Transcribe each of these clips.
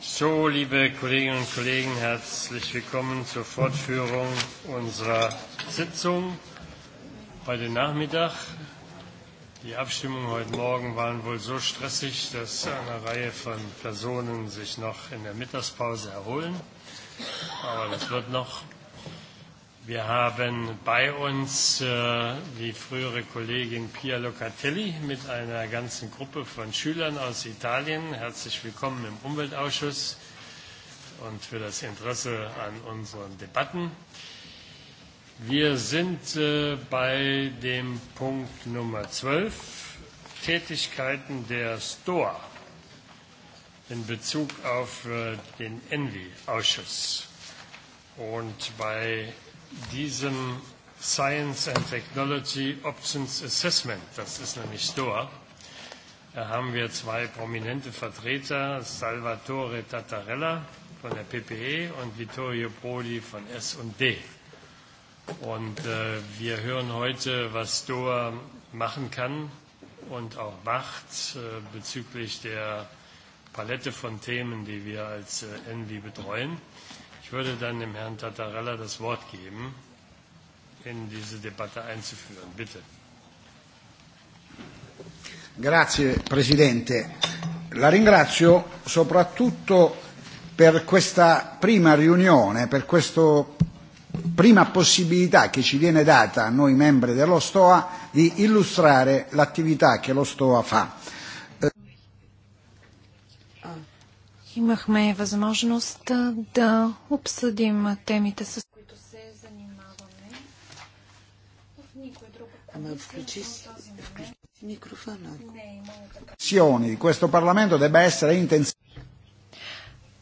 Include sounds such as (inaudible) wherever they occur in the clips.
So, liebe Kolleginnen und Kollegen, herzlich willkommen zur Fortführung unserer Sitzung heute Nachmittag. Die Abstimmungen heute Morgen waren wohl so stressig, dass eine Reihe von Personen sich noch in der Mittagspause erholen. Aber das wird noch. Wir haben bei uns äh, die frühere Kollegin Pia Locatelli mit einer ganzen Gruppe von Schülern aus Italien. Herzlich willkommen im Umweltausschuss und für das Interesse an unseren Debatten. Wir sind äh, bei dem Punkt Nummer 12, Tätigkeiten der STOA in Bezug auf äh, den Envi-Ausschuss. Und bei diesem Science and Technology Options Assessment, das ist nämlich STOA, da haben wir zwei prominente Vertreter, Salvatore Tattarella von der PPE und Vittorio Prodi von S&D. Und äh, wir hören heute, was STOA machen kann und auch macht äh, bezüglich der Palette von Themen, die wir als äh, ENVI betreuen. Ich würde dann dem Herrn Tattarella das Wort geben, in diese Debatte einzuführen. Bitte. Grazie Presidente. La ringrazio soprattutto per questa prima riunione, per questa prima possibilità che ci viene data a noi membri dello Stoa di illustrare l'attività che lo Stoa fa Имахме възможност да обсъдим темите, с които се занимаваме. В никой друг Ама включи си, микрофона. Е questo Parlamento debba essere intensivo.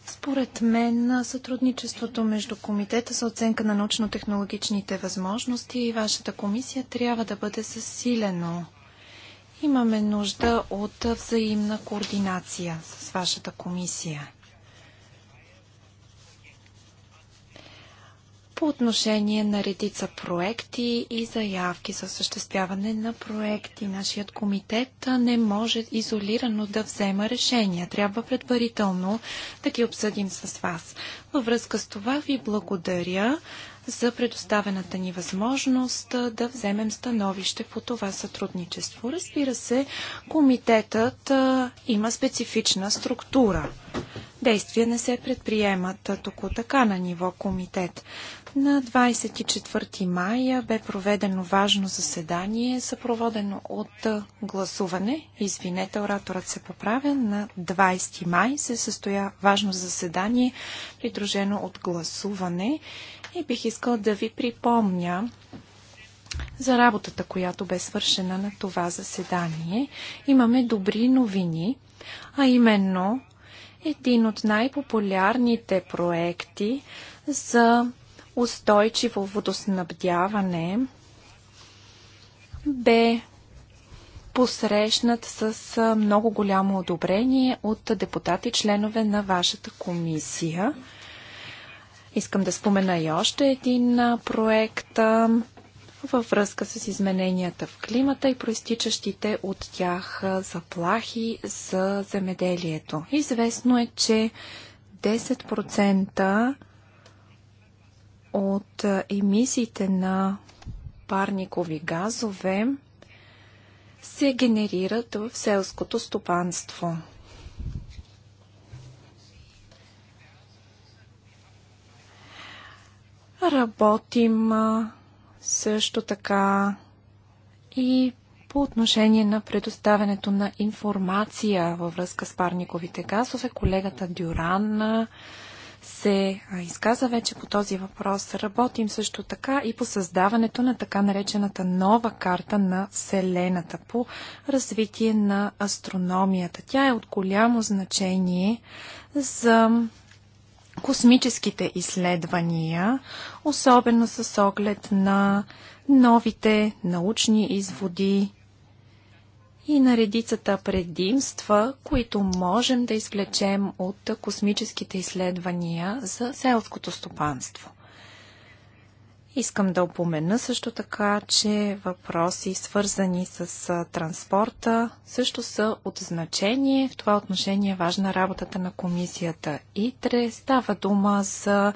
Според мен сътрудничеството между Комитета за оценка на научно-технологичните възможности и вашата комисия трябва да бъде засилено. Имаме нужда от взаимна координация с вашата комисия. по отношение на редица проекти и заявки за осъществяване на проекти. Нашият комитет не може изолирано да взема решения. Трябва предварително да ги обсъдим с вас. Във връзка с това ви благодаря за предоставената ни възможност да вземем становище по това сътрудничество. Разбира се, комитетът има специфична структура. Действия не се предприемат току така на ниво комитет. На 24 мая бе проведено важно заседание, съпроводено от гласуване. Извинете, ораторът се поправя. На 20 май се състоя важно заседание, придружено от гласуване и бих искал да ви припомня за работата, която бе свършена на това заседание. Имаме добри новини, а именно един от най-популярните проекти за устойчиво водоснабдяване бе посрещнат с много голямо одобрение от депутати, членове на вашата комисия. Искам да спомена и още един проект във връзка с измененията в климата и проистичащите от тях заплахи за земеделието. Известно е, че 10% от емисиите на парникови газове се генерират в селското стопанство. Работим също така и по отношение на предоставянето на информация във връзка с парниковите газове. Колегата Дюран се изказа вече по този въпрос. Работим също така и по създаването на така наречената нова карта на Вселената по развитие на астрономията. Тя е от голямо значение за космическите изследвания, особено с оглед на новите научни изводи и на редицата предимства, които можем да извлечем от космическите изследвания за селското стопанство – Искам да опомена също така, че въпроси свързани с транспорта също са от значение. В това отношение е важна работата на комисията ИТРЕ. Става дума за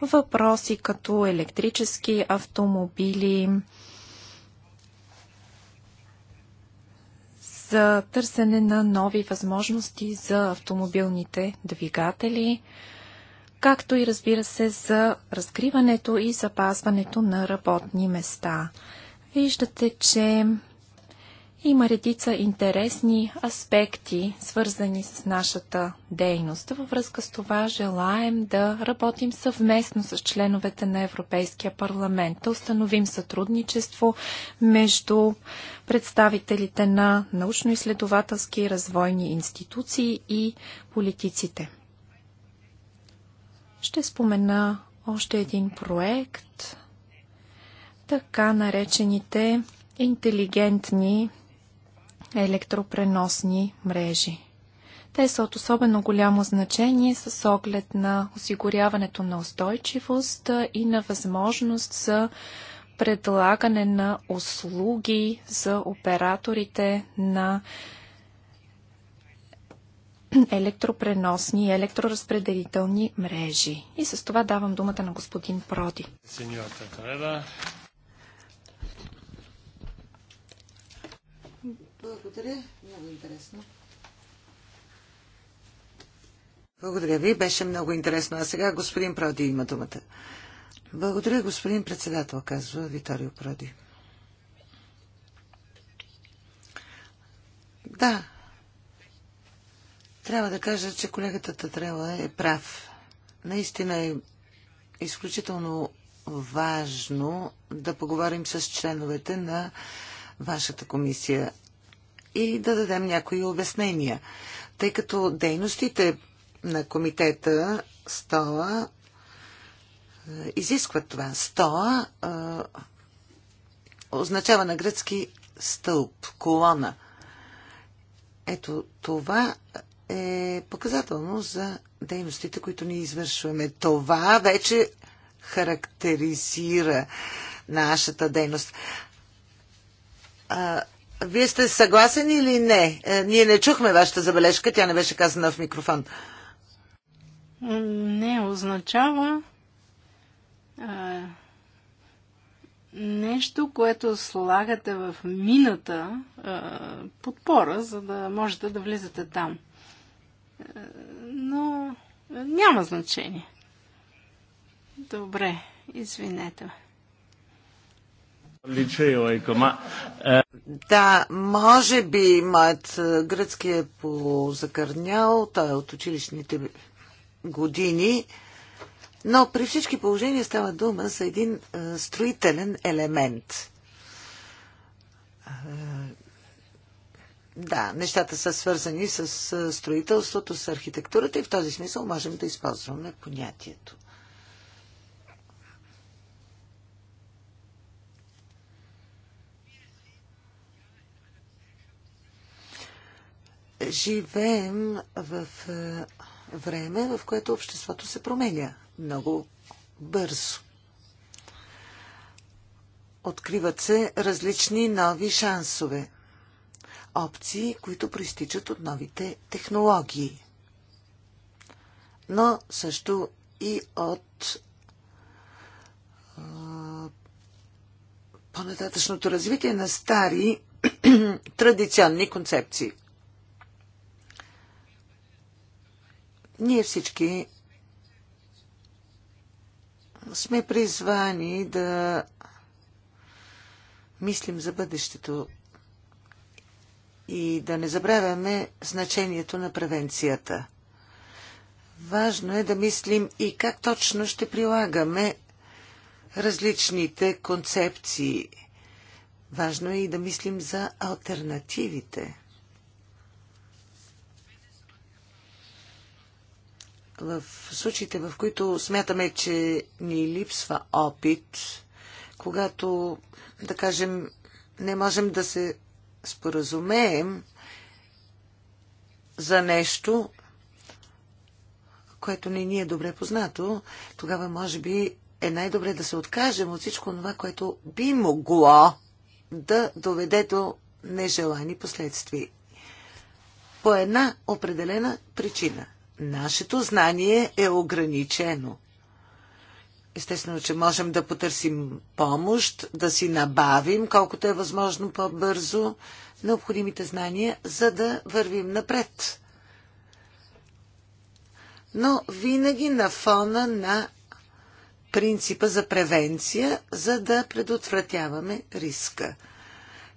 въпроси като електрически автомобили, за търсене на нови възможности за автомобилните двигатели, както и разбира се за разкриването и запазването на работни места. Виждате, че има редица интересни аспекти, свързани с нашата дейност. Във връзка с това желаем да работим съвместно с членовете на Европейския парламент, да установим сътрудничество между представителите на научно-изследователски и развойни институции и политиците. Ще спомена още един проект, така наречените интелигентни електропреносни мрежи. Те са от особено голямо значение с оглед на осигуряването на устойчивост и на възможност за предлагане на услуги за операторите на (clears throat) електропреносни и електроразпределителни мрежи. И с това давам думата на господин Проди. Благодаря. Много интересно. Благодаря ви. Беше много интересно. А сега господин Проди има думата. Благодаря, господин председател, казва Виторио Проди. Да, трябва да кажа, че колегата Татрела е прав. Наистина е изключително важно да поговорим с членовете на вашата комисия и да дадем някои обяснения, тъй като дейностите на комитета СТОА е, изискват това. СТОА е, означава на гръцки стълб, колона. Ето това е показателно за дейностите, които ние извършваме. Това вече характеризира нашата дейност. А, вие сте съгласен или не? А, е, ние не чухме вашата забележка, тя не беше казана в микрофон. Не означава а, нещо, което слагате в мината а, подпора, за да можете да влизате там но няма значение. Добре, извинете ме. Да, може би имат е, гръцки е позакърнял, той е от училищните години, но при всички положения става дума за един е, строителен елемент е, да, нещата са свързани с строителството, с архитектурата и в този смисъл можем да използваме понятието. Живеем в време, в което обществото се променя много бързо. Откриват се различни нови шансове – опции, които проистичат от новите технологии, но също и от а, по-нататъчното развитие на стари (clears throat) традиционни концепции. Ние всички сме призвани да мислим за бъдещето и да не забравяме значението на превенцията. Важно е да мислим и как точно ще прилагаме различните концепции. Важно е и да мислим за альтернативите. В случаите, в които смятаме, че ни липсва опит, когато, да кажем, не можем да се споразумеем за нещо, което не ни е добре познато, тогава може би е най-добре да се откажем от всичко това, което би могло да доведе до нежелани последствия. По една определена причина. Нашето знание е ограничено – Естествено, че можем да потърсим помощ, да си набавим колкото е възможно по-бързо необходимите знания, за да вървим напред. Но винаги на фона на принципа за превенция, за да предотвратяваме риска.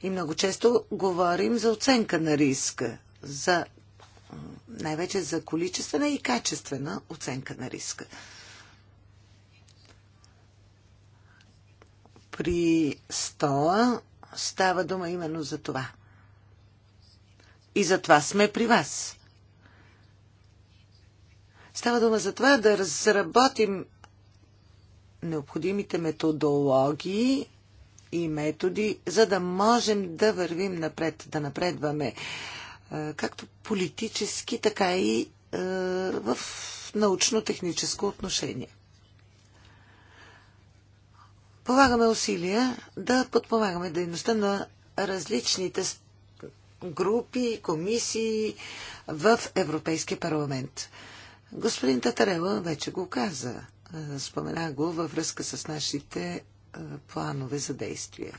И много често говорим за оценка на риска, за най-вече за количествена и качествена оценка на риска. при стола става дума именно за това. И за това сме при вас. Става дума за това да разработим необходимите методологии и методи, за да можем да вървим напред, да напредваме е, както политически, така и е, в научно-техническо отношение. Полагаме усилия да подпомагаме дейността на различните групи, комисии в Европейския парламент. Господин Татарела вече го каза. Спомена го във връзка с нашите планове за действие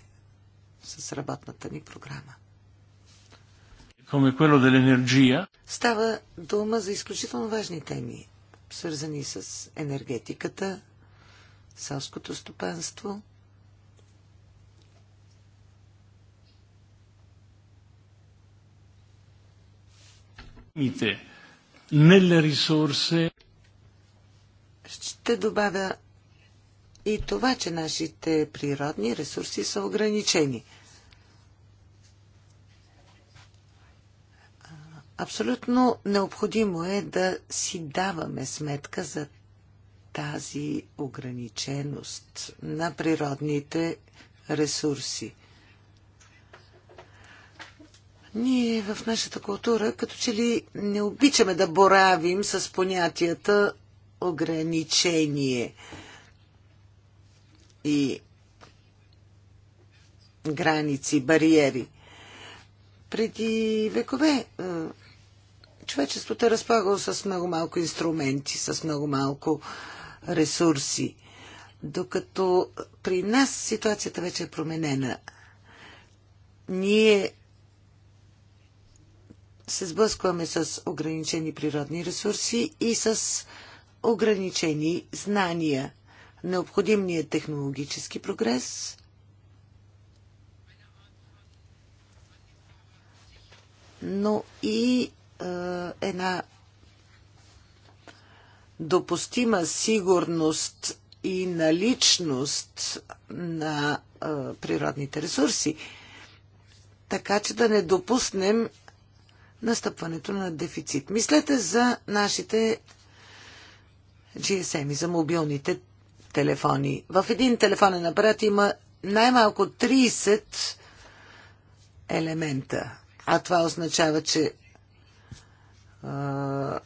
с работната ни програма. Става дума за изключително важни теми, свързани с енергетиката, селското стопанство. Ще добавя и това, че нашите природни ресурси са ограничени. Абсолютно необходимо е да си даваме сметка за тази ограниченост на природните ресурси. Ние в нашата култура като че ли не обичаме да боравим с понятията ограничение и граници, бариери. Преди векове е, човечеството е разполагало с много малко инструменти, с много малко а, ресурси. Докато при нас ситуацията вече е променена. Ние се сблъскваме с ограничени природни ресурси и с ограничени знания. Необходим ни е технологически прогрес. Но и е, една допустима сигурност и наличност на а, природните ресурси, така че да не допуснем настъпването на дефицит. Мислете за нашите GSM и за мобилните телефони. В един телефонен апарат има най-малко 30 елемента. А това означава, че а,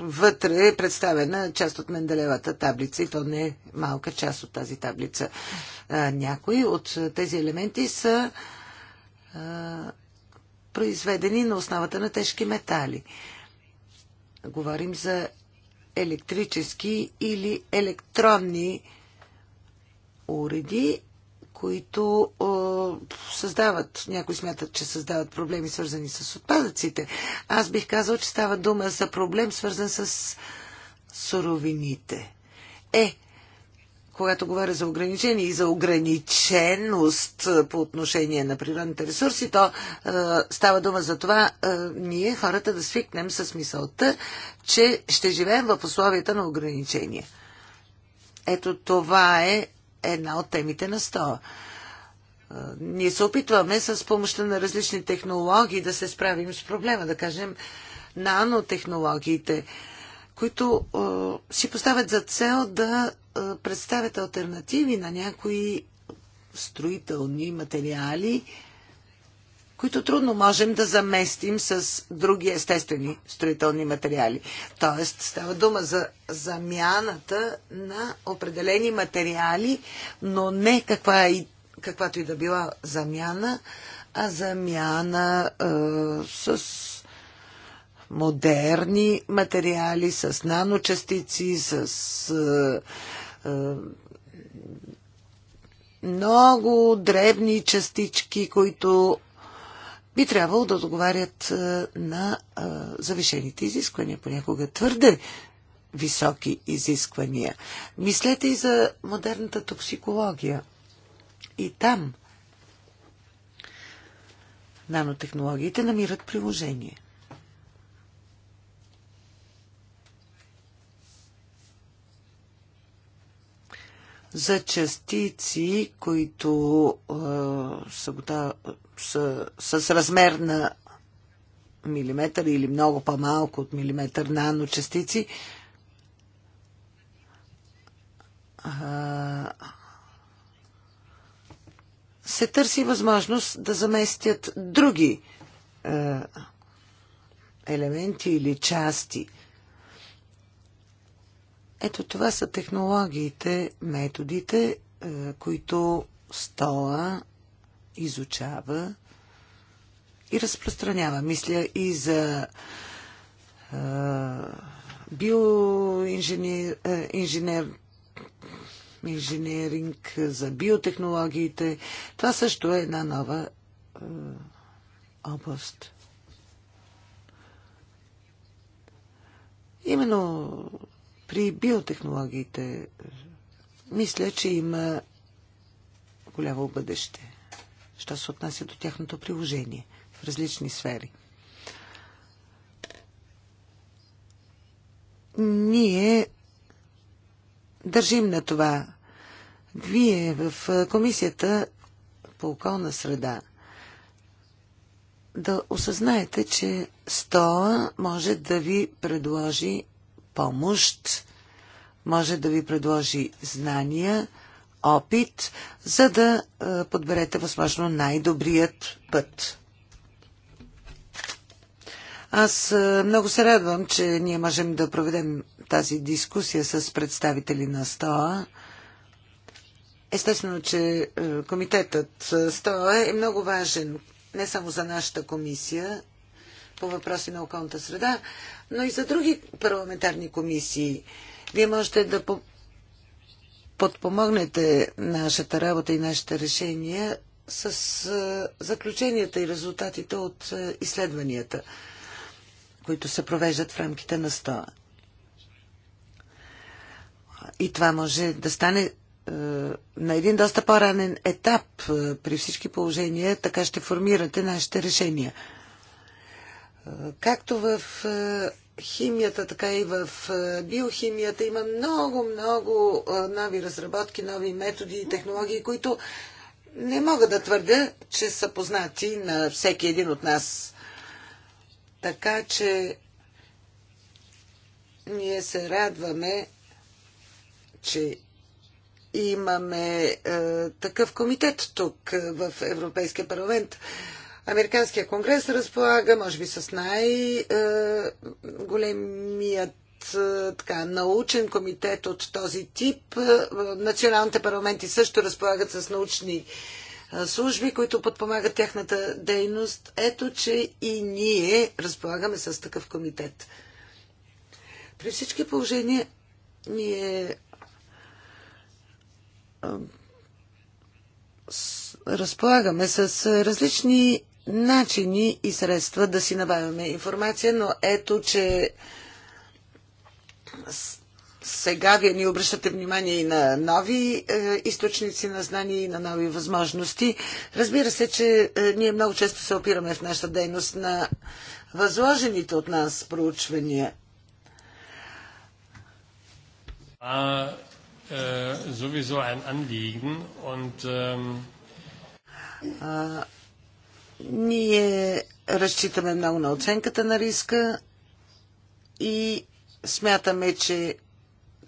вътре е представена част от Менделевата таблица и то не е малка част от тази таблица. Някои от тези елементи са произведени на основата на тежки метали. Говорим за електрически или електронни уреди които създават, някои смятат, че създават проблеми свързани с отпадъците. Аз бих казал, че става дума за проблем свързан с суровините. Е, когато говоря за ограничение и за ограниченост по отношение на природните ресурси, то е, става дума за това е, ние, хората, да свикнем с мисълта, че ще живеем в условията на ограничения. Ето това е една от темите на стола. Е, ние се опитваме с помощта на различни технологии да се справим с проблема, да кажем нанотехнологиите, които е, си поставят за цел да е, представят альтернативи на някои строителни материали, които трудно можем да заместим с други естествени строителни материали. Тоест, става дума за замяната на определени материали, но не каква е, каквато и да била замяна, а замяна е, с модерни материали, с наночастици, с. Е, е, много дребни частички, които би трябвало да отговарят е, на е, завишените изисквания, понякога твърде високи изисквания. Мислете и за модерната токсикология. И там нанотехнологиите намират приложение – за частици, които а, са, са с размер на милиметър или много по-малко от милиметър наночастици, а, се търси възможност да заместят други а, елементи или части – ето това са технологиите, методите, е, които стола изучава и разпространява. Мисля и за е, биоинженер, е, инженеринг, за биотехнологиите. Това също е една нова е, област. Именно при биотехнологиите мисля, че има голямо бъдеще, що се отнася до тяхното приложение в различни сфери. Ние държим на това. Вие в Комисията по околна среда да осъзнаете, че СТОА може да ви предложи помощ може да ви предложи знания, опит, за да подберете възможно най-добрият път. Аз много се радвам, че ние можем да проведем тази дискусия с представители на СТОА. Естествено, че комитетът СТОА е много важен не само за нашата комисия, по въпроси на околната среда, но и за други парламентарни комисии. Вие можете да подпомогнете нашата работа и нашите решения с заключенията и резултатите от изследванията, които се провеждат в рамките на СТОА. И това може да стане на един доста по-ранен етап при всички положения, така ще формирате нашите решения. Както в е, химията, така и в е, биохимията има много, много е, нови разработки, нови методи и технологии, които не мога да твърдя, че са познати на всеки един от нас. Така че ние се радваме, че имаме е, такъв комитет тук в Европейския парламент. Е, Американския конгрес разполага, може би, с най-големият е, така, научен комитет от този тип. Е, националните парламенти също разполагат с научни е, служби, които подпомагат тяхната дейност. Ето, че и ние разполагаме с такъв комитет. При всички положения ние разполагаме с различни начини и средства да си набавяме информация, но ето, че сега вие ни обръщате внимание и на нови е, източници на знания и на нови възможности. Разбира се, че е, ние много често се опираме в нашата дейност на възложените от нас проучвания. А, е, und, е... а, ние разчитаме много на оценката на риска и смятаме, че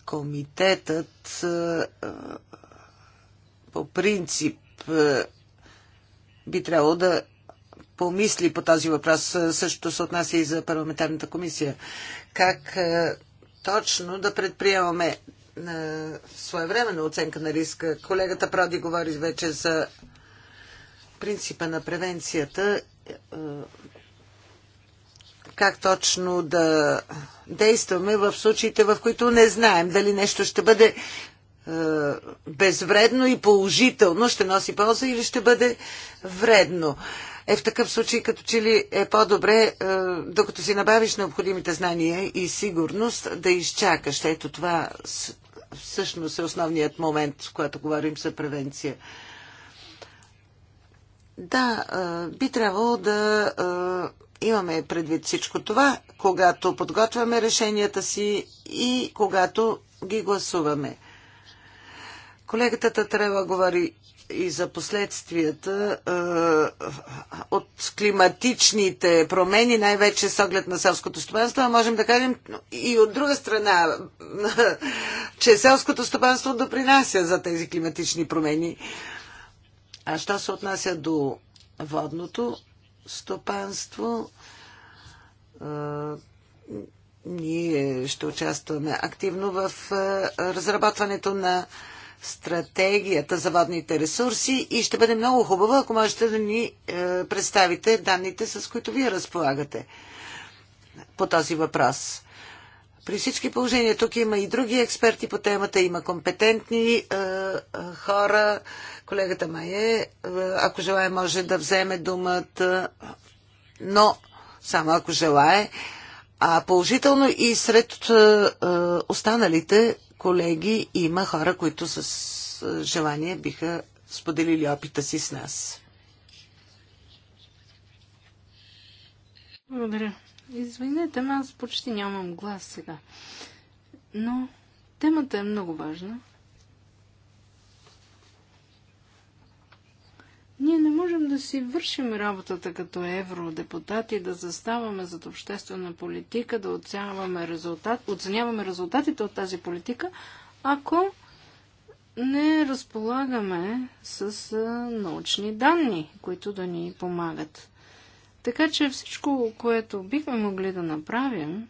комитетът по принцип би трябвало да помисли по този въпрос. Същото се отнася и за парламентарната комисия. Как точно да предприемаме своевременна оценка на риска? Колегата Проди говори вече за принципа на превенцията, е, как точно да действаме в случаите, в които не знаем дали нещо ще бъде е, безвредно и положително, ще носи полза или ще бъде вредно. Е в такъв случай, като че ли е по-добре, е, докато си набавиш необходимите знания и сигурност, да изчакаш. Ето това всъщност е основният момент, в когато говорим за превенция. Да, би трябвало да имаме предвид всичко това, когато подготвяме решенията си и когато ги гласуваме. Колегата Татрева говори и за последствията е, от климатичните промени, най-вече с оглед на селското стопанство, а можем да кажем и от друга страна, (laughs) че селското стопанство допринася за тези климатични промени. Е, а що се отнася до водното стопанство, ние ще участваме активно в разработването на стратегията за водните ресурси и ще бъде много хубаво, ако можете да ни представите данните, с които вие разполагате по този въпрос. При всички положения тук има и други експерти по темата, има компетентни е, е хора. Колегата Мае, е, ако желая, може да вземе думата, но само ако желая. А положително и сред е, е, останалите колеги има хора, които с е, желание биха споделили опита си с нас. Благодаря. Извинете ме, аз почти нямам глас сега. Но темата е много важна. Ние не можем да си вършим работата като евродепутати, да заставаме зад обществена политика, да оценяваме, резултат, оценяваме резултатите от тази политика, ако не разполагаме с научни данни, които да ни помагат. Така че всичко, което бихме могли да направим,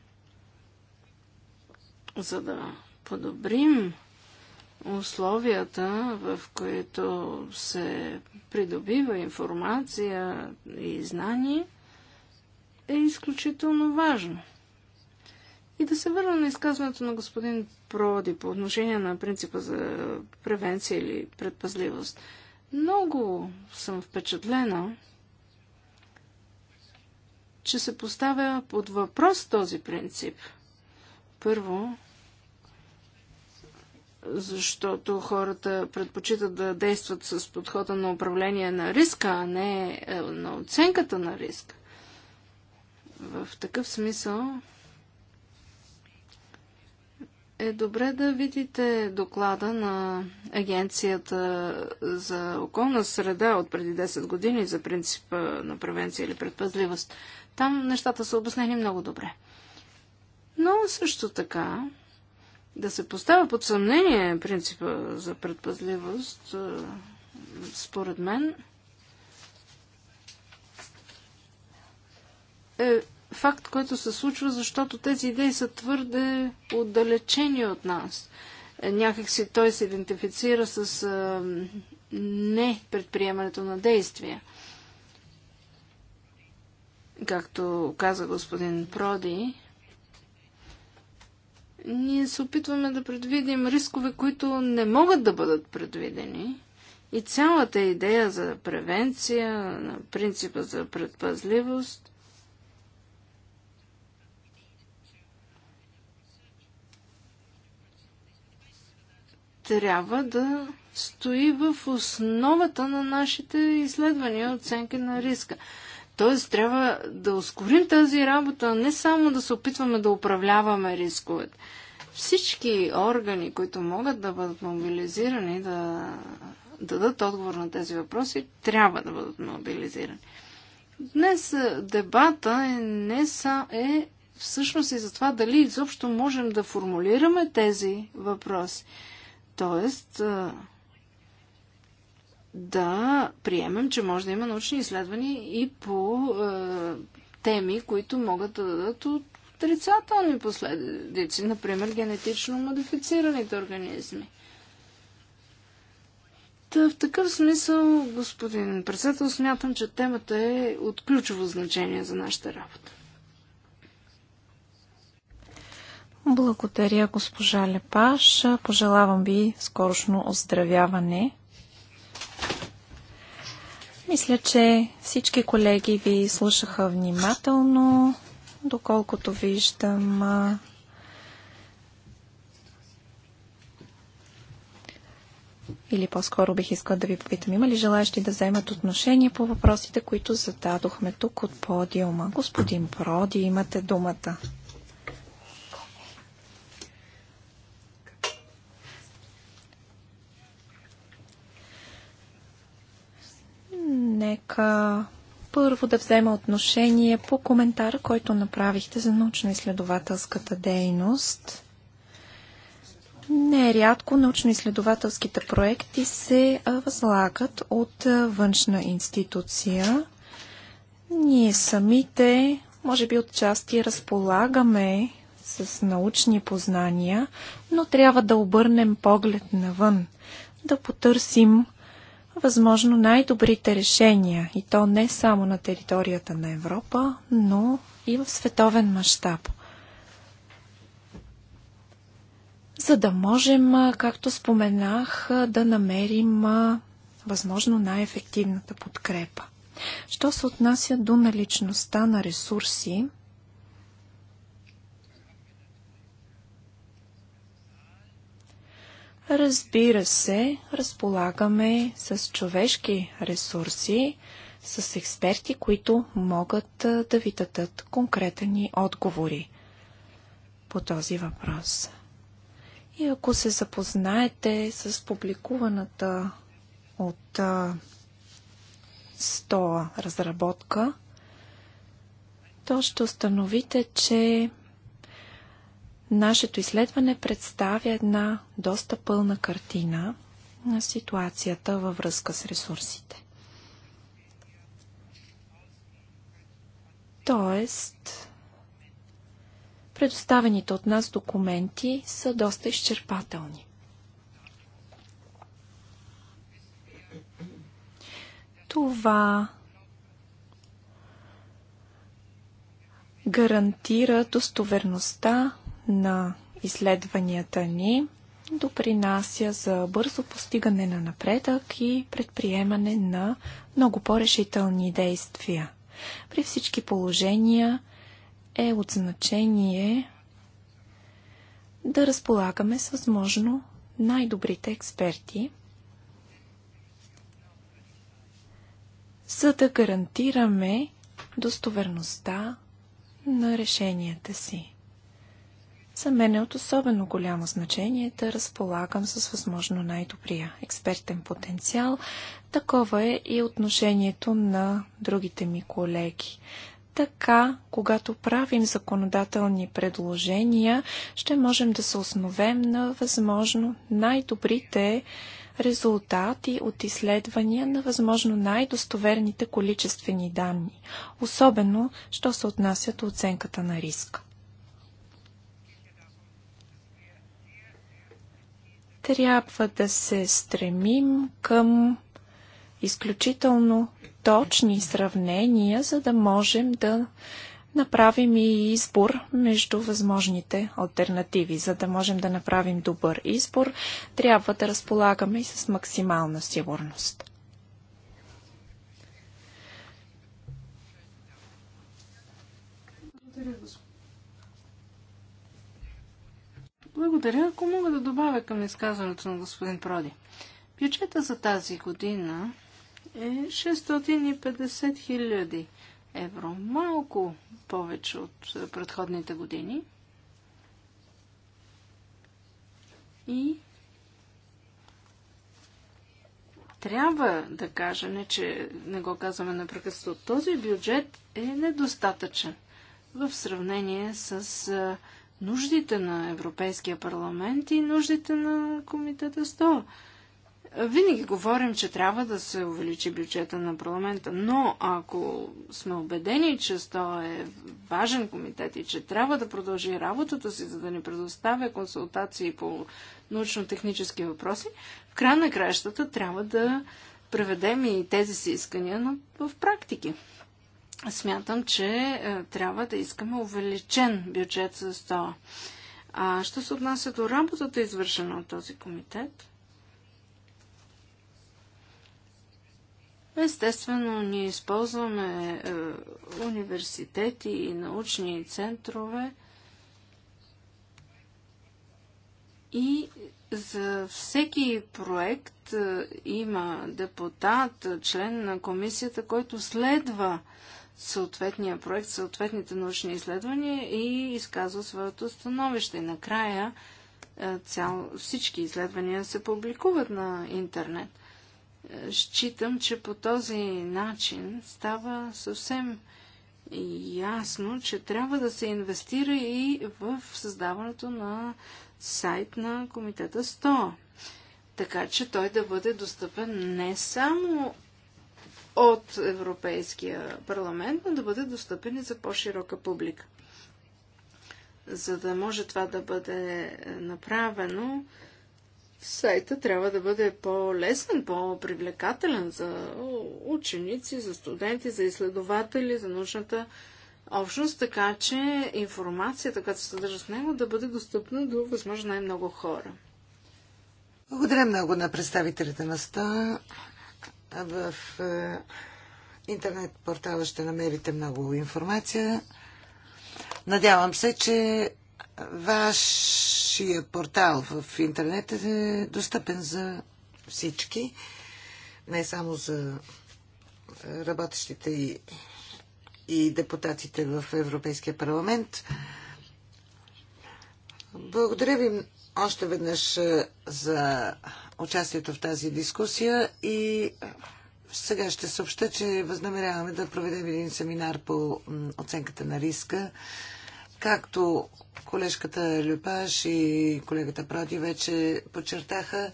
за да подобрим условията, в които се придобива информация и знание, е изключително важно. И да се върна на изказването на господин Проди по отношение на принципа за превенция или предпазливост. Много съм впечатлена че се поставя под въпрос този принцип. Първо, защото хората предпочитат да действат с подхода на управление на риска, а не е, на оценката на риска. В такъв смисъл е добре да видите доклада на Агенцията за околна среда от преди 10 години за принципа на превенция или предпазливост. Там нещата са обяснени много добре. Но също така да се поставя под съмнение принципа за предпазливост, е, според мен, е факт, който се случва, защото тези идеи са твърде отдалечени от нас. Е, Някакси той се идентифицира с е, непредприемането на действия. Както каза господин Проди, ние се опитваме да предвидим рискове, които не могат да бъдат предвидени. И цялата идея за превенция, на принципа за предпазливост, трябва да стои в основата на нашите изследвания и оценки на риска. Тоест, трябва да ускорим тази работа, не само да се опитваме да управляваме рисковете. Всички органи, които могат да бъдат мобилизирани, да дадат отговор на тези въпроси, трябва да бъдат мобилизирани. Днес е, дебата е, не са, е всъщност и за това дали изобщо можем да формулираме тези въпроси. Тоест, е, да приемем, че може да има научни изследвания и по е, теми, които могат да дадат отрицателни последици, например генетично модифицираните организми. Та, в такъв смисъл, господин председател, смятам, че темата е от ключово значение за нашата работа. Благодаря, госпожа Лепаш. Пожелавам ви скорошно оздравяване. Мисля, че всички колеги ви слушаха внимателно. Доколкото виждам, или по-скоро бих искал да ви попитам, има ли желаящи да вземат отношение по въпросите, които зададохме тук от подиума? Господин Проди, имате думата. нека първо да взема отношение по коментара, който направихте за научно-изследователската дейност. Не е рядко научно-изследователските проекти се възлагат от външна институция. Ние самите, може би отчасти, разполагаме с научни познания, но трябва да обърнем поглед навън, да потърсим възможно най-добрите решения, и то не само на територията на Европа, но и в световен мащаб. За да можем, както споменах, да намерим възможно най-ефективната подкрепа. Що се отнася до наличността на ресурси, Разбира се, разполагаме с човешки ресурси, с експерти, които могат да ви дадат конкретни отговори по този въпрос. И ако се запознаете с публикуваната от стола разработка, то ще установите, че Нашето изследване представя една доста пълна картина на ситуацията във връзка с ресурсите. Тоест, предоставените от нас документи са доста изчерпателни. Това гарантира достоверността на изследванията ни допринася за бързо постигане на напредък и предприемане на много по-решителни действия. При всички положения е от значение да разполагаме с възможно най-добрите експерти, за да гарантираме достоверността на решенията си. За мен е от особено голямо значение да разполагам с възможно най-добрия експертен потенциал. Такова е и отношението на другите ми колеги. Така, когато правим законодателни предложения, ще можем да се основем на възможно най-добрите резултати от изследвания на възможно най-достоверните количествени данни, особено, що се отнасят до оценката на риска. Трябва да се стремим към изключително точни сравнения, за да можем да направим и избор между възможните альтернативи. За да можем да направим добър избор, трябва да разполагаме и с максимална сигурност. Благодаря, господин. Благодаря. Ако мога да добавя към изказването на господин Проди. Бюджета за тази година е 650 хиляди евро. Малко повече от е, предходните години. И трябва да кажем, че не го казваме непрекъснато, този бюджет е недостатъчен в сравнение с е, нуждите на Европейския парламент и нуждите на Комитета 100. Винаги говорим, че трябва да се увеличи бюджета на парламента, но ако сме убедени, че 100 е важен комитет и че трябва да продължи работата си, за да ни предоставя консултации по научно-технически въпроси, в края на краищата трябва да преведем и тези си искания в практики смятам, че е, трябва да искаме увеличен бюджет за стола. А що се отнася до работата, извършена от този комитет? Естествено, ние използваме е, университети и научни центрове и за всеки проект е, има депутат, член на комисията, който следва е, съответния проект, съответните научни изследвания и изказва своето становище. И накрая е, цял, всички изследвания се публикуват на интернет. Е, считам, че по този начин става съвсем ясно, че трябва да се инвестира и в създаването на сайт на комитета 100. Така че той да бъде достъпен не само от Европейския парламент, но да бъде достъпен за по-широка публика. За да може това да бъде направено, сайта трябва да бъде по-лесен, по-привлекателен за ученици, за студенти, за изследователи, за научната общност, така че информацията, която се съдържа с него, да бъде достъпна до възможно най-много хора. Благодаря много на представителите на СТА в е, интернет портала ще намерите много информация. Надявам се, че вашия портал в интернет е достъпен за всички, не само за работещите и, и депутатите в Европейския парламент. Благодаря ви още веднъж е, за участието в тази дискусия и е, сега ще съобща, че възнамеряваме да проведем един семинар по оценката на риска. Както колежката Люпаш и колегата Проди вече подчертаха,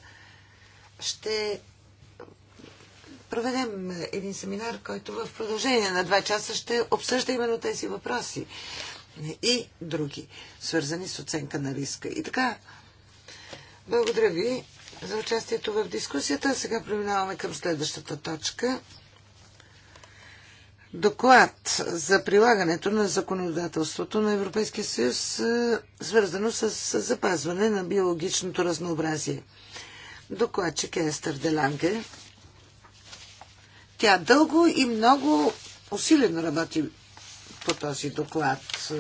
ще проведем един семинар, който в продължение на два часа ще обсъжда именно тези въпроси и други, свързани с оценка на риска. И така, благодаря ви за участието в дискусията. Сега преминаваме към следващата точка. Доклад за прилагането на законодателството на Европейския съюз, е, свързано с запазване на биологичното разнообразие. Докладчик е Естер Деланге. Тя дълго и много усилено работи по този доклад е,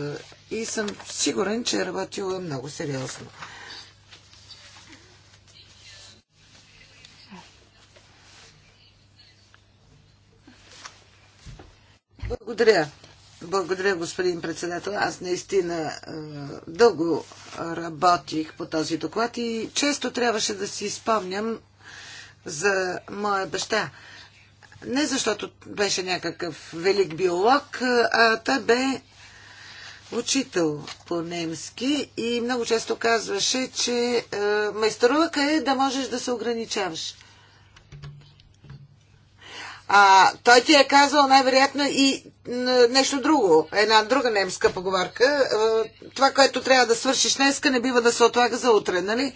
и съм сигурен, че е работила много сериозно. Благодаря. Благодаря, господин председател. Аз наистина е, дълго работих по този доклад и често трябваше да си спомням за моя баща. Не защото беше някакъв велик биолог, е, а той бе учител по немски и много често казваше, че е, е да можеш да се ограничаваш. А той ти е казал най-вероятно и нещо друго, една друга немска поговорка. Това, което трябва да свършиш днеска, не бива да се отлага за утре, нали?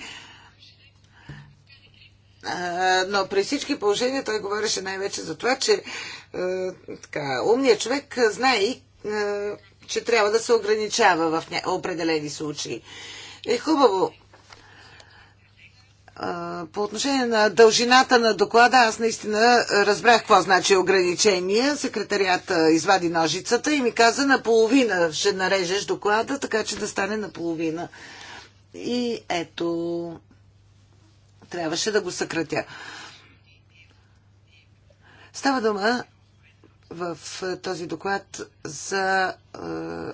Но при всички положения той говореше най-вече за това, че така, умният човек знае и че трябва да се ограничава в определени случаи. Е хубаво по отношение на дължината на доклада, аз наистина разбрах какво значи ограничение. Секретарията извади ножицата и ми каза наполовина ще нарежеш доклада, така че да стане наполовина. И ето, трябваше да го съкратя. Става дума в този доклад за е,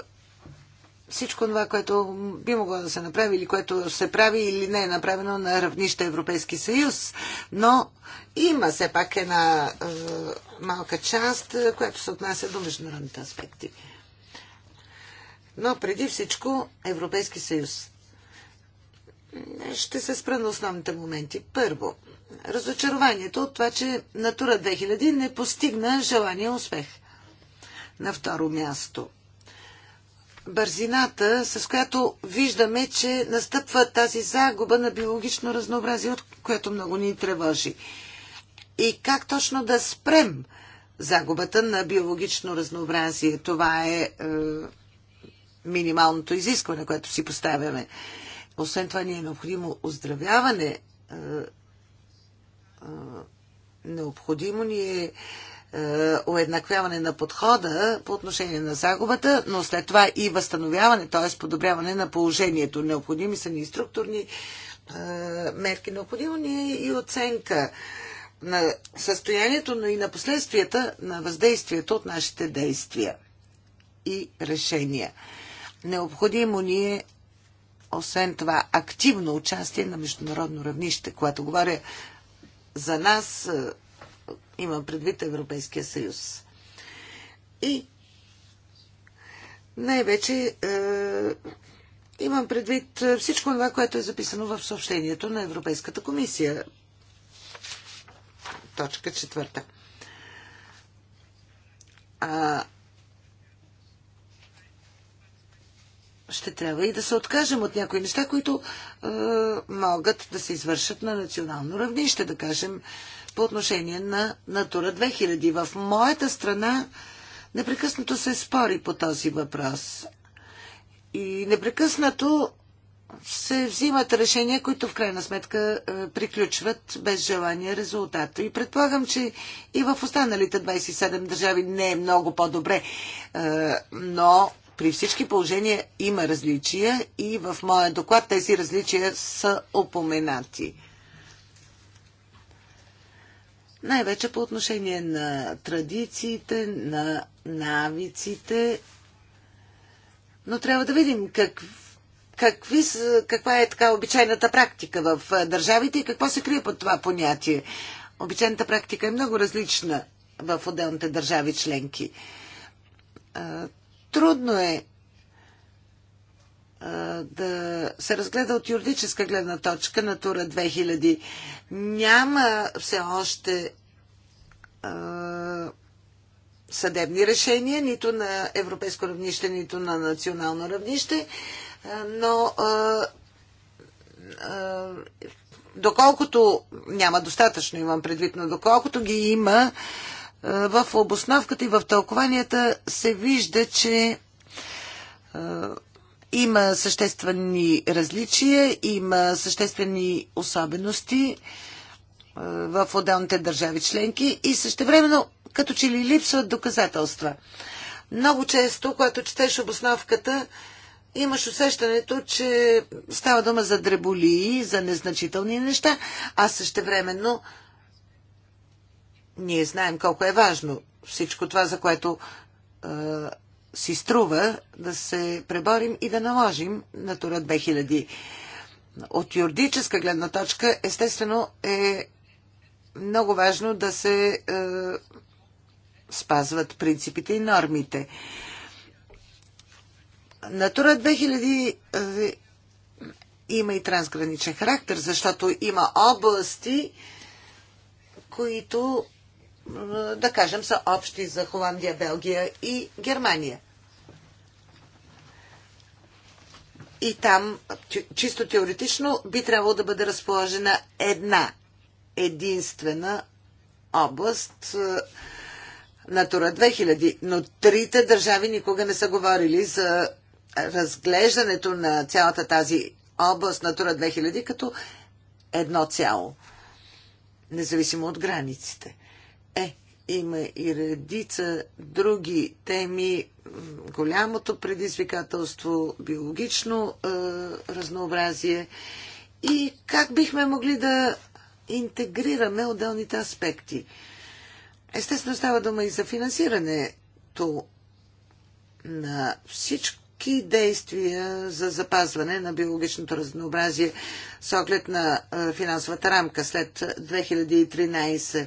всичко това, което би могло да се направи или което се прави или не е направено на равнище Европейски съюз. Но има все пак една е, малка част, е, която се отнася до международните аспекти. Но преди всичко Европейски съюз. Ще се спра на основните моменти. Първо, разочарованието от това, че Натура 2000 не постигна желания успех. На второ място – бързината, с която виждаме, че настъпва тази загуба на биологично разнообразие, от което много ни тревожи. И как точно да спрем загубата на биологично разнообразие? Това е, е минималното изискване, което си поставяме. Освен това ни е необходимо оздравяване. Е, е, необходимо ни е е, уеднаквяване на подхода по отношение на загубата, но след това и възстановяване, т.е. подобряване на положението. Необходими са ни структурни е, мерки, необходимо ни е и оценка на състоянието, но и на последствията на въздействието от нашите действия и решения. Необходимо ни е, освен това, активно участие на международно равнище. Когато говоря за нас, е, Имам предвид Европейския съюз. И най-вече е, имам предвид всичко това, което е записано в съобщението на Европейската комисия. Точка четвърта. А, ще трябва и да се откажем от някои неща, които е, могат да се извършат на национално равнище, да кажем по отношение на Натура 2000. В моята страна непрекъснато се спори по този въпрос. И непрекъснато се взимат решения, които в крайна сметка е, приключват без желания резултат. И предполагам, че и в останалите 27 държави не е много по-добре, е, но при всички положения има различия и в моя доклад тези различия са опоменати най-вече по отношение на традициите, на навиците. Но трябва да видим как, какви, каква е така обичайната практика в държавите и какво се крие под това понятие. Обичайната практика е много различна в отделните държави членки. Трудно е да се разгледа от юридическа гледна точка Натура 2000. Няма все още съдебни решения, нито на европейско равнище, нито на национално равнище, но доколкото няма достатъчно, имам предвид, но доколкото ги има, в обосновката и в тълкованията се вижда, че има съществени различия, има съществени особености е, в отделните държави членки и същевременно като че ли липсват доказателства. Много често, когато четеш обосновката, имаш усещането, че става дума за дреболии, за незначителни неща, а същевременно ние знаем колко е важно всичко това, за което е, си струва да се преборим и да наложим Натура 2000. От юридическа гледна точка, естествено, е много важно да се е, спазват принципите и нормите. Натура 2000 е, има и трансграничен характер, защото има области, които, е, да кажем, са общи за Холандия, Белгия и Германия. и там, чисто теоретично, би трябвало да бъде разположена една единствена област е, Натура 2000, но трите държави никога не са говорили за разглеждането на цялата тази област Натура 2000 като едно цяло, независимо от границите. Е, има и редица други теми. Голямото предизвикателство, биологично е, разнообразие и как бихме могли да интегрираме отделните аспекти. Естествено става дума и за финансирането на всички действия за запазване на биологичното разнообразие с оглед на е, финансовата рамка след 2013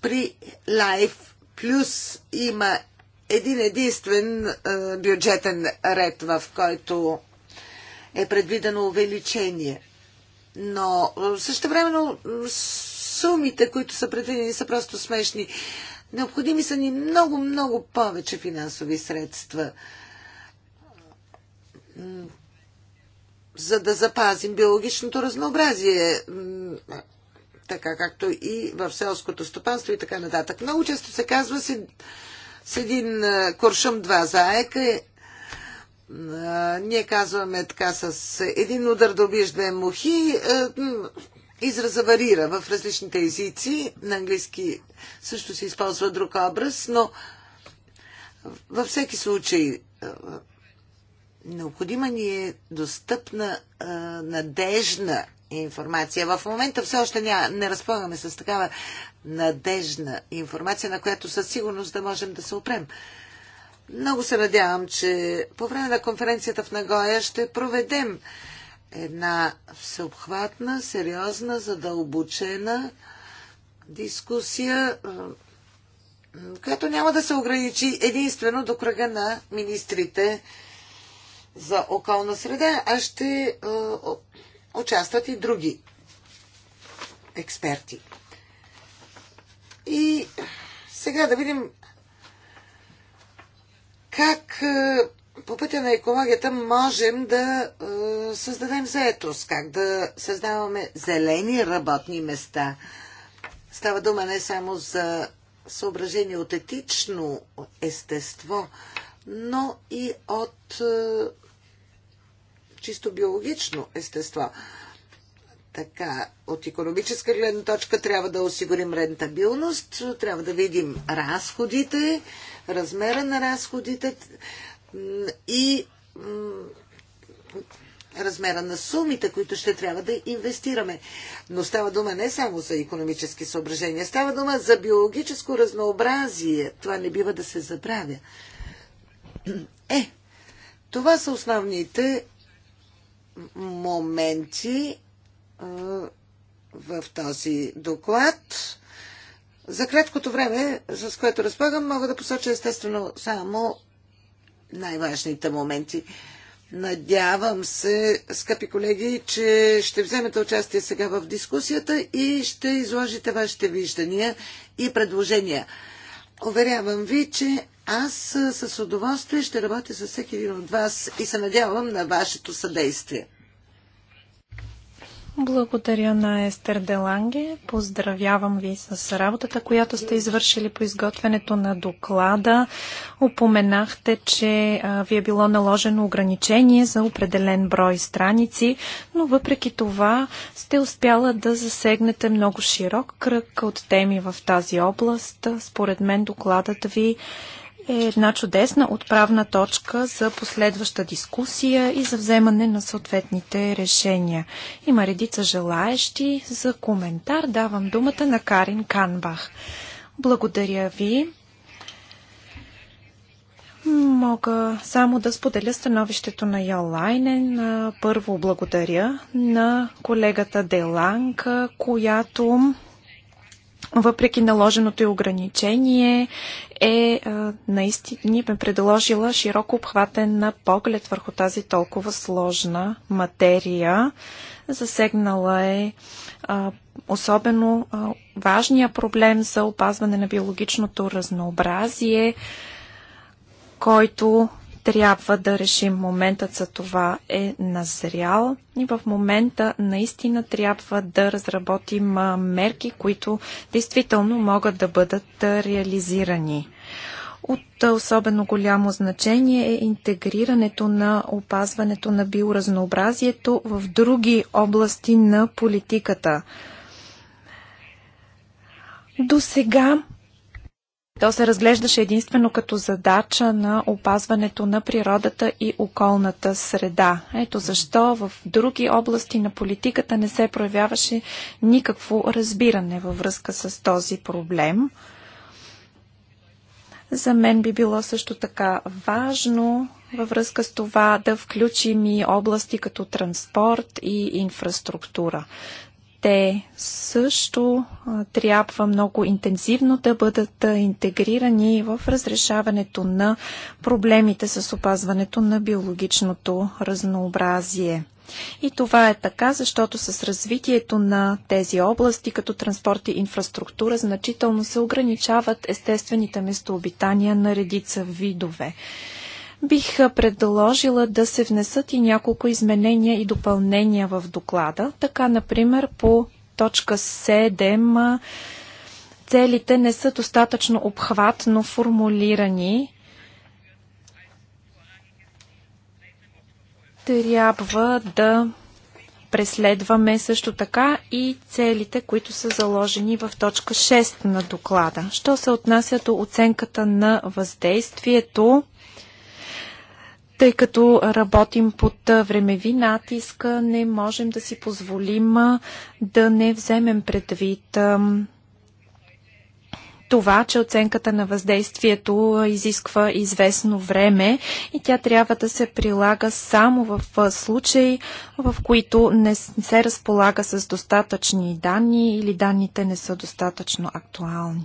при Лайф плюс има един единствен бюджетен ред, в който е предвидено увеличение. Но също времено сумите, които са предвидени, са просто смешни. Необходими са ни много, много повече финансови средства, за да запазим биологичното разнообразие така както и в селското стопанство и така нататък. Много често се казва си, с един куршум два заека. Ние казваме така с един удар да убиеш две мухи. Израза варира в различните езици. На английски също се използва друг образ, но във всеки случай необходима ни е достъпна, надежна информация. В момента все още ня, не разполагаме с такава надежна информация, на която със сигурност да можем да се опрем. Много се надявам, че по време на конференцията в Нагоя ще проведем една всеобхватна, сериозна, задълбочена дискусия, която няма да се ограничи единствено до кръга на министрите за околна среда, а ще участват и други експерти. И сега да видим как е, по пътя на екологията можем да е, създадем заетост, как да създаваме зелени работни места. Става дума не само за съображение от етично естество, но и от е, чисто биологично естество. Така, от економическа гледна точка трябва да осигурим рентабилност, трябва да видим разходите, размера на разходите и размера на сумите, които ще трябва да инвестираме. Но става дума не само за економически съображения, става дума за биологическо разнообразие. Това не бива да се забравя. Е, това са основните моменти в този доклад. За краткото време, с което разполагам, мога да посоча естествено само най-важните моменти. Надявам се, скъпи колеги, че ще вземете участие сега в дискусията и ще изложите вашите виждания и предложения. Уверявам ви, че аз с удоволствие ще работя с всеки един от вас и се надявам на вашето съдействие. Благодаря на Естер Деланге. Поздравявам ви с работата, която сте извършили по изготвянето на доклада. Упоменахте, че ви е било наложено ограничение за определен брой страници, но въпреки това сте успяла да засегнете много широк кръг от теми в тази област. Според мен докладът ви е една чудесна отправна точка за последваща дискусия и за вземане на съответните решения. Има редица желаещи за коментар. Давам думата на Карин Канбах. Благодаря ви. Мога само да споделя становището на Йолайнен. Първо благодаря на колегата Деланка, която въпреки наложеното и ограничение, е наистина бе предложила широко обхватен на поглед върху тази толкова сложна материя. Засегнала е а, особено а, важния проблем за опазване на биологичното разнообразие, който трябва да решим. Моментът за това е назрял и в момента наистина трябва да разработим мерки, които действително могат да бъдат реализирани. От особено голямо значение е интегрирането на опазването на биоразнообразието в други области на политиката. До сега то се разглеждаше единствено като задача на опазването на природата и околната среда. Ето защо в други области на политиката не се проявяваше никакво разбиране във връзка с този проблем. За мен би било също така важно във връзка с това да включим и области като транспорт и инфраструктура те също трябва много интензивно да бъдат интегрирани в разрешаването на проблемите с опазването на биологичното разнообразие. И това е така, защото с развитието на тези области, като транспорт и инфраструктура, значително се ограничават естествените местообитания на редица видове. Бих предложила да се внесат и няколко изменения и допълнения в доклада. Така, например, по точка 7 целите не са достатъчно обхватно формулирани. Трябва да преследваме също така и целите, които са заложени в точка 6 на доклада. Що се отнася до оценката на въздействието, тъй като работим под времеви натиск, не можем да си позволим да не вземем предвид това, че оценката на въздействието изисква известно време и тя трябва да се прилага само в случаи, в които не се разполага с достатъчни данни или данните не са достатъчно актуални.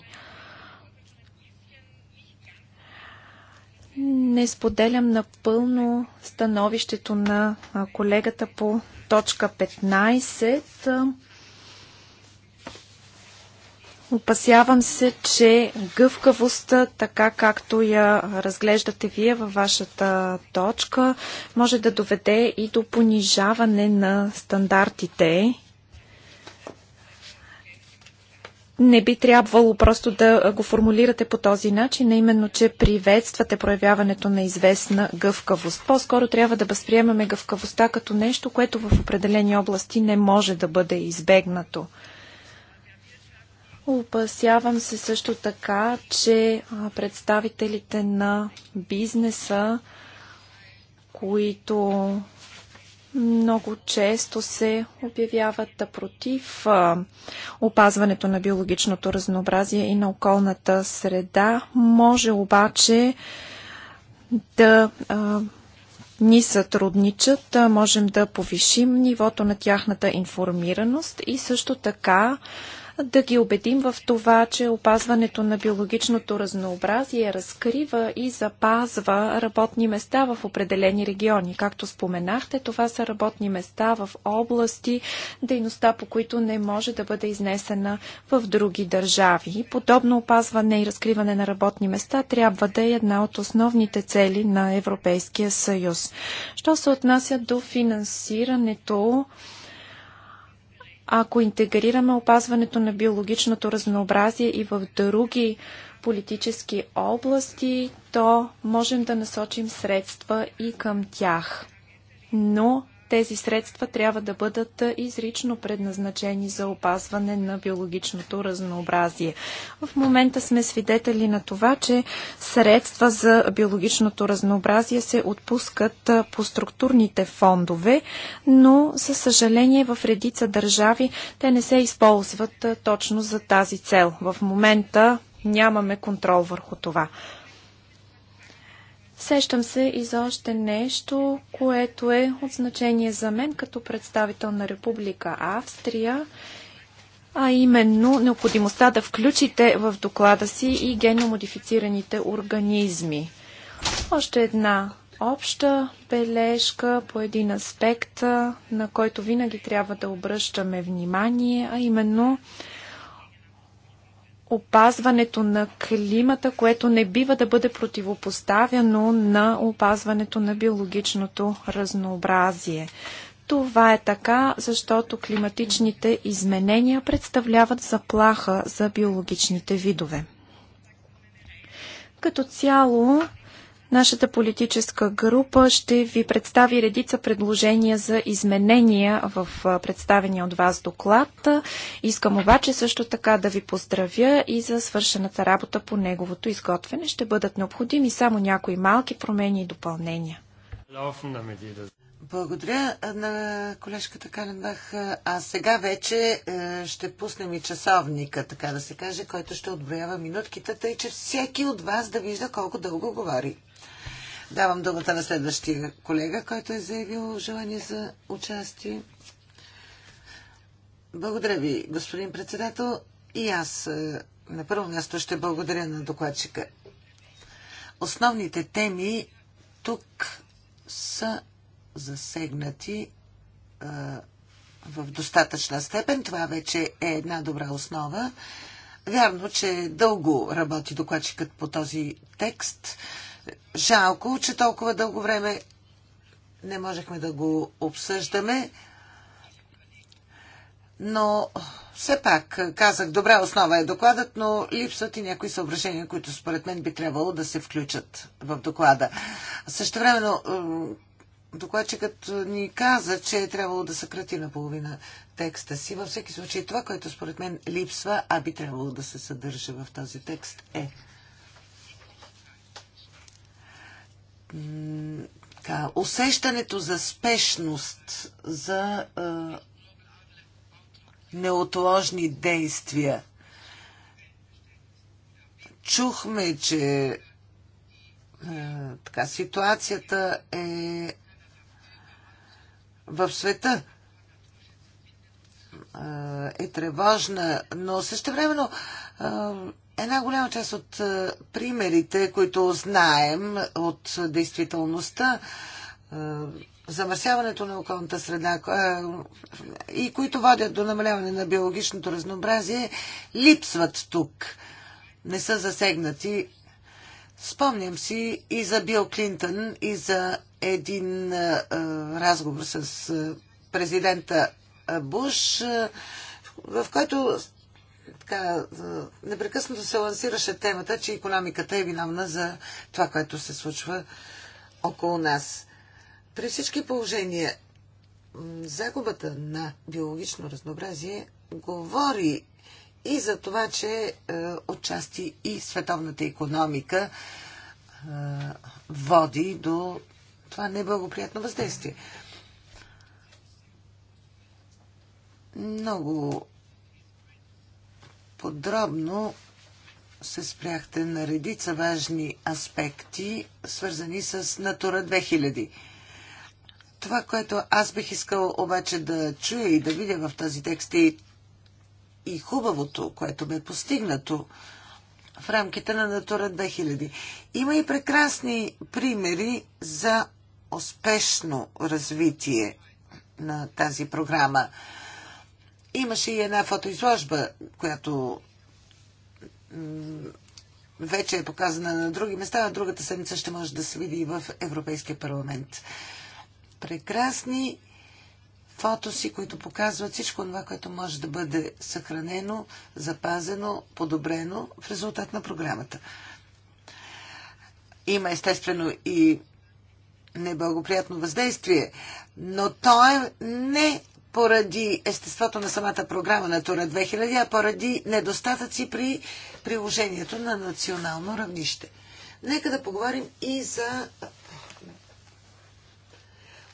Не споделям напълно становището на колегата по точка 15. Опасявам се, че гъвкавостта, така както я разглеждате вие във вашата точка, може да доведе и до понижаване на стандартите не би трябвало просто да го формулирате по този начин, а именно, че приветствате проявяването на известна гъвкавост. По-скоро трябва да възприемаме гъвкавостта като нещо, което в определени области не може да бъде избегнато. Опасявам се също така, че представителите на бизнеса, които много често се обявяват против опазването на биологичното разнообразие и на околната среда. Може обаче да ни сътрудничат, можем да повишим нивото на тяхната информираност и също така да ги убедим в това, че опазването на биологичното разнообразие разкрива и запазва работни места в определени региони. Както споменахте, това са работни места в области, дейността по които не може да бъде изнесена в други държави. Подобно опазване и разкриване на работни места трябва да е една от основните цели на Европейския съюз. Що се отнася до финансирането, ако интегрираме опазването на биологичното разнообразие и в други политически области, то можем да насочим средства и към тях. Но тези средства трябва да бъдат изрично предназначени за опазване на биологичното разнообразие. В момента сме свидетели на това, че средства за биологичното разнообразие се отпускат по структурните фондове, но със съжаление в редица държави те не се използват точно за тази цел. В момента нямаме контрол върху това. Сещам се и за още нещо, което е от значение за мен като представител на Република Австрия, а именно необходимостта да включите в доклада си и геномодифицираните организми. Още една обща бележка по един аспект, на който винаги трябва да обръщаме внимание, а именно опазването на климата, което не бива да бъде противопоставяно на опазването на биологичното разнообразие. Това е така, защото климатичните изменения представляват заплаха за биологичните видове. Като цяло, Нашата политическа група ще ви представи редица предложения за изменения в представения от вас доклад. Искам обаче също така да ви поздравя и за свършената работа по неговото изготвяне. Ще бъдат необходими само някои малки промени и допълнения. Благодаря на колежката Каленбах. А сега вече е, ще пуснем и часовника, така да се каже, който ще отброява минутките, тъй че всеки от вас да вижда колко дълго говори. Давам думата на следващия колега, който е заявил желание за участие. Благодаря ви, господин председател. И аз е, на първо място ще благодаря на докладчика. Основните теми тук са засегнати а, е, в достатъчна степен. Това вече е една добра основа. Вярно, че дълго работи докладчикът по този текст. Жалко, че толкова дълго време не можехме да го обсъждаме, но все пак казах, добра основа е докладът, но липсват и някои съображения, които според мен би трябвало да се включат в доклада. Също времено докладчикът ни каза, че е трябвало да съкрати наполовина текста си. Във всеки случай това, което според мен липсва, а би трябвало да се съдържа в този текст е така, усещането за спешност, за а, неотложни действия. Чухме, че а, така, ситуацията е в света е тревожна, но също времено Една голяма част от е, примерите, които знаем от действителността, е, замърсяването на околната среда е, и които водят до намаляване на биологичното разнообразие, липсват тук. Не са засегнати. Спомням си и за Бил Клинтън, и за един разговор с президента Буш, в който така, е, непрекъснато се лансираше темата, че економиката е виновна за това, което се случва около нас. При всички положения, загубата на биологично разнообразие говори и за това, че е, отчасти и световната економика е, води до това неблагоприятно въздействие. Много подробно се спряхте на редица важни аспекти, свързани с Натура 2000. Това, което аз бих искал обаче да чуя и да видя в тази текст е и хубавото, което бе постигнато в рамките на Натура 2000. Има и прекрасни примери за успешно развитие на тази програма. Имаше и една фотоизложба, която вече е показана на други места, а другата седмица ще може да се види и в Европейския парламент. Прекрасни фотоси, които показват всичко това, което може да бъде съхранено, запазено, подобрено в резултат на програмата. Има естествено и неблагоприятно въздействие, но то е не поради естеството на самата програма на Тура 2000, а поради недостатъци при приложението на национално равнище. Нека да поговорим и за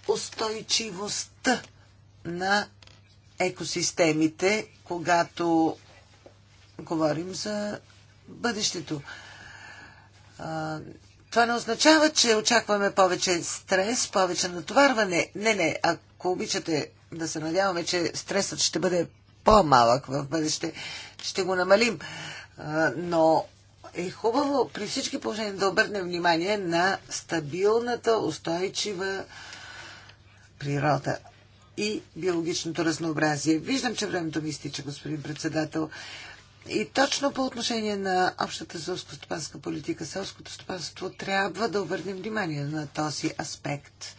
устойчивостта на екосистемите, когато говорим за бъдещето. Това не означава, че очакваме повече стрес, повече натоварване. Не, не, ако обичате, да се надяваме, че стресът ще бъде по-малък в бъдеще. Ще го намалим. Но е хубаво при всички положения да обърнем внимание на стабилната, устойчива природа и биологичното разнообразие. Виждам, че времето ми изтича, господин председател. И точно по отношение на общата селско-стопанска политика, селското стопанство трябва да обърнем внимание на този аспект.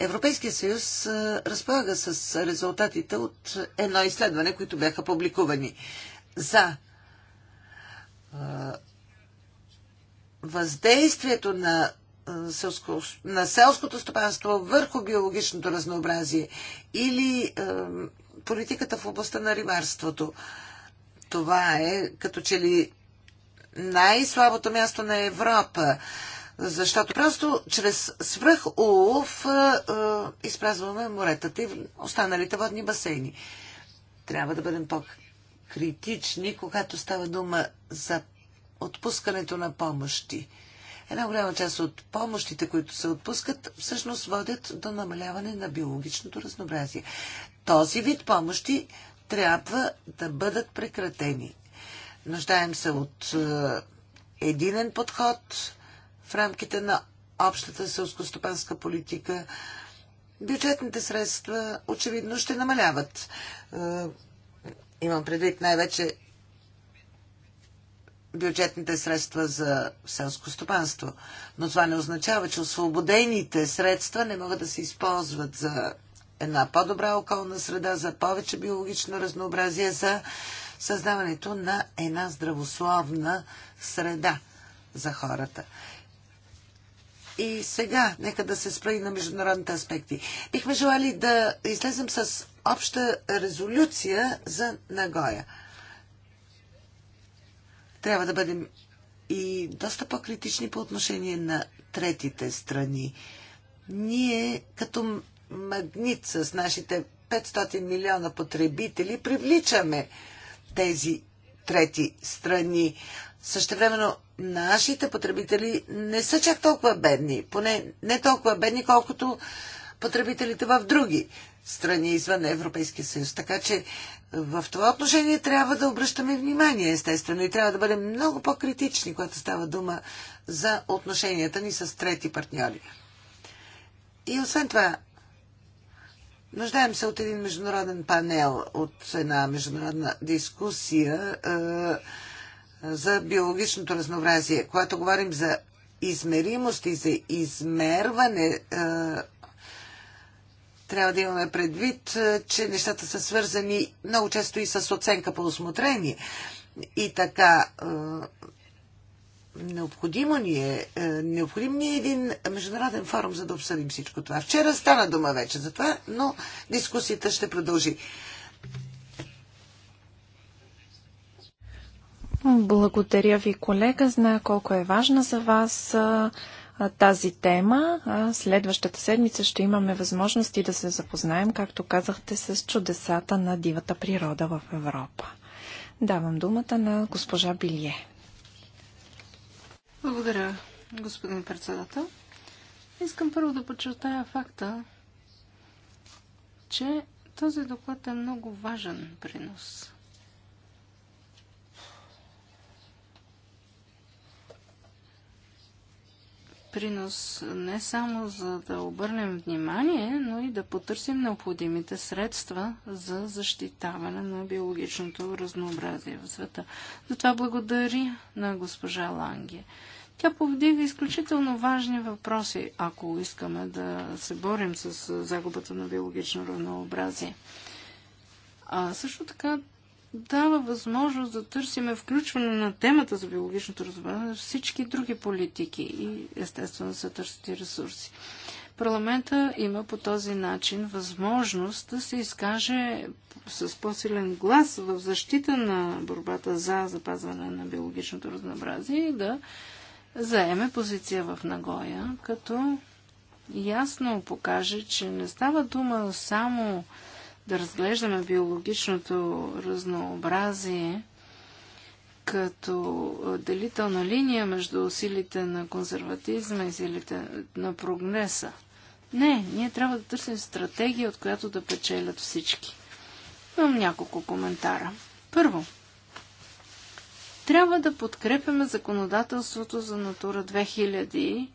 Европейския съюз разполага с резултатите от едно изследване, които бяха публикувани за въздействието на, селско, на селското стопанство върху биологичното разнообразие или е, политиката в областта на рибарството. Това е като че ли най-слабото място на Европа. Защото просто чрез свръхулов изпразваме моретата и останалите водни басейни. Трябва да бъдем по-критични, когато става дума за отпускането на помощи. Една голяма част от помощите, които се отпускат, всъщност водят до намаляване на биологичното разнообразие. Този вид помощи трябва да бъдат прекратени. Нуждаем се от единен подход, в рамките на общата селскостопанска политика. Бюджетните средства очевидно ще намаляват. Е, имам предвид най-вече бюджетните средства за селско стопанство. Но това не означава, че освободените средства не могат да се използват за една по-добра околна среда, за повече биологично разнообразие, за създаването на една здравословна среда за хората. И сега, нека да се спра и на международните аспекти. Бихме желали да излезем с обща резолюция за Нагоя. Трябва да бъдем и доста по-критични по отношение на третите страни. Ние като магнит с нашите 500 милиона потребители привличаме тези трети страни. Същевременно нашите потребители не са чак толкова бедни, поне не толкова бедни, колкото потребителите в други страни извън Европейския съюз. Така че в това отношение трябва да обръщаме внимание, естествено, и трябва да бъдем много по-критични, когато става дума за отношенията ни с трети партньори. И освен това, нуждаем се от един международен панел, от една международна дискусия. Е, за биологичното разнообразие, когато говорим за измеримост и за измерване, е, трябва да имаме предвид, е, че нещата са свързани много често и с оценка по осмотрение. И така, е, необходимо ни е, необходим ни е един международен форум, за да обсъдим всичко това. Вчера стана дума вече за това, но дискусията ще продължи. Благодаря ви, колега. Зная колко е важна за вас тази тема. Следващата седмица ще имаме възможности да се запознаем, както казахте, с чудесата на дивата природа в Европа. Давам думата на госпожа Билие. Благодаря, господин председател. Искам първо да подчертая факта, че този доклад е много важен принос принос не само за да обърнем внимание, но и да потърсим необходимите средства за защитаване на биологичното разнообразие в света. Затова благодаря на госпожа Ланге. Тя повдига изключително важни въпроси, ако искаме да се борим с загубата на биологично разнообразие. А също така дава възможност да търсиме включване на темата за биологичното разнообразие в всички други политики и естествено се търсят и ресурси. Парламента има по този начин възможност да се изкаже с по-силен глас в защита на борбата за запазване на биологичното разнообразие и да заеме позиция в Нагоя, като ясно покаже, че не става дума само да разглеждаме биологичното разнообразие като делителна линия между силите на консерватизма и силите на прогреса. Не, ние трябва да търсим стратегия, от която да печелят всички. Имам няколко коментара. Първо, трябва да подкрепяме законодателството за Натура 2000,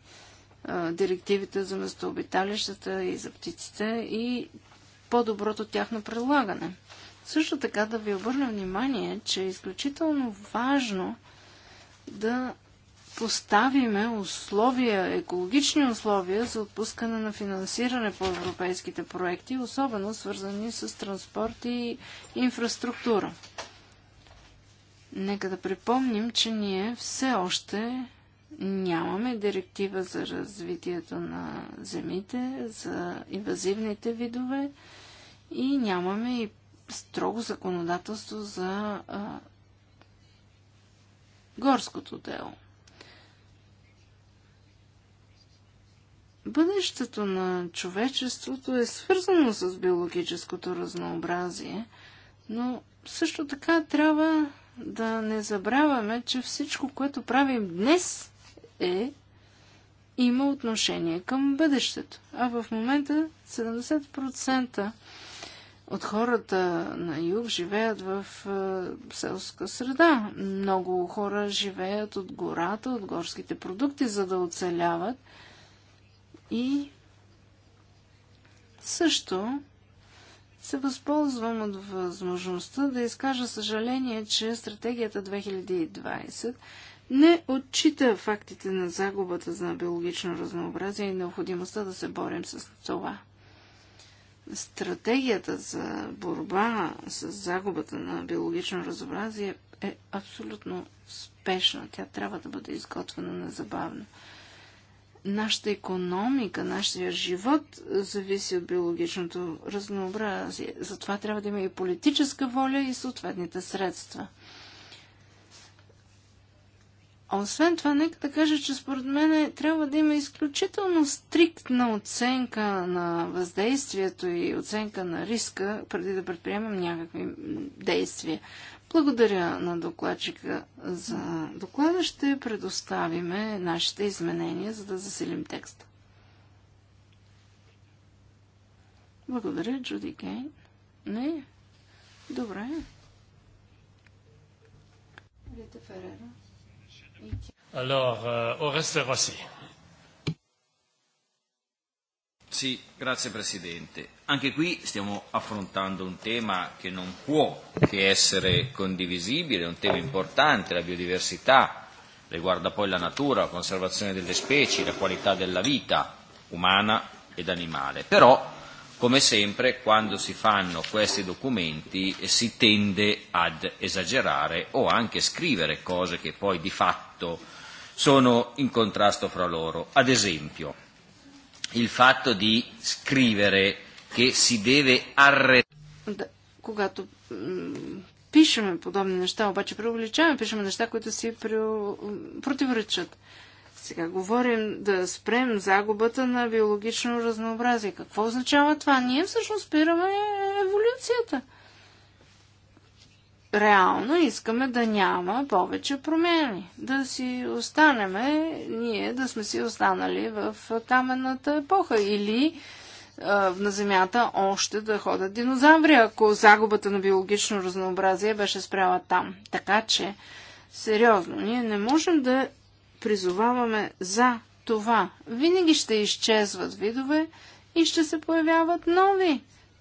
директивите за местообиталищата и за птиците и по-доброто тяхно предлагане. Също така да ви обърна внимание, че е изключително важно да поставиме условия, екологични условия за отпускане на финансиране по европейските проекти, особено свързани с транспорт и инфраструктура. Нека да припомним, че ние все още Нямаме директива за развитието на земите, за инвазивните видове и нямаме и строго законодателство за а, горското дело. Бъдещето на човечеството е свързано с биологическото разнообразие, но също така трябва да не забравяме, че всичко, което правим днес, е има отношение към бъдещето. А в момента 70% от хората на юг живеят в е, селска среда. Много хора живеят от гората, от горските продукти, за да оцеляват. И също се възползвам от възможността да изкажа съжаление, че стратегията 2020 не отчита фактите на загубата за биологично разнообразие и необходимостта да се борим с това. Стратегията за борба с загубата на биологично разнообразие е абсолютно спешна. Тя трябва да бъде изготвена незабавно. Нашата економика, нашия живот зависи от биологичното разнообразие. Затова трябва да има и политическа воля и съответните средства – освен това, нека да кажа, че според мен трябва да има изключително стриктна оценка на въздействието и оценка на риска, преди да предприемем някакви действия. Благодаря на докладчика за доклада. Ще предоставиме нашите изменения, за да засилим текста. Благодаря, Джуди Кейн. Не? Добре. Рита Ферера. Alors, uh, Oreste Rossi. Sì, grazie Presidente. Anche qui stiamo affrontando un tema che non può che essere condivisibile, è un tema importante, la biodiversità, riguarda poi la natura, la conservazione delle specie, la qualità della vita umana ed animale. Però Come sempre quando si fanno questi documenti si tende ad esagerare o anche scrivere cose che poi di fatto sono in contrasto fra loro. Ad esempio, il fatto di scrivere che si deve arrestare. пишеме подобни неща, обаче преувеличаваме, пишеме неща, които си противоречат. Сега говорим да спрем загубата на биологично разнообразие. Какво означава това? Ние всъщност спираме еволюцията. Реално искаме да няма повече промени. Да си останеме, ние да сме си останали в каменната епоха. Или на Земята още да ходят динозаври, ако загубата на биологично разнообразие беше спряла там. Така че, сериозно, ние не можем да призоваваме за това. Винаги ще изчезват видове и ще се появяват нови.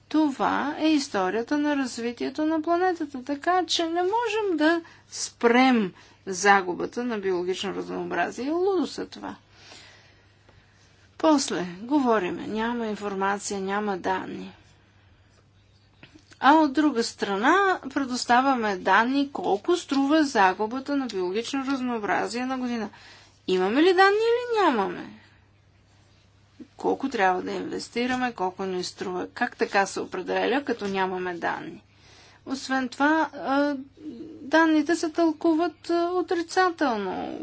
Това е историята на развитието на планетата, така че не можем да спрем загубата на биологично разнообразие. Лудо са това. После говориме. Няма информация, няма данни а от друга страна предоставяме данни колко струва загубата на биологично разнообразие на година. Имаме ли данни или нямаме? Колко трябва да инвестираме, колко ни струва? Как така се определя, като нямаме данни? Освен това, данните се тълкуват отрицателно.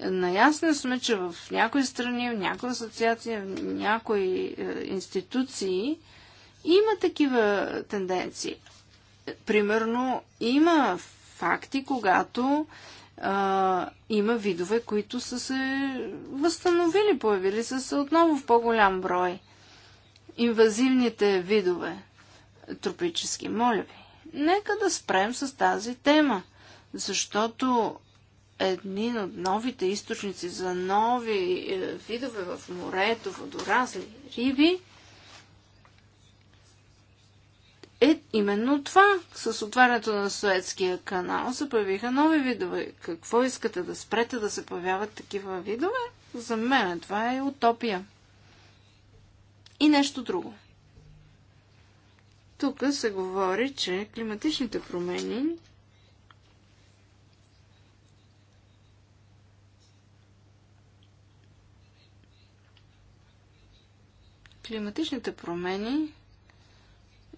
Наясно сме, че в някои страни, в някои асоциации, в някои е, институции има такива тенденции. Примерно, има факти, когато а, има видове, които са се възстановили, появили са се отново в по-голям брой. Инвазивните видове, тропически, моля ви, нека да спрем с тази тема, защото един от новите източници за нови е, видове в морето, водорасли, риби, е именно това. С отварянето на Суетския канал се появиха нови видове. Какво искате да спрете да се появяват такива видове? За мен това е утопия. И нещо друго. Тук се говори, че климатичните промени климатичните промени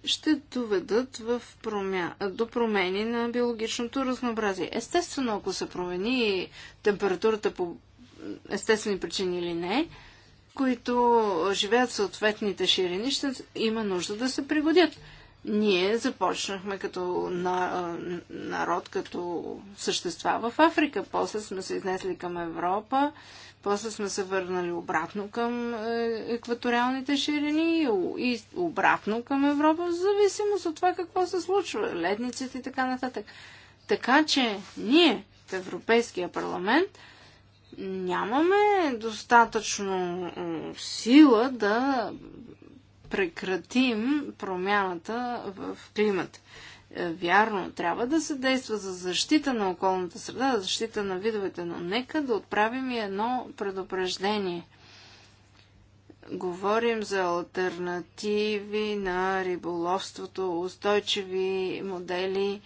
ще доведат в промя... до промени на биологичното разнообразие. Естествено, ако се промени температурата по естествени причини или не, които живеят в съответните ширини, ще има нужда да се пригодят. Ние започнахме като на... народ, като същества в Африка, после сме се изнесли към Европа, после сме се върнали обратно към е, екваториалните ширини и обратно към Европа, в зависимост от това какво се случва, ледниците и така нататък. Така че ние в Европейския парламент нямаме достатъчно е, сила да прекратим промяната в климата. Е, вярно, трябва да се действа за защита на околната среда, за защита на видовете, но нека да отправим и едно предупреждение. Говорим за альтернативи на риболовството, устойчиви модели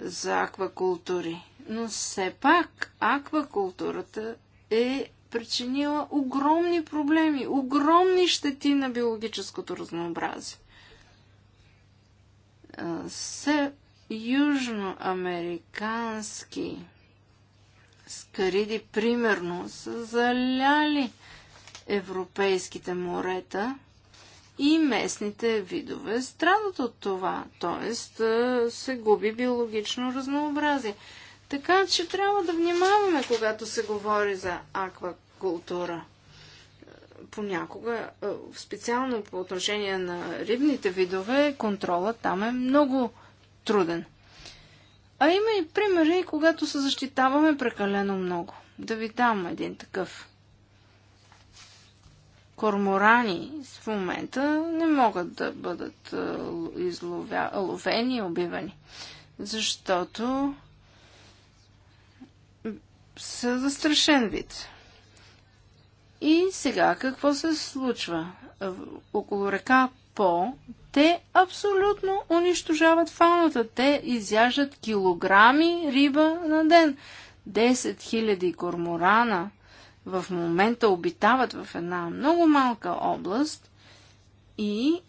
за аквакултури. Но все пак аквакултурата е причинила огромни проблеми, огромни щети на биологическото разнообразие са южноамерикански скариди, примерно, са заляли европейските морета и местните видове страдат от това, т.е. се губи биологично разнообразие. Така че трябва да внимаваме, когато се говори за аквакултура понякога, е, специално по отношение на рибните видове, контрола там е много труден. А има и примери, когато се защитаваме прекалено много. Да ви дам един такъв. Корморани в момента не могат да бъдат е, изловя... ловени и убивани, защото са застрашен вид. И сега какво се случва? Около река По те абсолютно унищожават фауната. Те изяждат килограми риба на ден. 10 000 корморана в момента обитават в една много малка област и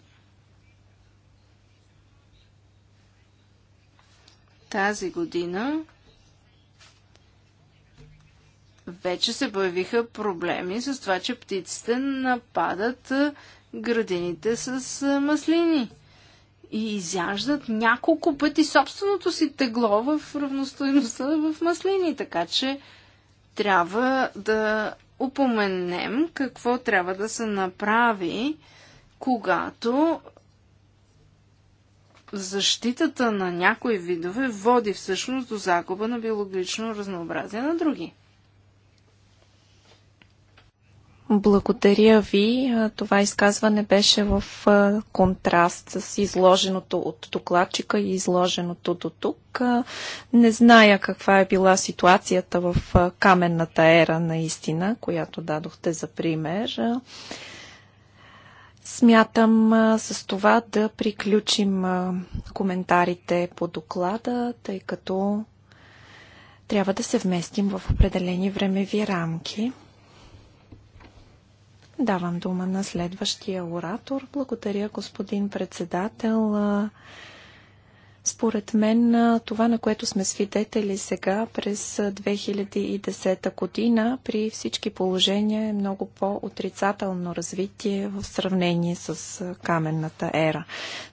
тази година вече се появиха проблеми с това, че птиците нападат градините с маслини и изяждат няколко пъти собственото си тегло в равностойността в маслини, така че трябва да упоменем какво трябва да се направи, когато защитата на някои видове води всъщност до загуба на биологично разнообразие на други. Благодаря ви. Това изказване беше в контраст с изложеното от докладчика и изложеното до тук. Не зная каква е била ситуацията в каменната ера наистина, която дадохте за пример. Смятам с това да приключим коментарите по доклада, тъй като трябва да се вместим в определени времеви рамки. Давам дума на следващия оратор. Благодаря, господин председател. Според мен това, на което сме свидетели сега през 2010 година, при всички положения е много по-отрицателно развитие в сравнение с каменната ера.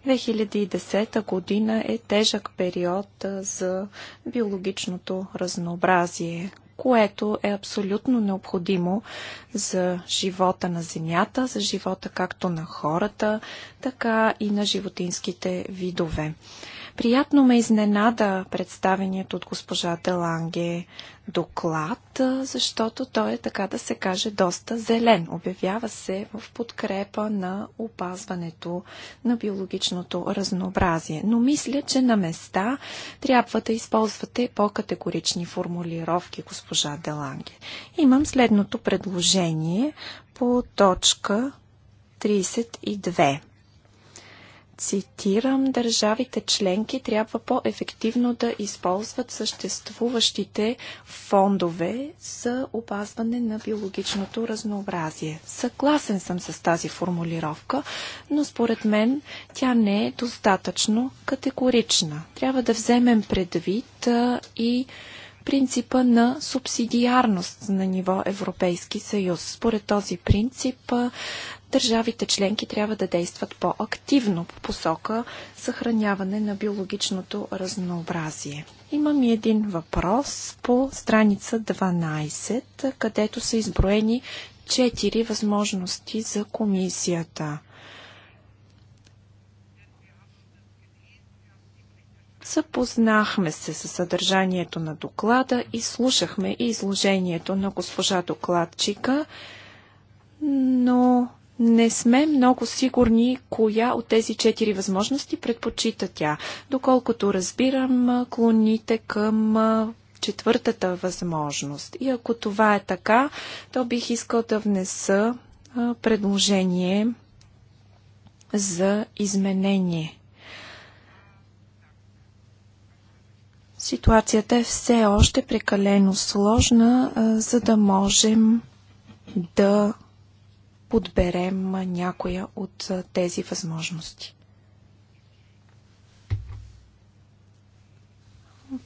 2010 година е тежък период за биологичното разнообразие, което е абсолютно необходимо за живота на Земята, за живота както на хората, така и на животинските видове. Приятно ме изненада представението от госпожа Деланге доклад, защото той е, така да се каже, доста зелен. Обявява се в подкрепа на опазването на биологичното разнообразие. Но мисля, че на места трябва да използвате по-категорични формулировки, госпожа Деланге. Имам следното предложение по точка 32 цитирам, държавите членки трябва по-ефективно да използват съществуващите фондове за опазване на биологичното разнообразие. Съгласен съм с тази формулировка, но според мен тя не е достатъчно категорична. Трябва да вземем предвид и принципа на субсидиарност на ниво Европейски съюз. Според този принцип държавите членки трябва да действат по-активно по посока съхраняване на биологичното разнообразие. Имам и един въпрос по страница 12, където са изброени четири възможности за комисията. Съпознахме се със съдържанието на доклада и слушахме и изложението на госпожа докладчика, но не сме много сигурни коя от тези четири възможности предпочита тя. Доколкото разбирам, клоните към четвъртата възможност. И ако това е така, то бих искал да внеса предложение за изменение. Ситуацията е все още прекалено сложна, за да можем да подберем някоя от тези възможности.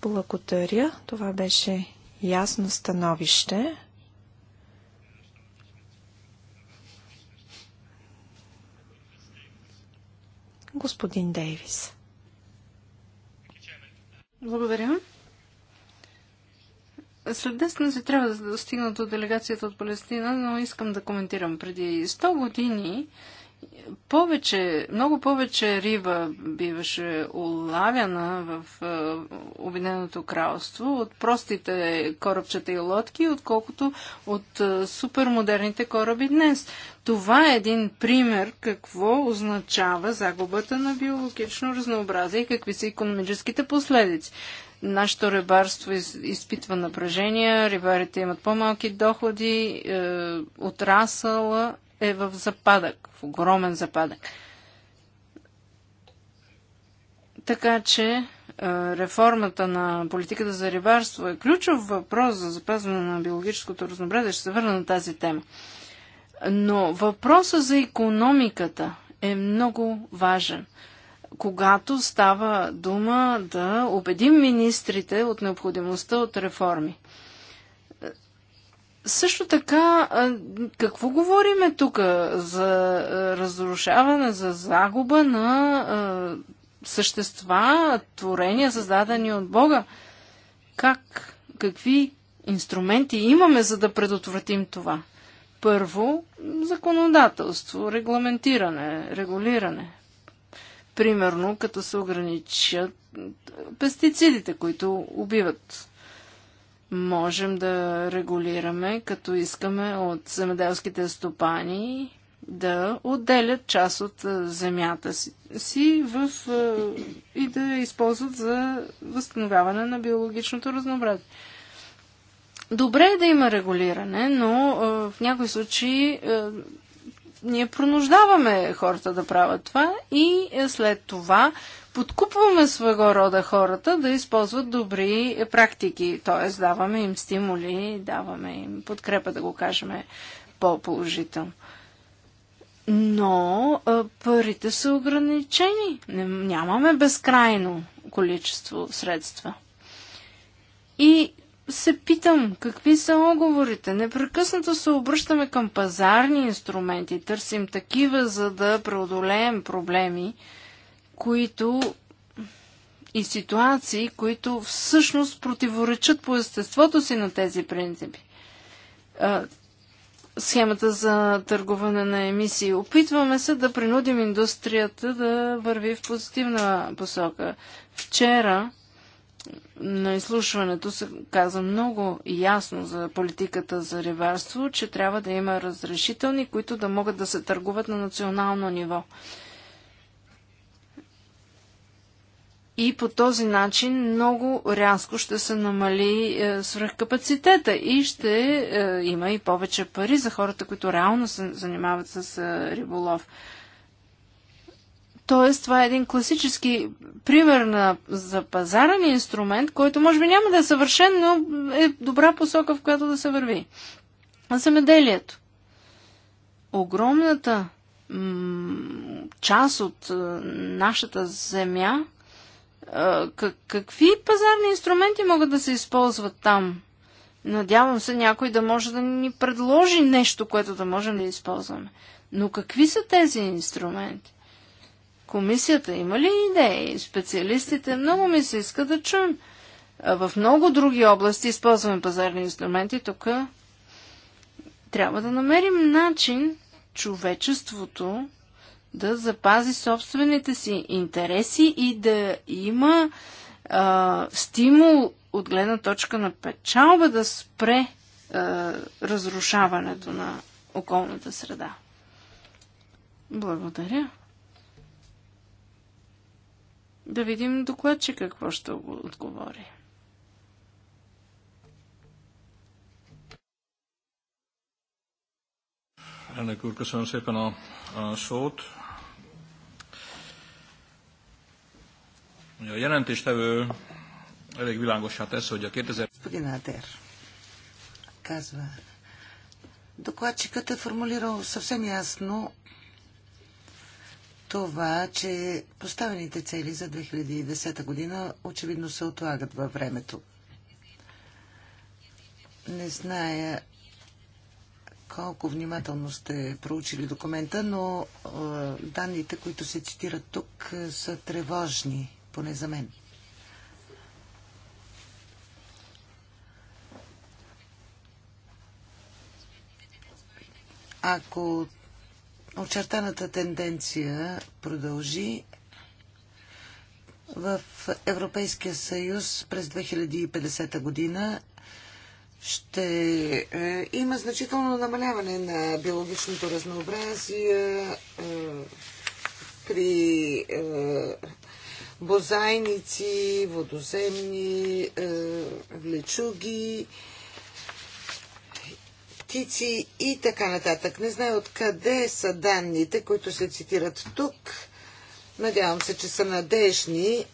Благодаря. Това беше ясно становище. Господин Дейвис. Благодаря. След 10 трябва да достигнат от делегацията от Палестина, но искам да коментирам. Преди 100 години повече, много повече риба биваше улавяна в е, Обединеното кралство от простите корабчета и лодки, отколкото от е, супермодерните кораби днес. Това е един пример какво означава загубата на биологично разнообразие и какви са економическите последици. Нашето рибарство из, изпитва напрежения, рибарите имат по-малки доходи, е, отрасъла е в западък, в огромен западък. Така че е, реформата на политиката за рибарство е ключов въпрос за запазване на биологическото разнообразие. Ще се върна на тази тема. Но въпросът за економиката е много важен когато става дума да убедим министрите от необходимостта от реформи. Също така, какво говориме тук за разрушаване, за загуба на същества, творения, създадени от Бога? Как, какви инструменти имаме, за да предотвратим това? Първо, законодателство, регламентиране, регулиране. Примерно, като се ограничат пестицидите, които убиват. Можем да регулираме, като искаме от земеделските стопани да отделят част от земята си, си в, и да използват за възстановяване на биологичното разнообразие. Добре е да има регулиране, но в някои случаи ние пронуждаваме хората да правят това и след това подкупваме своего рода хората да използват добри практики, т.е. даваме им стимули, даваме им подкрепа, да го кажем по-положително. Но парите са ограничени. Нямаме безкрайно количество средства. И се питам, какви са отговорите? Непрекъснато се обръщаме към пазарни инструменти, търсим такива, за да преодолеем проблеми, които и ситуации, които всъщност противоречат по естеството си на тези принципи. Схемата за търговане на емисии. Опитваме се да принудим индустрията да върви в позитивна посока. Вчера на изслушването се каза много ясно за политиката за рибарство, че трябва да има разрешителни, които да могат да се търгуват на национално ниво. И по този начин много рязко ще се намали е, свръхкапацитета и ще е, има и повече пари за хората, които реално се занимават с е, риболов. Тоест, това е един класически пример на, за пазарен инструмент, който може би няма да е съвършен, но е добра посока, в която да се върви. А земеделието. Огромната част от е, нашата земя, е, какви пазарни инструменти могат да се използват там? Надявам се някой да може да ни предложи нещо, което да можем да използваме. Но какви са тези инструменти? Комисията има ли идеи? Специалистите много ми се иска да чуем. В много други области използваме пазарни инструменти. Тук трябва да намерим начин човечеството да запази собствените си интереси и да има а, стимул от гледна точка на печалба да спре а, разрушаването на околната среда. Благодаря. Да видим докладче какво ще отговори. Elnök úr, köszönöm szépen a, a szót. A jelentéstevő elég világosá tesz, hogy a 2000... Господин Адер, казва, докладчикът е формулирал съвсем ясно това, че поставените цели за 2010 година очевидно се отлагат във времето. Не зная колко внимателно сте проучили документа, но е, данните, които се цитират тук, са тревожни, поне за мен. Ако очертаната тенденция продължи в Европейския съюз през 2050 година ще е, има значително намаляване на биологичното разнообразие е, при е, бозайници, водоземни, влечуги, птици и така нататък. Не знае откъде са данните, които се цитират тук. Надявам се, че са надежни.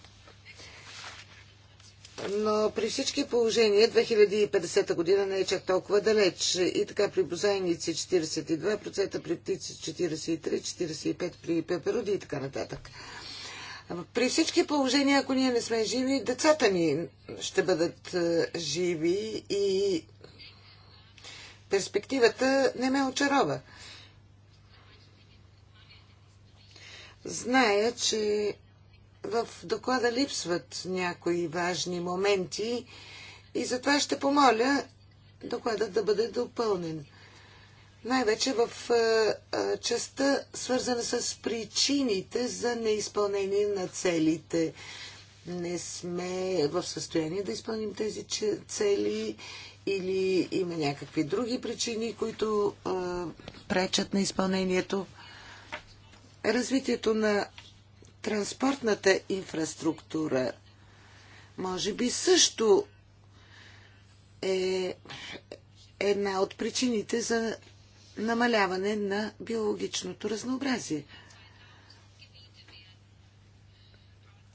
Но при всички положения 2050 година не е чак толкова далеч. И така при бозайници 42%, при птици 43%, 45% при пеперуди и така нататък. При всички положения, ако ние не сме живи, децата ни ще бъдат е, живи и перспективата не ме очарова. Зная, че в доклада липсват някои важни моменти и затова ще помоля докладът да бъде допълнен. Най-вече в частта, свързана с причините за неизпълнение на целите. Не сме в състояние да изпълним тези цели или има някакви други причини, които а, пречат на изпълнението. Развитието на транспортната инфраструктура може би също е една от причините за намаляване на биологичното разнообразие.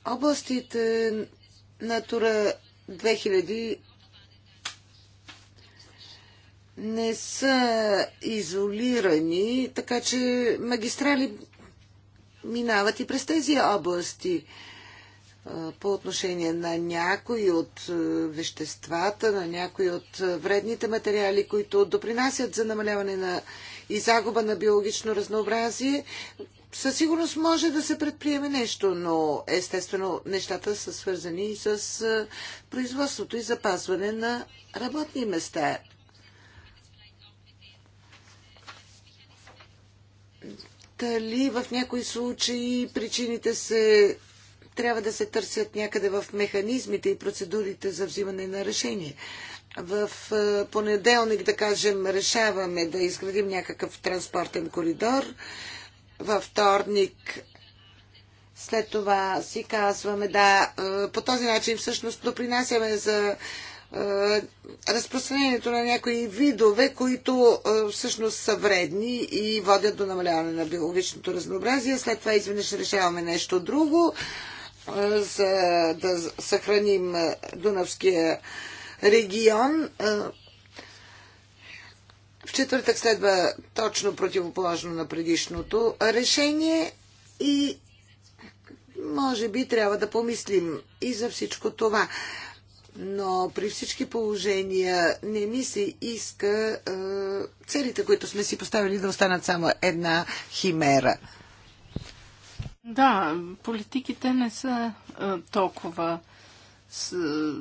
Областите Натура 2000 не са изолирани, така че магистрали минават и през тези области. По отношение на някои от веществата, на някои от вредните материали, които допринасят за намаляване на и загуба на биологично разнообразие, със сигурност може да се предприеме нещо, но естествено нещата са свързани и с производството и запазване на работни места. дали в някои случаи причините се трябва да се търсят някъде в механизмите и процедурите за взимане на решение. В е, понеделник, да кажем, решаваме да изградим някакъв транспортен коридор. Във вторник след това си казваме, да, е, по този начин всъщност допринасяме за е, разпространението на някои видове, които е, всъщност са вредни и водят до намаляване на биологичното разнообразие. След това изведнъж решаваме нещо друго, е, за да съхраним Дунавския регион. В четвъртък следва точно противоположно на предишното решение и може би трябва да помислим и за всичко това но при всички положения не ми се иска е, целите, които сме си поставили, да останат само една химера. Да, политиките не са е, толкова с, е,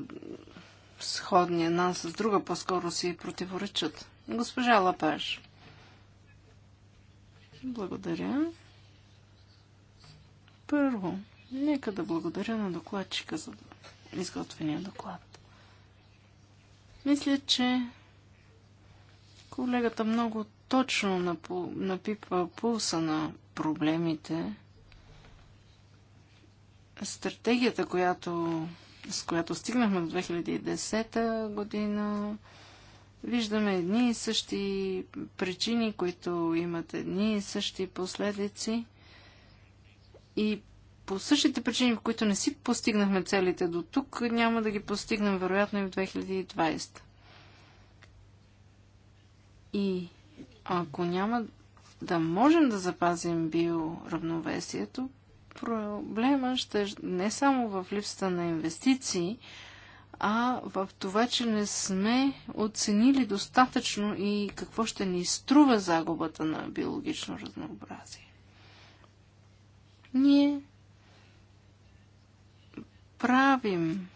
сходни една с друга, по-скоро си противоречат. Госпожа Лапеш. Благодаря. Първо, нека да благодаря на докладчика за изготвения доклад. Мисля, че колегата много точно напипва пулса на проблемите. Стратегията, която, с която стигнахме до 2010 година, виждаме едни и същи причини, които имат едни и същи последици. И по същите причини, в които не си постигнахме целите до тук, няма да ги постигнем вероятно и в 2020. И ако няма да можем да запазим биоравновесието, проблема ще е не само в липсата на инвестиции, а в това, че не сме оценили достатъчно и какво ще ни струва загубата на биологично разнообразие. Ние правим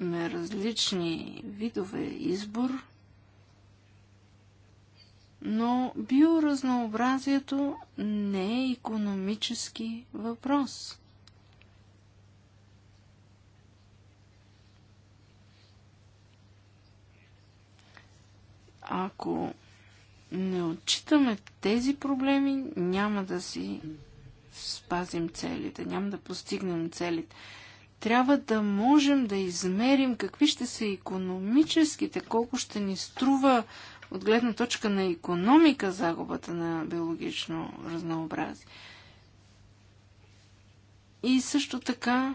на различни видове избор, но биоразнообразието не е економически въпрос. Ако не отчитаме тези проблеми, няма да си спазим целите, няма да постигнем целите трябва да можем да измерим какви ще са економическите, колко ще ни струва от гледна точка на економика загубата на биологично разнообразие. И също така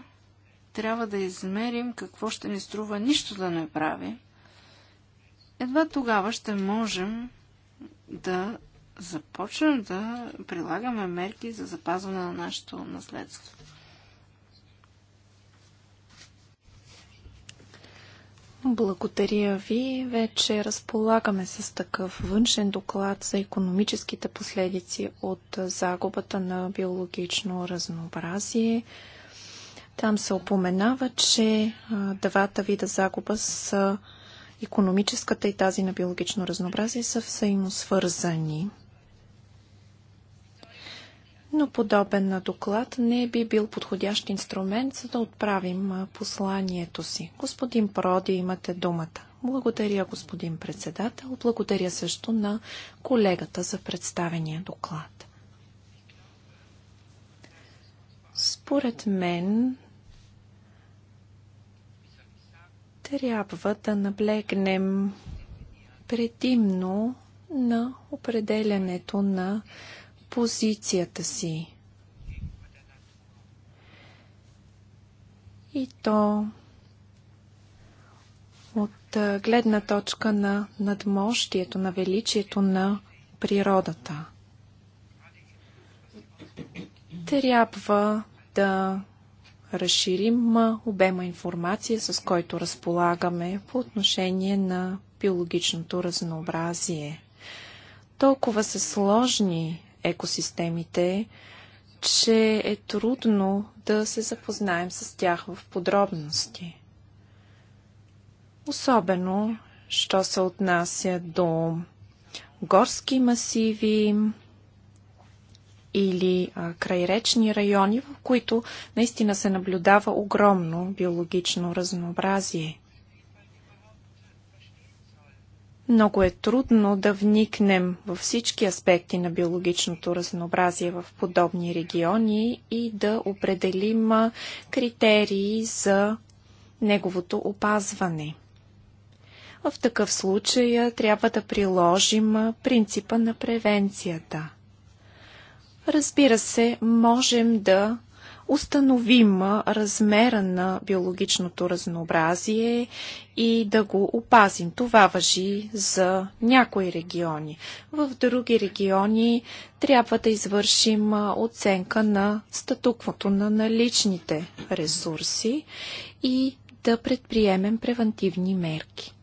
трябва да измерим какво ще ни струва нищо да не правим. Едва тогава ще можем да започнем да прилагаме мерки за запазване на нашето наследство. Благодаря ви. Вече разполагаме с такъв външен доклад за економическите последици от загубата на биологично разнообразие. Там се опоменава, че двата вида загуба са економическата и тази на биологично разнообразие са взаимосвързани но подобен на доклад не би бил подходящ инструмент, за да отправим посланието си. Господин Проди, имате думата. Благодаря, господин председател. Благодаря също на колегата за представения доклад. Според мен трябва да наблегнем предимно на определянето на позицията си. И то от гледна точка на надмощието, на величието на природата. Трябва да разширим обема информация, с който разполагаме по отношение на биологичното разнообразие. Толкова са сложни екосистемите, че е трудно да се запознаем с тях в подробности. Особено, що се отнася до горски масиви или а, крайречни райони, в които наистина се наблюдава огромно биологично разнообразие. Много е трудно да вникнем във всички аспекти на биологичното разнообразие в подобни региони и да определим критерии за неговото опазване. В такъв случай трябва да приложим принципа на превенцията. Разбира се, можем да установим размера на биологичното разнообразие и да го опазим. Това въжи за някои региони. В други региони трябва да извършим оценка на статуквото на наличните ресурси и да предприемем превентивни мерки.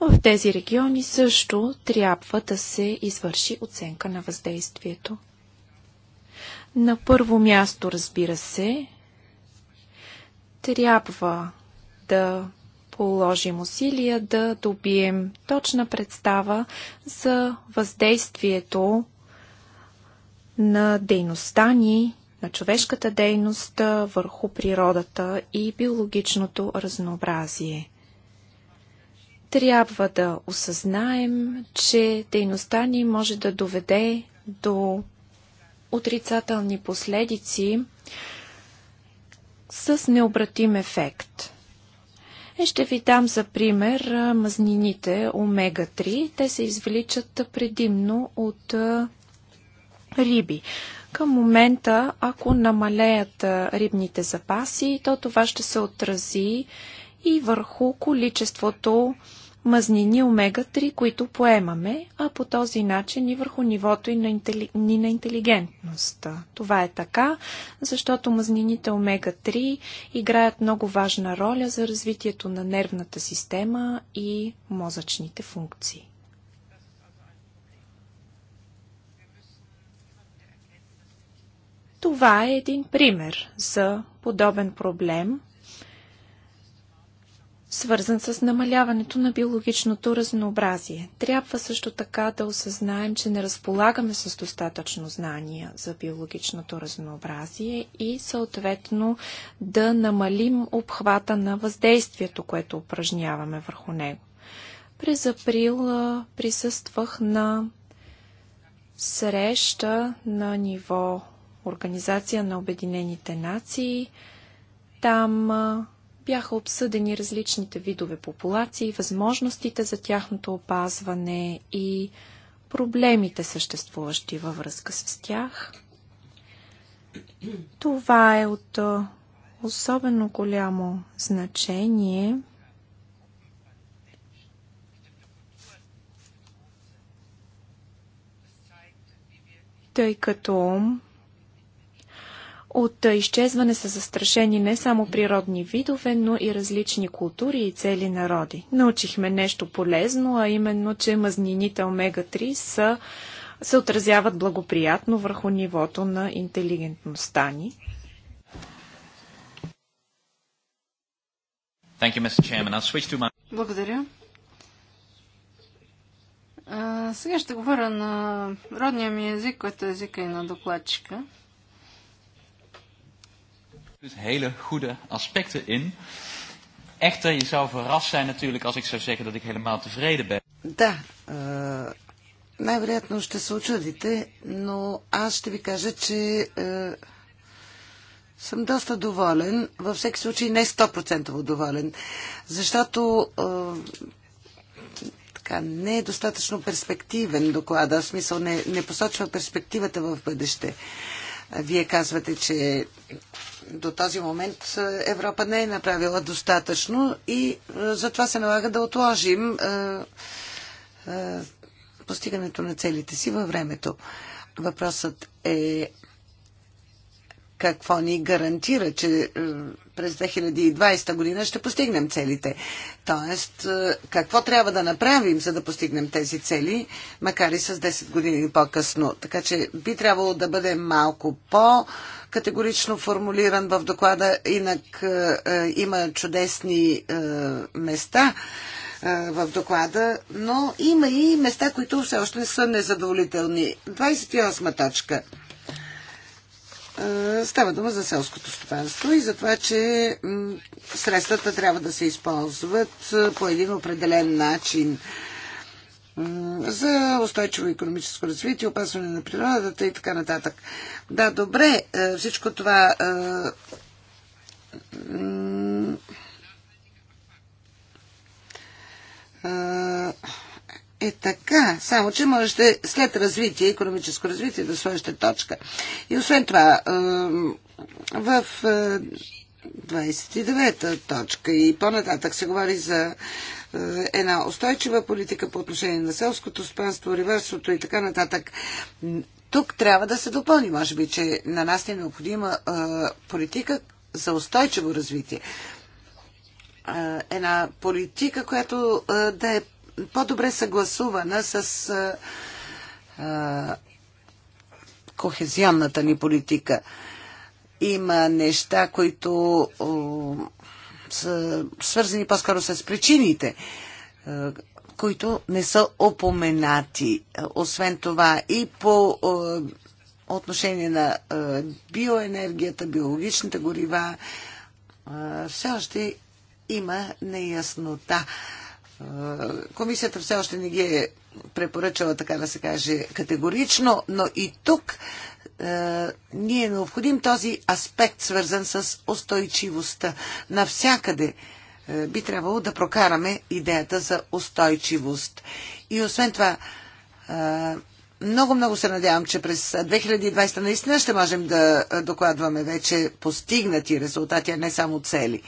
В тези региони също трябва да се извърши оценка на въздействието. На първо място, разбира се, трябва да положим усилия да добием точна представа за въздействието на дейността ни, на човешката дейност върху природата и биологичното разнообразие. Трябва да осъзнаем, че дейността ни може да доведе до отрицателни последици с необратим ефект. И е, ще ви дам за пример мазнините омега-3. Те се извличат предимно от риби. Към момента, ако намалеят рибните запаси, то това ще се отрази и върху количеството мазнини омега-3, които поемаме, а по този начин и върху нивото и на, интели... ни на интелигентност. Това е така, защото мазнините омега-3 играят много важна роля за развитието на нервната система и мозъчните функции. Това е един пример за подобен проблем, свързан с намаляването на биологичното разнообразие. Трябва също така да осъзнаем, че не разполагаме с достатъчно знания за биологичното разнообразие и съответно да намалим обхвата на въздействието, което упражняваме върху него. През април присъствах на среща на ниво Организация на Обединените нации. Там бяха обсъдени различните видове популации, възможностите за тяхното опазване и проблемите съществуващи във връзка с тях. Това е от особено голямо значение тъй като от изчезване са застрашени не само природни видове, но и различни култури и цели народи. Научихме нещо полезно, а именно, че мазнините омега-3 са, се отразяват благоприятно върху нивото на интелигентността ни. Благодаря. А, сега ще говоря на родния ми език, който е езика и на докладчика. Dus hele goede aspecten in. Echter, je zou verrast zijn natuurlijk als ik zou zeggen dat ik helemaal tevreden ben. Да, е, най-вероятно ще се очудите, но аз ще ви кажа, че е, съм доста доволен. Във всеки случай не 100% доволен, защото е, така, не е достатъчно перспективен доклада. В смисъл не, не посочва перспективата в бъдеще. Е, вие казвате, че до този момент Европа не е направила достатъчно и е, затова се налага да отложим е, е, постигането на целите си във времето. Въпросът е какво ни гарантира, че е, през 2020 година ще постигнем целите. Тоест, е, какво трябва да направим, за да постигнем тези цели, макар и с 10 години по-късно. Така че би трябвало да бъде малко по- категорично формулиран в доклада, инак е, има чудесни места в доклада, но има и места, които все още не са незадоволителни. 28 точка. Става дума за селското стопанство и за това, че средствата трябва да се използват по един определен начин за устойчиво економическо развитие, опасване на природата и така нататък. Да, добре, всичко това е така, само че може след развитие, економическо развитие да сложите точка. И освен това, в 29-та точка и по-нататък се говори за една устойчива политика по отношение на селското спанство, реверсото и така нататък. Тук трябва да се допълни, може би, че на нас е необходима политика за устойчиво развитие. Една политика, която да е по-добре съгласувана с кохезионната ни политика. Има неща, които са свързани по-скоро с причините, които не са опоменати. Освен това и по отношение на биоенергията, биологичните горива, все още има неяснота е, комисията все още не ги е препоръчала, така да се каже, категорично, но и тук е, ни е необходим този аспект, свързан с устойчивостта. Навсякъде е, би трябвало да прокараме идеята за устойчивост. И освен това, е, много много-много се надявам, че през 2020 наистина ще можем да е, докладваме вече постигнати резултати, а не само цели.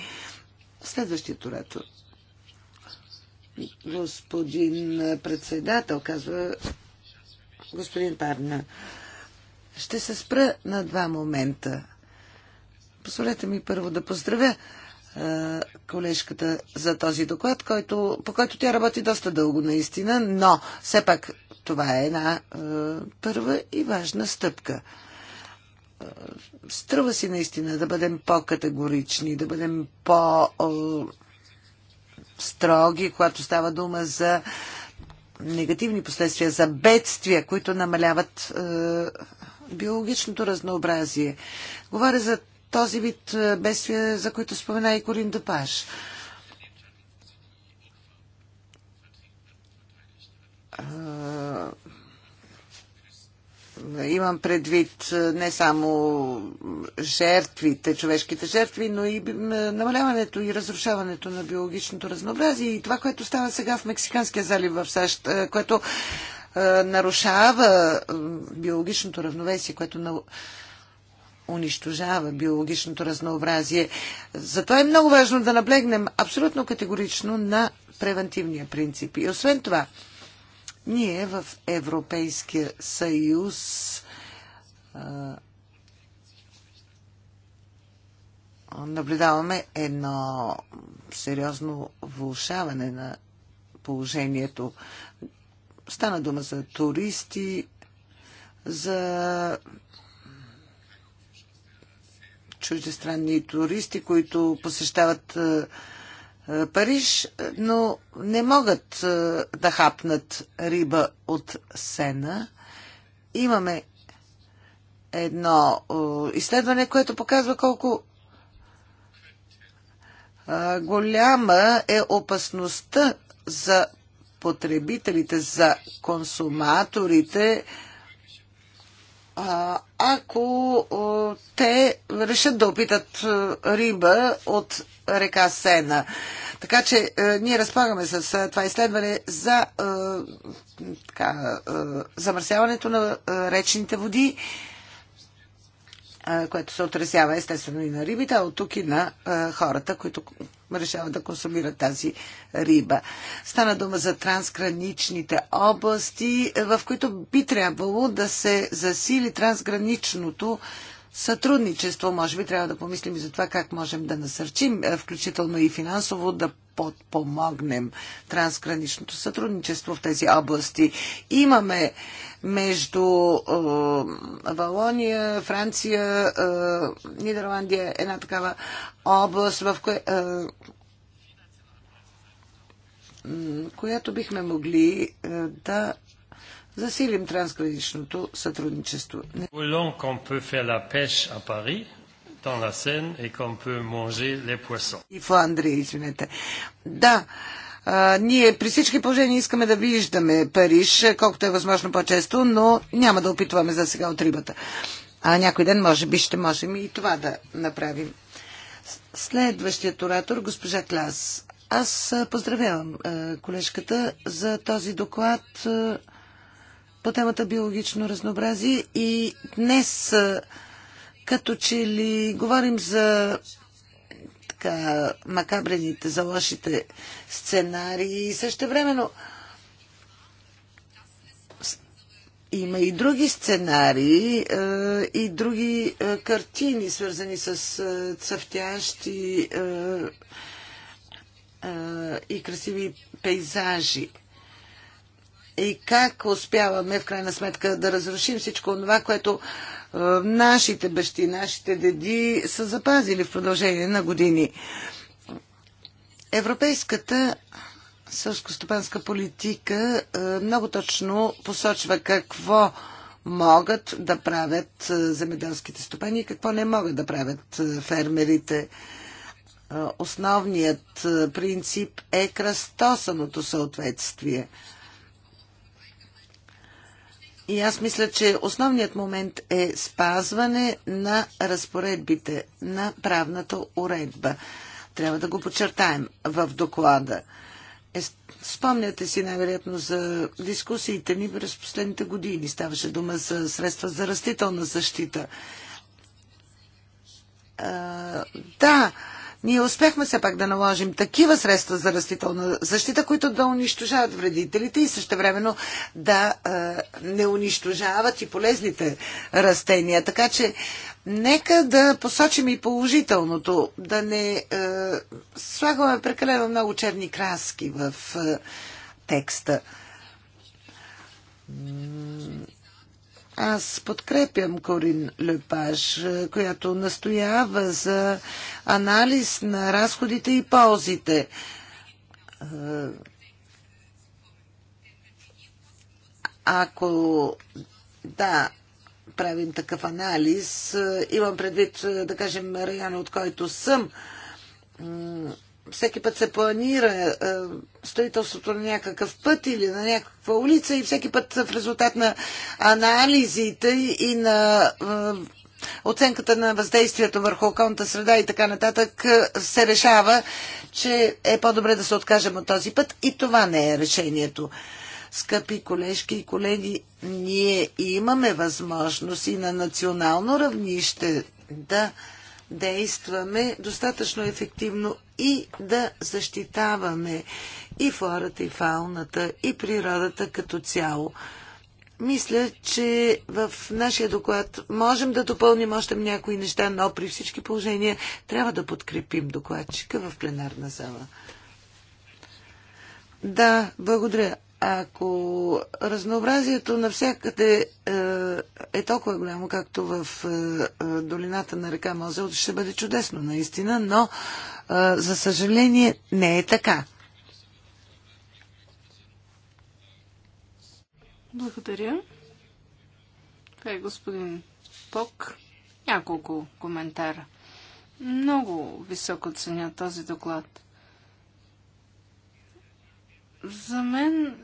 Следващият оратор господин председател, казва господин Парна. Ще се спра на два момента. Позволете ми първо да поздравя колежката за този доклад, който, по който тя работи доста дълго наистина, но все пак това е една е, първа и важна стъпка. струва си наистина да бъдем по-категорични, да бъдем по- е, строги, когато става дума за негативни последствия, за бедствия, които намаляват е, биологичното разнообразие. Говоря за този вид е, бедствия, за които спомена и Корин Депаш. Е, Имам предвид е, не само жертвите, човешките жертви, но и намаляването и разрушаването на биологичното разнообразие и това, което става сега в Мексиканския залив в САЩ, е, което е, нарушава биологичното равновесие, което на... унищожава биологичното разнообразие. Затова е много важно да наблегнем абсолютно категорично на превентивния принцип. И освен това, ние в Европейския съюз а, наблюдаваме едно сериозно влушаване на положението. Стана дума за туристи, за чуждестранни туристи, които посещават е, Париж, е, но не могат е, да хапнат риба от сена. Имаме едно изследване, което показва колко голяма е опасността за потребителите, за консуматорите ако те решат да опитат риба от река Сена. Така че ние разполагаме с това изследване за така, замърсяването на речните води, което се отразява естествено и на рибите, а от тук и на хората, които Решава да консумира тази риба. Стана дума за трансграничните области, е, в които би трябвало да се засили трансграничното сътрудничество. Може би трябва да помислим и за това как можем да насърчим, е, включително и финансово, да подпомогнем трансграничното сътрудничество в тези области. Имаме между е, Валония, Франция, е, Нидерландия една такава област, в кое, е, която бихме могли е, да засилим трансграничното сътрудничество dans la Seine et qu'on peut manger les poissons. И Фландрия, извинете. Да, а, ние при всички положения искаме да виждаме Париж, колкото е възможно по-често, но няма да опитваме за сега от рибата. А някой ден, може би, ще можем и това да направим. Следващият оратор, госпожа Клас. Аз поздравявам колежката за този доклад по темата биологично разнообразие и днес като че ли говорим за така, макабрените, за лошите сценарии и също времено има и други сценарии е, и други е, картини, свързани с е, цъфтящи и красиви пейзажи и как успяваме в крайна сметка да разрушим всичко това, което е, нашите бащи, нашите деди са запазили в продължение на години. Европейската сълскостопанска политика е, много точно посочва какво могат да правят е, земеделските стопани и какво не могат да правят е, фермерите. Е, основният принцип е кръстосаното съответствие – и аз мисля, че основният момент е спазване на разпоредбите на правната уредба. Трябва да го подчертаем в доклада. Е, спомняте си най-вероятно за дискусиите ни през последните години. Ставаше дума за средства за растителна защита. А, да, ние успяхме все пак да наложим такива средства за растителна защита, които да унищожават вредителите и същевременно да не унищожават и полезните растения. Така че нека да посочим и положителното, да не слагаме прекалено много черни краски в текста аз подкрепям Корин Лепаш, е, която настоява за анализ на разходите и ползите. Е, ако да, правим такъв анализ, е, имам предвид, да кажем, района, от който съм, всеки път се планира е, строителството на някакъв път или на някаква улица и всеки път в резултат на анализите и на е, оценката на въздействието върху околната среда и така нататък е, се решава, че е по-добре да се откажем от този път и това не е решението. Скъпи колежки и колеги, ние имаме възможност и на национално равнище да действаме достатъчно ефективно и да защитаваме и флората, и фауната, и природата като цяло. Мисля, че в нашия доклад можем да допълним още някои неща, но при всички положения трябва да подкрепим докладчика в пленарна зала. Да, благодаря. Ако разнообразието навсякъде е, е толкова голямо, както в е, е, долината на река Мозел, ще бъде чудесно наистина, но за съжаление не е така. Благодаря. Това е господин Пок. Няколко коментара. Много високо ценя този доклад. За мен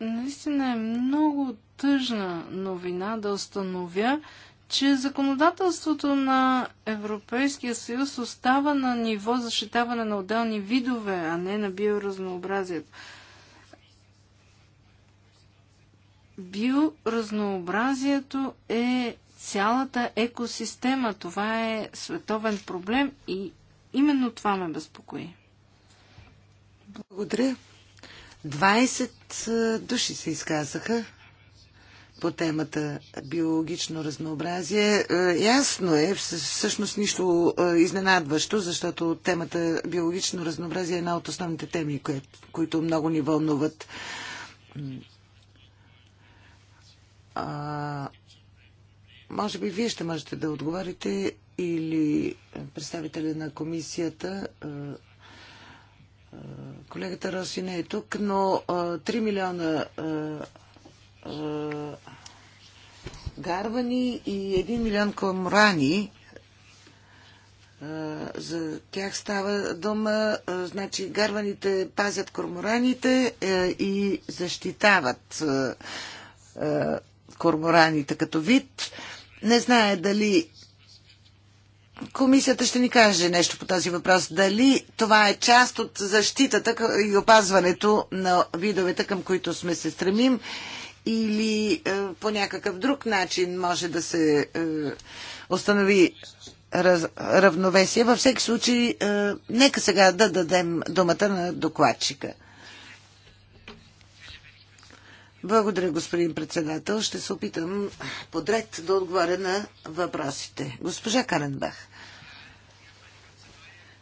наистина е много тъжна новина да установя, че законодателството на Европейския съюз остава на ниво защитаване на отделни видове, а не на биоразнообразието. Биоразнообразието е цялата екосистема. Това е световен проблем и именно това ме безпокои. Благодаря. 20 души се изказаха по темата биологично разнообразие. Ясно е, всъщност нищо изненадващо, защото темата биологично разнообразие е една от основните теми, които много ни вълнуват. А, може би вие ще можете да отговорите или представителя на комисията Колегата Роси не е тук, но 3 милиона гарвани и 1 милион комрани. за тях става дума. Значи гарваните пазят кормораните и защитават кормораните като вид. Не знае дали комисията ще ни каже нещо по този въпрос. Дали това е част от защитата и опазването на видовете, към които сме се стремим, или е, по някакъв друг начин може да се е, установи раз, равновесие. Във всеки случай, е, нека сега да дадем думата на докладчика. Благодаря, господин председател. Ще се опитам подред да отговоря на въпросите. Госпожа Каренбах.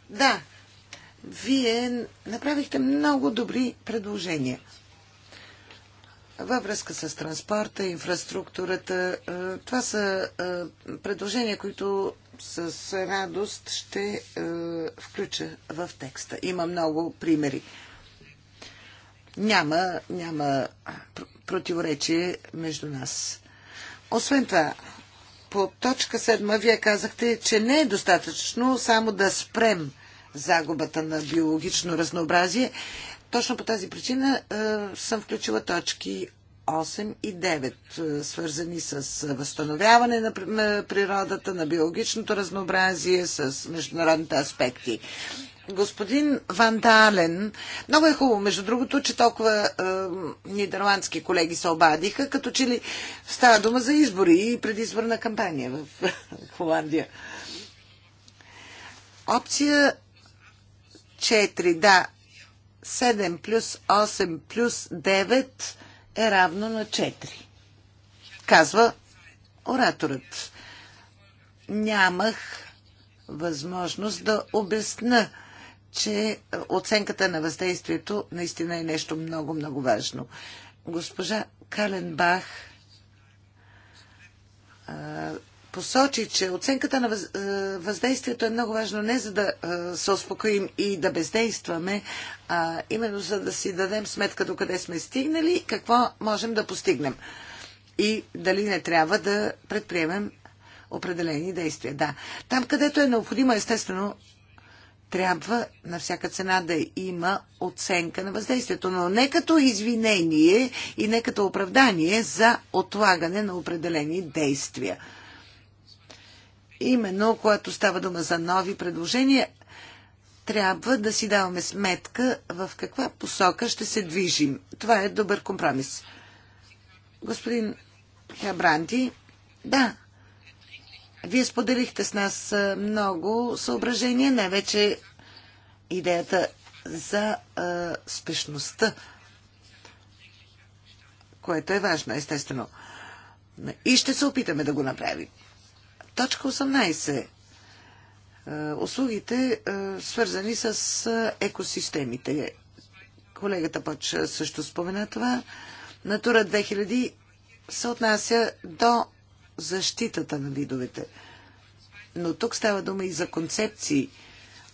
Да, вие направихте много добри предложения във връзка с транспорта, инфраструктурата. Е, това са е, предложения, които с радост ще е, включа в текста. Има много примери няма, няма противоречие между нас. Освен това, по точка 7 вие казахте, че не е достатъчно само да спрем загубата на биологично разнообразие. Точно по тази причина е, съм включила точки 8 и 9, е, свързани с възстановяване на природата, на биологичното разнообразие, с международните аспекти господин Ван Дален, много е хубаво, между другото, че толкова е, нидерландски колеги се обадиха, като че ли става дума за избори и предизборна кампания в (laughs) Холандия. Опция 4, да. 7 плюс 8 плюс 9 е равно на 4. Казва ораторът. Нямах възможност да обясня че е, оценката на въздействието наистина е нещо много, много важно. Госпожа Каленбах е, посочи, че оценката на е, въздействието е много важно не за да се успокоим и да бездействаме, а именно за да си дадем сметка до къде сме стигнали и какво можем да постигнем. И дали не трябва да предприемем определени действия. Да. Там, където е необходимо, естествено, трябва на всяка цена да има оценка на въздействието, но не като извинение и не като оправдание за отлагане на определени действия. Именно, когато става дума за нови предложения, трябва да си даваме сметка в каква посока ще се движим. Това е добър компромис. Господин Хабранти, да, вие споделихте с нас много съображения, най-вече идеята за а, спешността, което е важно, естествено. И ще се опитаме да го направим. Точка 18. Услугите, свързани с екосистемите. Колегата Поч също спомена това. Натура 2000 се отнася до защитата на видовете. Но тук става дума и за концепции.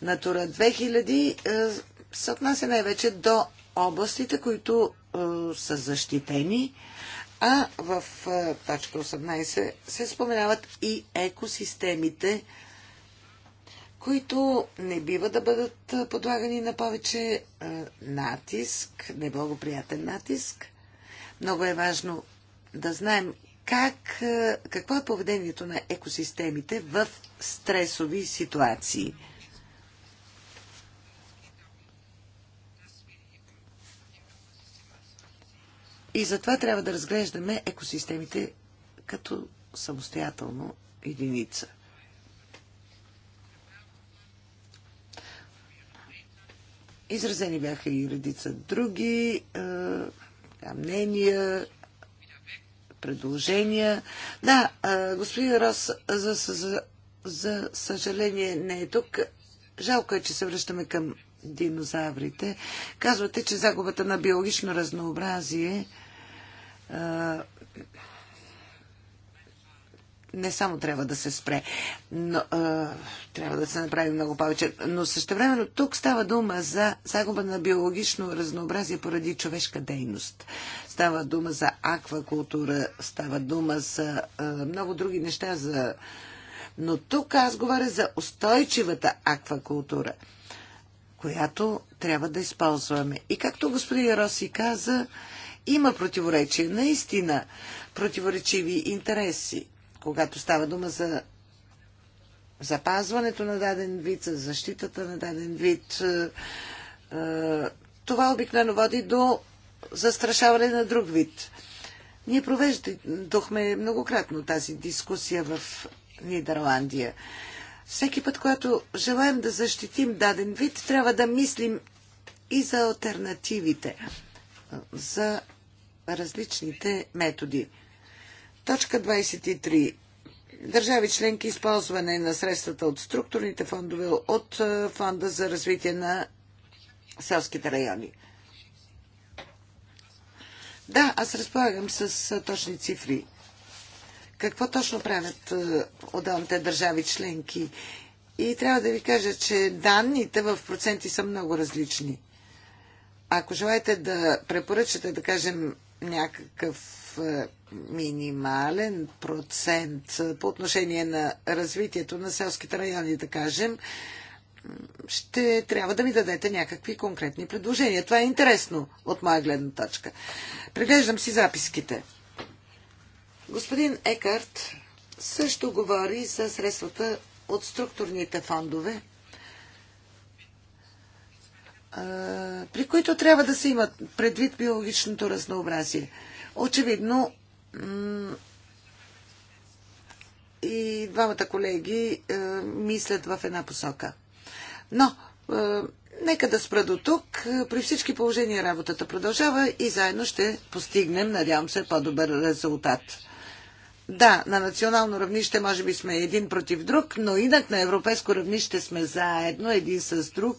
Натура 2000 е, се отнася най-вече до областите, които е, са защитени, а в е, точка 18 се споменават и екосистемите, които не бива да бъдат е, подлагани на повече е, натиск, неблагоприятен натиск. Много е важно да знаем как, е, какво е поведението на екосистемите в стресови ситуации. И затова трябва да разглеждаме екосистемите като самостоятелно единица. Изразени бяха и редица други е, мнения, предложения. Да, господин Рос, за, за, за съжаление не е тук. Жалко е, че се връщаме към динозаврите. Казвате, че загубата на биологично разнообразие не само трябва да се спре, но а, трябва да се направи много повече. Но същевременно тук става дума за загуба на биологично разнообразие поради човешка дейност. Става дума за аквакултура, става дума за а, много други неща. За... Но тук аз говоря за устойчивата аквакултура, която трябва да използваме. И както господин Роси каза, има противоречия, наистина противоречиви интереси когато става дума за запазването на даден вид, за защитата на даден вид. Е, е, това обикновено води до застрашаване на друг вид. Ние провеждахме многократно тази дискусия в Нидерландия. Всеки път, когато желаем да защитим даден вид, трябва да мислим и за альтернативите, за различните методи. Точка 23. Държави членки използване на средствата от структурните фондове от е, Фонда за развитие на селските райони. Да, аз разполагам с е, точни цифри. Какво точно правят е, отделните държави членки? И трябва да ви кажа, че данните в проценти са много различни. Ако желаете да препоръчате, да кажем, някакъв минимален процент по отношение на развитието на селските райони, да кажем, ще трябва да ми дадете някакви конкретни предложения. Това е интересно от моя гледна точка. Преглеждам си записките. Господин Екарт също говори за средствата от структурните фондове, при които трябва да се имат предвид биологичното разнообразие. Очевидно, и двамата колеги е, мислят в една посока. Но, е, нека да спра до тук. При всички положения работата продължава и заедно ще постигнем, надявам се, по-добър резултат. Да, на национално равнище може би сме един против друг, но инак на европейско равнище сме заедно, един с друг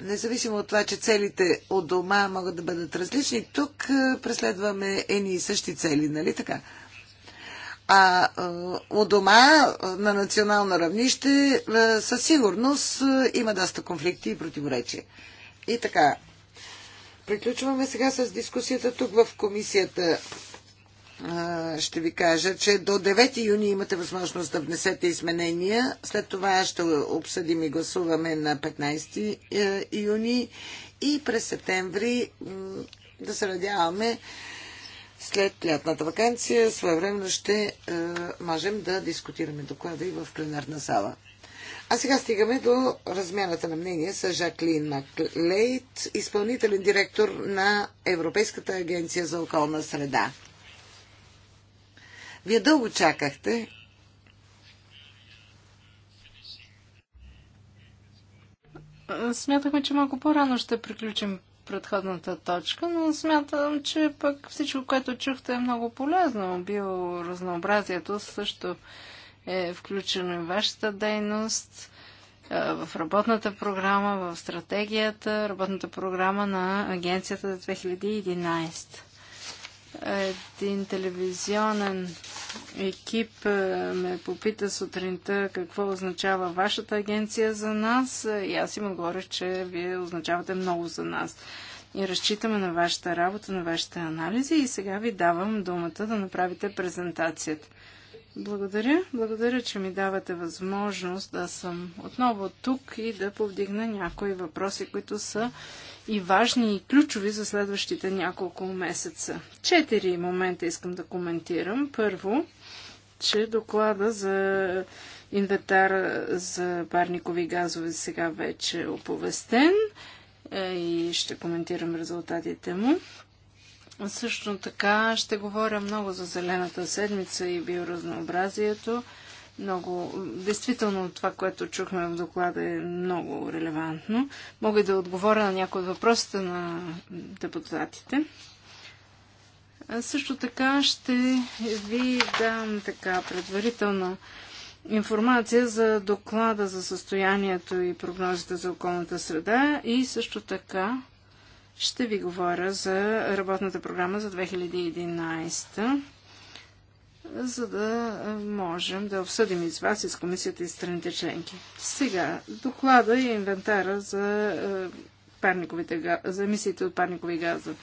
независимо от това, че целите от дома могат да бъдат различни, тук преследваме едни и същи цели, нали така? А у дома на национално равнище със сигурност има доста конфликти и противоречия. И така, приключваме сега с дискусията тук в комисията ще ви кажа, че до 9 юни имате възможност да внесете изменения. След това ще обсъдим и гласуваме на 15 е, юни и през септември да се надяваме след лятната вакансия своевременно ще е, можем да дискутираме доклада и в пленарна зала. А сега стигаме до размяната на мнение с Жаклин Маклейт, изпълнителен директор на Европейската агенция за околна среда. Вие дълго чакахте. Смятахме, че малко по-рано ще приключим предходната точка, но смятам, че пък всичко, което чухте е много полезно. Биоразнообразието също е включено и вашата дейност, в работната програма, в стратегията, работната програма на агенцията за 2011. Един телевизионен екип е, ме попита сутринта какво означава вашата агенция за нас е, и аз им отговорих, че вие означавате много за нас. И разчитаме на вашата работа, на вашите анализи и сега ви давам думата да направите презентацията. Благодаря. Благодаря, че ми давате възможност да съм отново тук и да повдигна някои въпроси, които са и важни и ключови за следващите няколко месеца. Четири момента искам да коментирам. Първо, че доклада за инвентар за парникови газове сега вече е оповестен е, и ще коментирам резултатите му. Също така ще говоря много за Зелената седмица и биоразнообразието много. Действително това, което чухме в доклада е много релевантно. Мога да отговоря на някои от въпросите на депутатите. А също така ще ви дам така предварителна информация за доклада за състоянието и прогнозите за околната среда и също така ще ви говоря за работната програма за 2011 за да можем да обсъдим и с вас, и с комисията, и с страните членки. Сега, доклада и инвентара за, парниковите, за емисиите от парникови газа.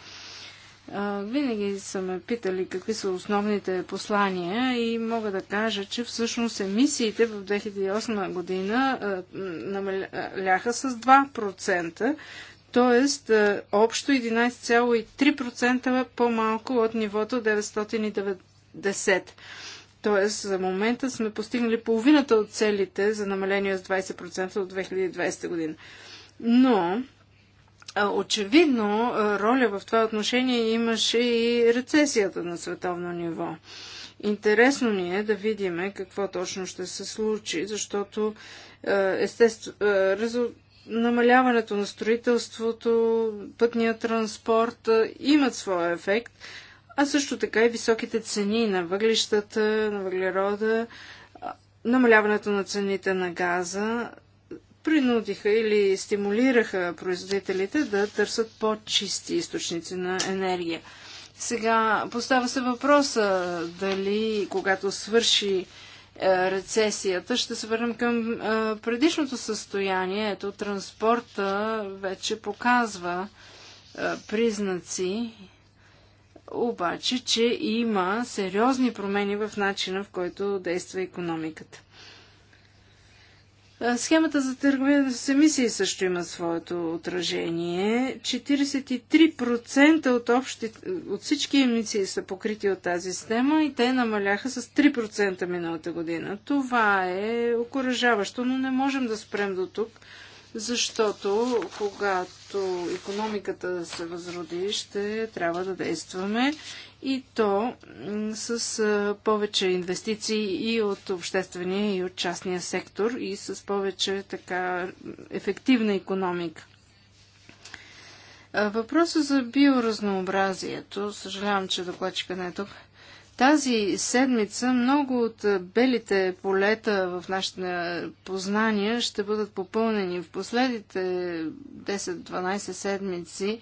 Винаги са ме питали какви са основните послания и мога да кажа, че всъщност емисиите в 2008 година намаляха с 2%, т.е. общо 11,3% по-малко от нивото 990 2010. Тоест, за момента сме постигнали половината от целите за намаление с 20% от 2020 година. Но, очевидно, роля в това отношение имаше и рецесията на световно ниво. Интересно ни е да видим какво точно ще се случи, защото естество, резу... намаляването на строителството, пътния транспорт имат своя ефект, а също така и високите цени на въглищата, на въглерода, намаляването на цените на газа принудиха или стимулираха производителите да търсят по-чисти източници на енергия. Сега поставя се въпроса дали когато свърши е, рецесията, ще се върнем към е, предишното състояние. Ето, транспорта вече показва е, признаци обаче, че има сериозни промени в начина, в който действа економиката. Схемата за търговия с емисии също има своето отражение. 43% от, общи, от всички емисии са покрити от тази система и те намаляха с 3% миналата година. Това е окоръжаващо, но не можем да спрем до тук защото когато економиката се възроди, ще трябва да действаме и то с повече инвестиции и от обществения, и от частния сектор, и с повече така ефективна економика. Въпросът за биоразнообразието, съжалявам, че докладчика не е тук, тази седмица много от белите полета в нашите познания ще бъдат попълнени. В последните 10-12 седмици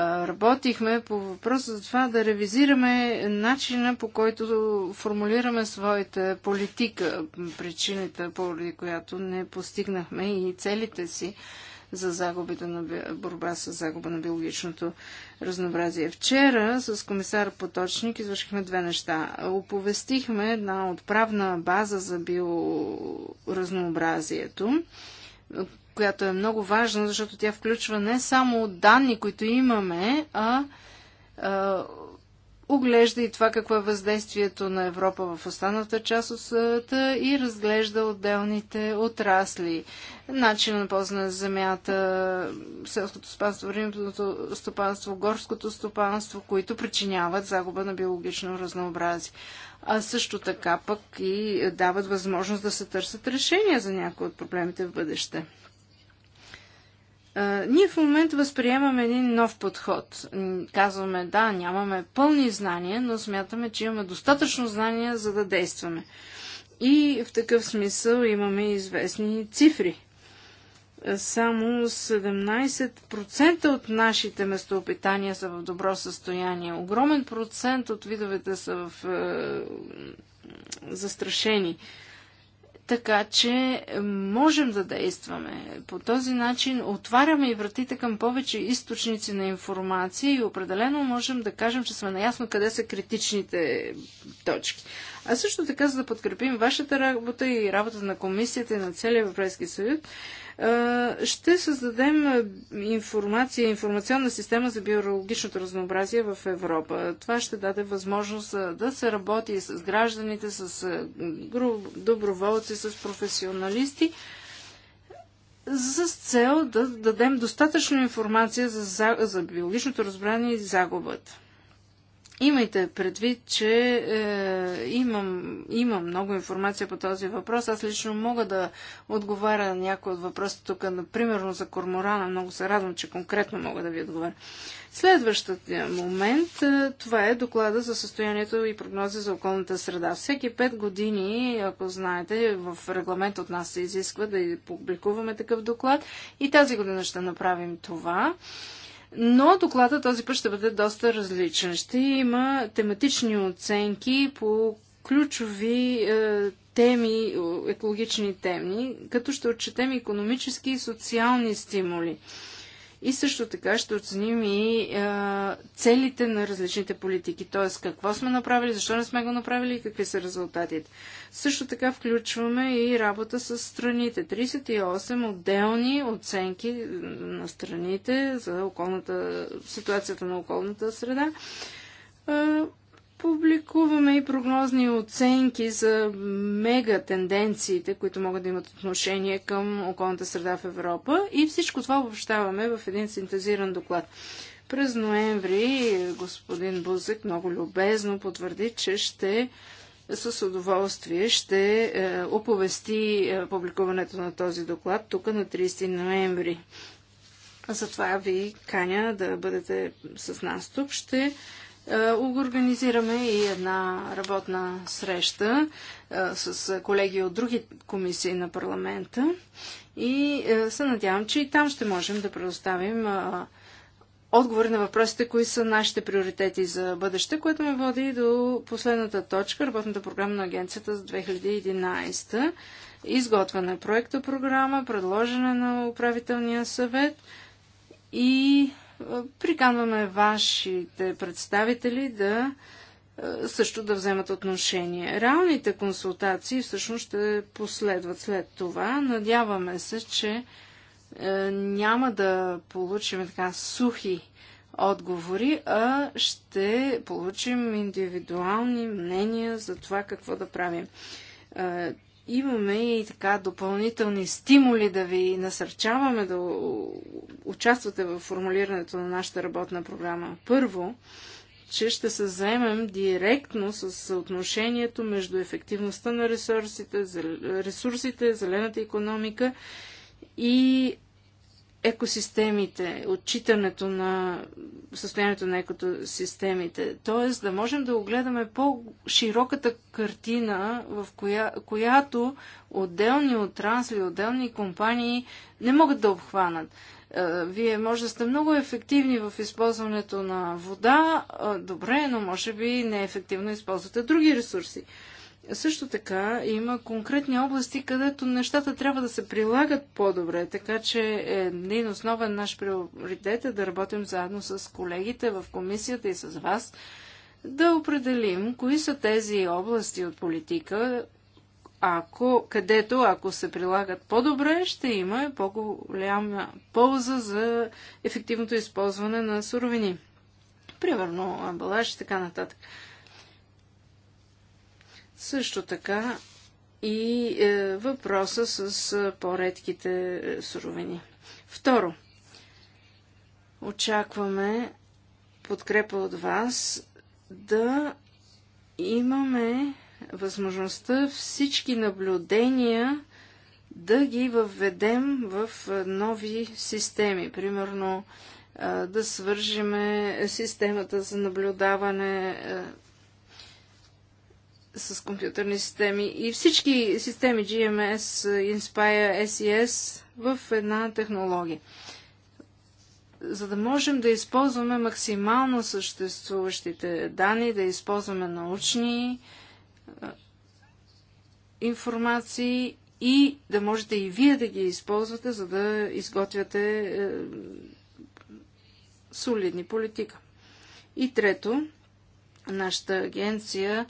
работихме по въпроса за това да ревизираме начина по който формулираме своята политика, причината, поради която не постигнахме и целите си за загубите на борба с загуба на биологичното разнообразие. Вчера с комисар Поточник извършихме две неща. Оповестихме една отправна база за биоразнообразието, която е много важна, защото тя включва не само данни, които имаме, а оглежда и това какво е въздействието на Европа в останалата част от света и разглежда отделните отрасли. Начин на ползване на земята, селското стопанство, римското стопанство, горското стопанство, които причиняват загуба на биологично разнообразие. А също така пък и дават възможност да се търсят решения за някои от проблемите в бъдеще. Ние в момента възприемаме един нов подход. Казваме, да, нямаме пълни знания, но смятаме, че имаме достатъчно знания, за да действаме. И в такъв смисъл имаме известни цифри. Само 17% от нашите местоопитания са в добро състояние. Огромен процент от видовете са в, е, застрашени така че можем да действаме. По този начин отваряме и вратите към повече източници на информация и определено можем да кажем, че сме наясно къде са критичните точки. А също така, за да подкрепим вашата работа и работа на комисията и на целия Европейски съюз, ще създадем информация, информационна система за биологичното разнообразие в Европа. Това ще даде възможност да се работи с гражданите, с доброволци, с професионалисти, с цел да дадем достатъчно информация за, за биологичното разбрание и загубата. Имайте предвид, че е, имам, имам много информация по този въпрос. Аз лично мога да отговаря на някои от въпросите тук, например за корморана. Много се радвам, че конкретно мога да ви отговаря. Следващия момент, е, това е доклада за състоянието и прогнози за околната среда. Всеки 5 години, ако знаете, в регламент от нас се изисква да публикуваме такъв доклад и тази година ще направим това. Но доклада този път ще бъде доста различен. Ще има тематични оценки по ключови е, теми, екологични теми, като ще отчетем економически и социални стимули. И също така ще оценим и а, целите на различните политики, т.е. какво сме направили, защо не сме го направили и какви са резултатите. Също така включваме и работа с страните. 38 отделни оценки на страните за околната, ситуацията на околната среда Публикуваме и прогнозни оценки за мега тенденциите, които могат да имат отношение към околната среда в Европа и всичко това обобщаваме в един синтезиран доклад. През ноември господин Бузек много любезно потвърди, че ще с удоволствие ще е, оповести е, публикуването на този доклад тук на 30 ноември. Затова ви каня да бъдете с нас тук. Ще е, организираме и една работна среща е, с колеги от други комисии на парламента и е, се надявам, че и там ще можем да предоставим отговори на въпросите, кои са нашите приоритети за бъдеще, което ме води до последната точка, работната програма на агенцията за 2011 изготвена е проекта програма, предложена на управителния съвет и Приканваме вашите представители да също да вземат отношение. Реалните консултации всъщност ще последват след това. Надяваме се, че е, няма да получим така сухи отговори, а ще получим индивидуални мнения за това какво да правим. Е, имаме и така допълнителни стимули да ви насърчаваме да участвате в формулирането на нашата работна програма. Първо, че ще се заемем директно с съотношението между ефективността на ресурсите, ресурсите зелената економика и екосистемите, отчитането на състоянието на екосистемите. Тоест да можем да огледаме по-широката картина, в коя, която отделни отрасли, отделни компании не могат да обхванат. Е, вие може да сте много ефективни в използването на вода, е, добре, но може би неефективно използвате други ресурси. Също така има конкретни области, където нещата трябва да се прилагат по-добре, така че е един основен наш приоритет е да работим заедно с колегите в комисията и с вас, да определим кои са тези области от политика, ако, където, ако се прилагат по-добре, ще има по-голяма полза за ефективното използване на суровини. Примерно амбалаж и така нататък. Също така и е, въпроса с е, по-редките е, суровини. Второ, очакваме подкрепа от вас да имаме възможността всички наблюдения да ги въведем в е, нови системи. Примерно е, да свържиме системата за наблюдаване е, с компютърни системи и всички системи GMS, Inspire, SES e в една технология. За да можем да използваме максимално съществуващите данни, да използваме научни информации и да можете и вие да ги използвате, за да изготвяте е, солидни политика. И трето, нашата агенция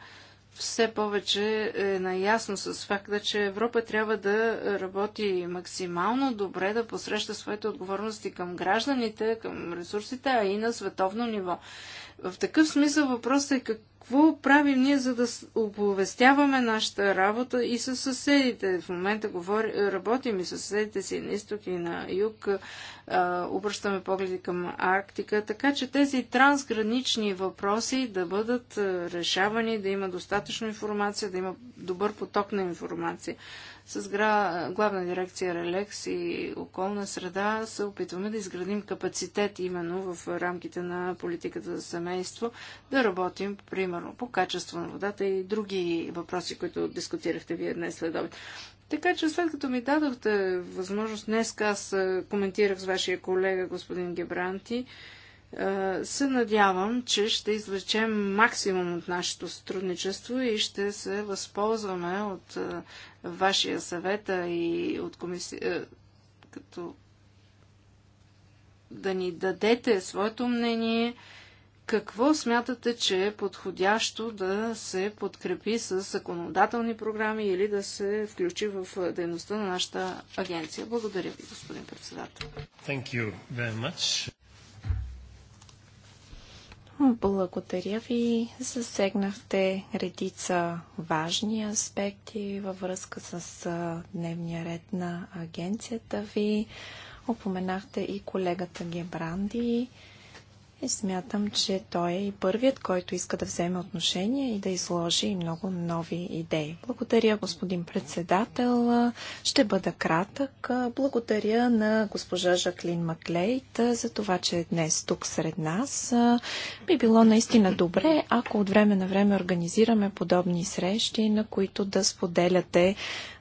все повече е наясно с факта, че Европа трябва да работи максимално добре, да посреща своите отговорности към гражданите, към ресурсите, а и на световно ниво. В такъв смисъл въпросът е какво правим ние, за да оповестяваме нашата работа и с съседите. В момента говори, работим и с съседите си на изток и на юг, обръщаме погледи към Арктика, така че тези трансгранични въпроси да бъдат решавани, да има достатъчно информация, да има добър поток на информация. С главна дирекция Релекс и околна среда се опитваме да изградим капацитет именно в рамките на политиката за семейство, да работим примерно по качество на водата и други въпроси, които дискутирахте вие днес след обед. Така че след като ми дадохте възможност, днес аз коментирах с вашия колега господин Гебранти, е, се надявам, че ще извлечем максимум от нашето сътрудничество и ще се възползваме от е, вашия съвет и от комисия, е, като да ни дадете своето мнение, какво смятате, че е подходящо да се подкрепи с законодателни програми или да се включи в дейността на нашата агенция? Благодаря ви, господин председател. Thank you very much. Благодаря ви. Засегнахте редица важни аспекти във връзка с дневния ред на агенцията ви. Опоменахте и колегата Гебранди. И смятам, че той е и първият, който иска да вземе отношение и да изложи много нови идеи. Благодаря, господин председател. Ще бъда кратък. Благодаря на госпожа Жаклин Маклейт за това, че е днес тук сред нас. Би било наистина добре, ако от време на време организираме подобни срещи, на които да споделяте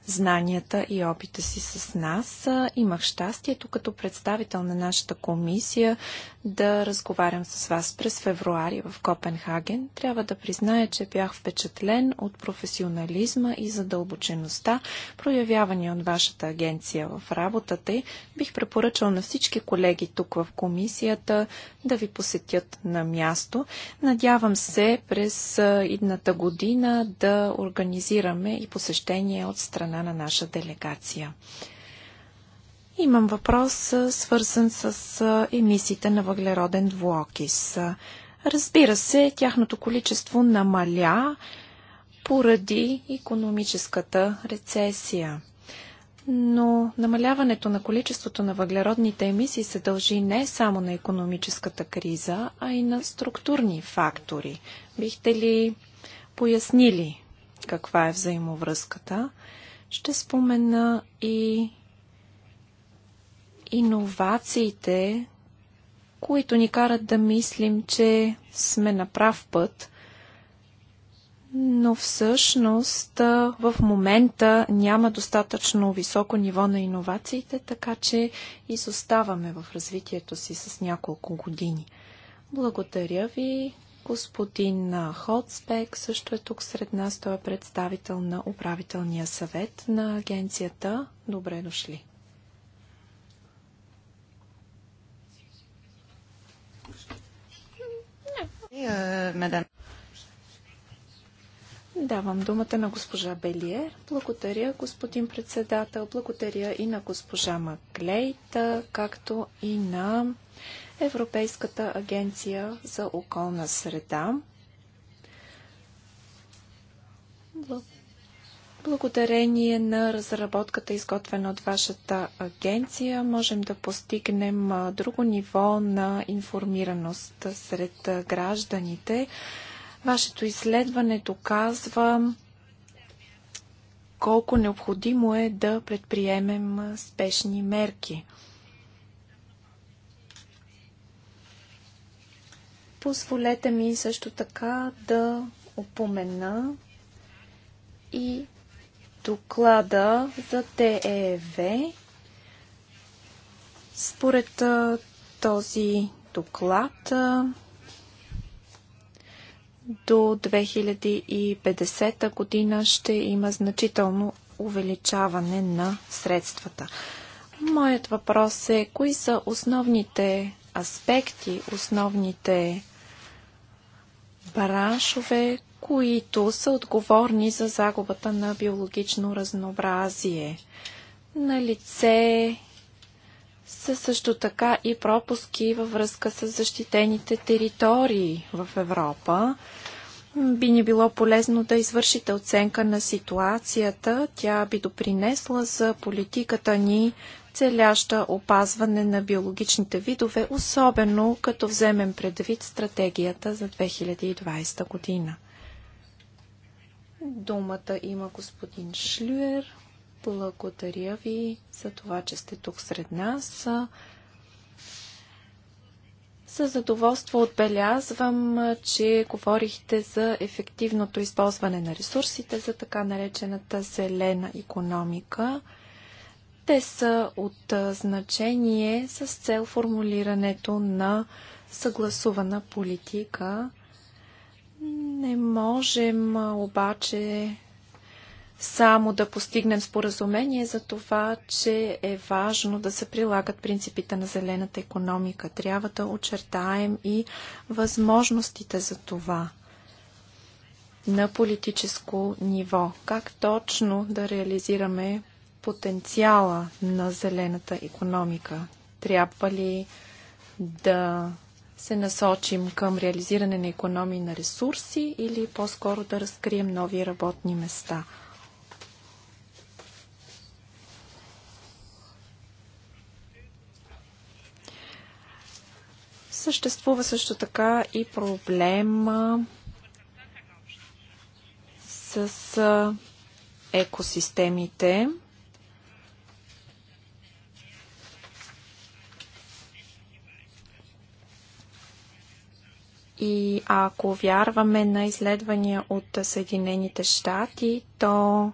знанията и опита си с нас. Имах щастието като представител на нашата комисия да разговарям с вас през февруари в Копенхаген. Трябва да призная, че бях впечатлен от професионализма и задълбочеността, проявявани от вашата агенция в работата Бих препоръчал на всички колеги тук в комисията да ви посетят на място. Надявам се през идната година да организираме и посещение от страна страна на наша делегация. Имам въпрос, свързан с емисиите на въглероден двуокис. Разбира се, тяхното количество намаля поради економическата рецесия. Но намаляването на количеството на въглеродните емисии се дължи не само на економическата криза, а и на структурни фактори. Бихте ли пояснили каква е взаимовръзката? Ще спомена и иновациите, които ни карат да мислим, че сме на прав път, но всъщност в момента няма достатъчно високо ниво на иновациите, така че изоставаме в развитието си с няколко години. Благодаря ви. Господин Холцбек също е тук сред нас. Той е представител на управителния съвет на агенцията. Добре дошли. Давам думата на госпожа Белиер. Благодаря, господин председател. Благодаря и на госпожа Маклейта, както и на Европейската агенция за околна среда. Благодарение на разработката, изготвена от вашата агенция, можем да постигнем друго ниво на информираност сред гражданите. Вашето изследване доказва колко необходимо е да предприемем спешни мерки – Позволете ми също така да упомена и доклада за ТЕВ. Според този доклад до 2050 година ще има значително увеличаване на средствата. Моят въпрос е, кои са основните аспекти, основните браншове, които са отговорни за загубата на биологично разнообразие. На лице са също така и пропуски във връзка с защитените територии в Европа. Би ни било полезно да извършите оценка на ситуацията. Тя би допринесла за политиката ни целяща опазване на биологичните видове, особено като вземем предвид стратегията за 2020 година. Думата има господин Шлюер. Благодаря ви за това, че сте тук сред нас. Със задоволство отбелязвам, че говорихте за ефективното използване на ресурсите за така наречената зелена економика. Те са от значение с цел формулирането на съгласувана политика. Не можем обаче само да постигнем споразумение за това, че е важно да се прилагат принципите на зелената економика. Трябва да очертаем и възможностите за това на политическо ниво. Как точно да реализираме потенциала на зелената економика? Трябва ли да се насочим към реализиране на економии на ресурси или по-скоро да разкрием нови работни места? Съществува също така и проблем с екосистемите. И ако вярваме на изследвания от Съединените щати, то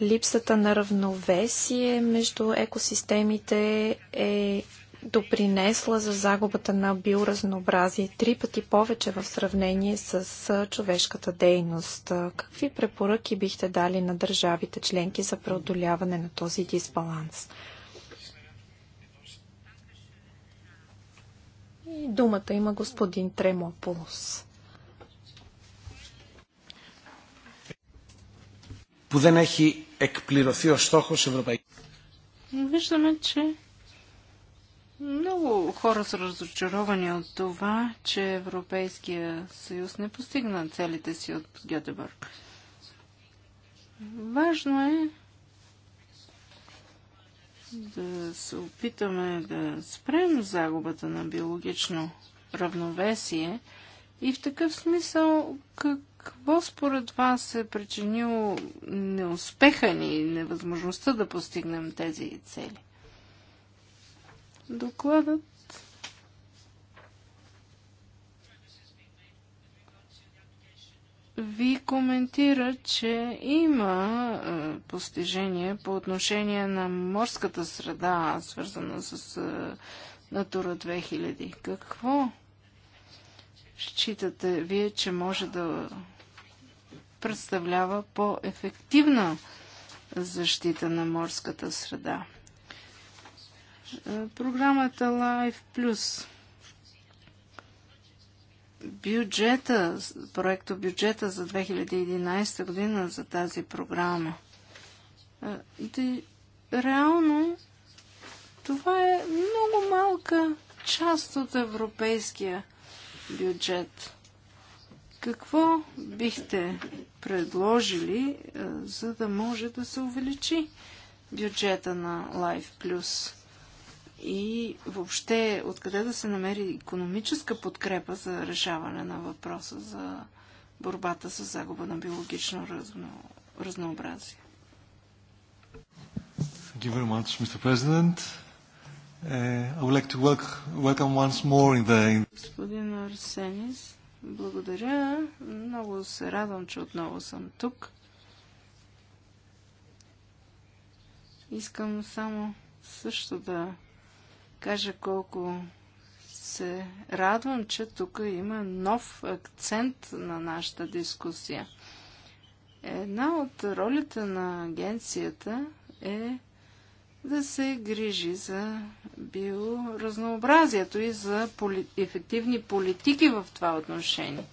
липсата на равновесие между екосистемите е допринесла за загубата на биоразнообразие три пъти повече в сравнение с човешката дейност. Какви препоръки бихте дали на държавите членки за преодоляване на този дисбаланс? И думата има господин Тремополос. που δεν έχει εκπληρωθεί ο Виждаме, че много хора са разочаровани от това, че Европейския съюз не постигна целите си от Гетебърг. Важно е да се опитаме да спрем загубата на биологично равновесие и в такъв смисъл какво според вас е причинил неуспеха ни и невъзможността да постигнем тези цели? Докладът ви коментира, че има е, постижение по отношение на морската среда, свързана с е, Натура 2000. Какво считате вие, че може да представлява по-ефективна защита на морската среда? Е, програмата Life Plus бюджета, проекто бюджета за 2011 година за тази програма. реално това е много малка част от европейския бюджет. Какво бихте предложили, за да може да се увеличи бюджета на Life Plus? и въобще откъде да се намери економическа подкрепа за решаване на въпроса за борбата с загуба на биологично разно, разнообразие. Thank you very much, Mr. President. Uh, I would like to welcome once more in the... Господин Арсенис, благодаря. Много се радвам, че отново съм тук. Искам само също да кажа колко се радвам, че тук има нов акцент на нашата дискусия. Една от ролите на агенцията е да се грижи за биоразнообразието и за поли... ефективни политики в това отношение.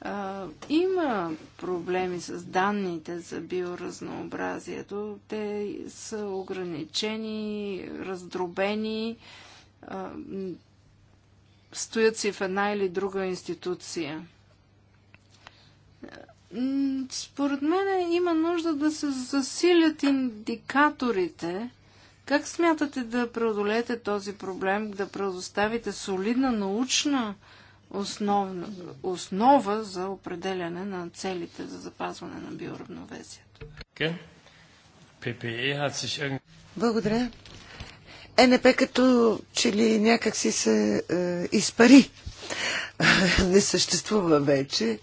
А, има проблеми с данните за биоразнообразието. Те са ограничени, раздробени, а, стоят си в една или друга институция. Според мен има нужда да се засилят индикаторите. Как смятате да преодолеете този проблем, да предоставите солидна научна основна, основа за определяне на целите за запазване на биоравновесието. Е Благодаря. ЕНП като че ли някак си се е, изпари. (laughs) Не съществува вече.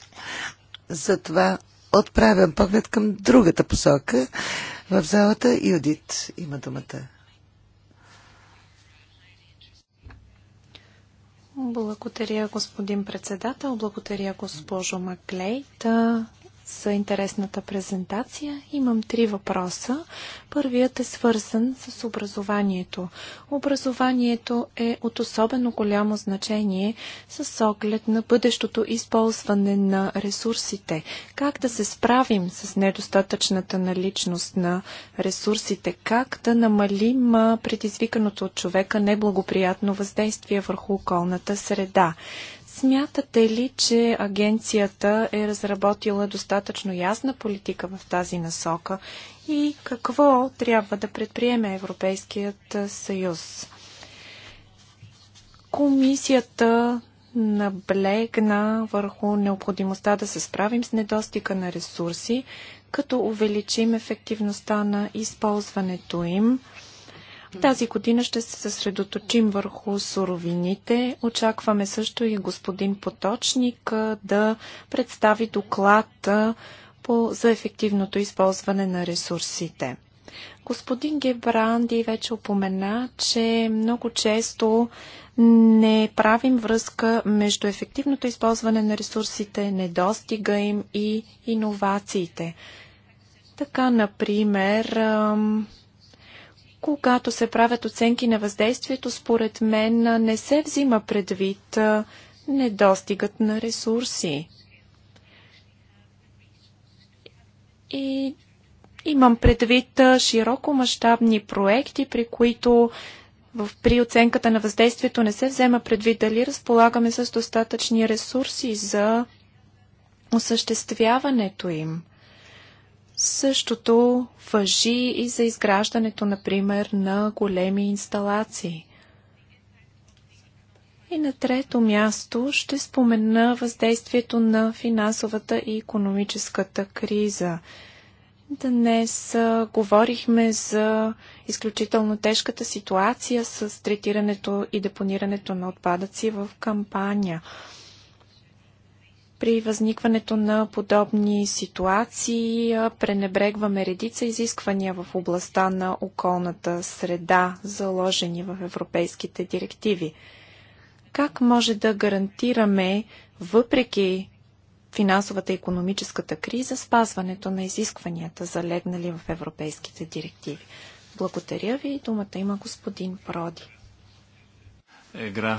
Затова отправям поглед към другата посока в залата. Юдит има думата. Благодаря, господин председател. Благодаря, госпожо Маклейта за интересната презентация. Имам три въпроса. Първият е свързан с образованието. Образованието е от особено голямо значение с оглед на бъдещото използване на ресурсите. Как да се справим с недостатъчната наличност на ресурсите? Как да намалим предизвиканото от човека неблагоприятно въздействие върху околната среда? Смятате ли, че агенцията е разработила достатъчно ясна политика в тази насока и какво трябва да предприеме Европейският съюз? Комисията наблегна върху необходимостта да се справим с недостига на ресурси, като увеличим ефективността на използването им – тази година ще се съсредоточим върху суровините. Очакваме също и господин Поточник да представи доклад по, за ефективното използване на ресурсите. Господин Гебранди вече упомена, че много често не правим връзка между ефективното използване на ресурсите, недостига им и иновациите. Така, например, когато се правят оценки на въздействието, според мен не се взима предвид недостигът на ресурси. И имам предвид широко мащабни проекти, при които в, при оценката на въздействието не се взема предвид дали разполагаме с достатъчни ресурси за осъществяването им. Същото въжи и за изграждането, например, на големи инсталации. И на трето място ще спомена въздействието на финансовата и економическата криза. Днес говорихме за изключително тежката ситуация с третирането и депонирането на отпадъци в кампания. При възникването на подобни ситуации пренебрегваме редица изисквания в областта на околната среда, заложени в европейските директиви. Как може да гарантираме, въпреки финансовата и економическата криза, спазването на изискванията, залегнали в европейските директиви? Благодаря ви. Думата има господин Проди. Е,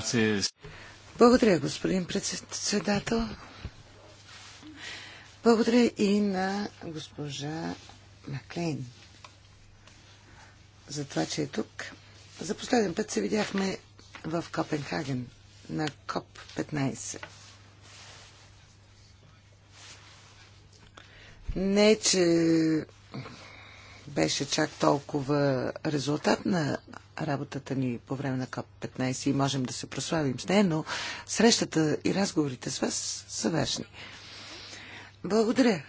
Благодаря, господин председател. Благодаря и на госпожа Маклейн за това, че е тук. За последен път се видяхме в Копенхаген на КОП 15. Не, че беше чак толкова резултат на работата ни по време на КОП-15 и можем да се прославим с нея, но срещата и разговорите с вас са важни. Благодаря.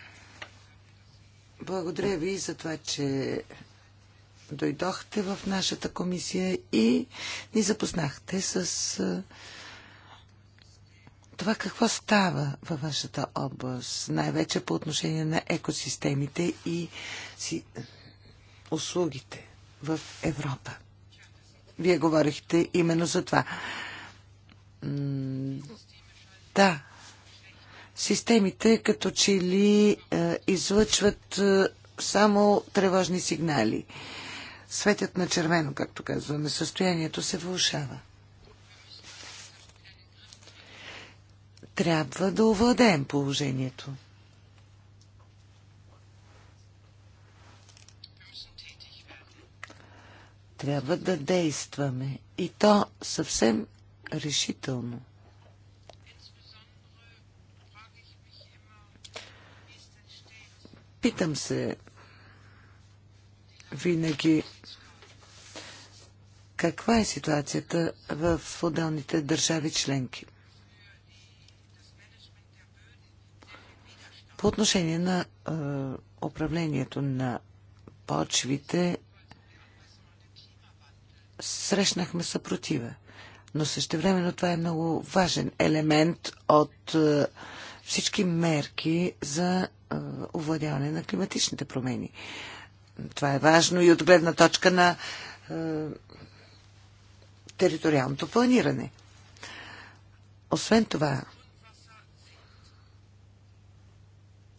Благодаря ви за това, че дойдохте в нашата комисия и ни запознахте с това какво става във вашата област, най-вече по отношение на екосистемите и си, услугите в Европа. Вие говорихте именно за това. М да, Системите като че ли е, излъчват е, само тревожни сигнали. Светят на червено, както казваме. Състоянието се влушава. Трябва да овладеем положението. Трябва да действаме и то съвсем решително. Питам се винаги каква е ситуацията в отделните държави членки. По отношение на е, управлението на почвите, срещнахме съпротива. Но същевременно това е много важен елемент от е, всички мерки за овладяване на климатичните промени. Това е важно и от гледна точка на териториалното планиране. Освен това,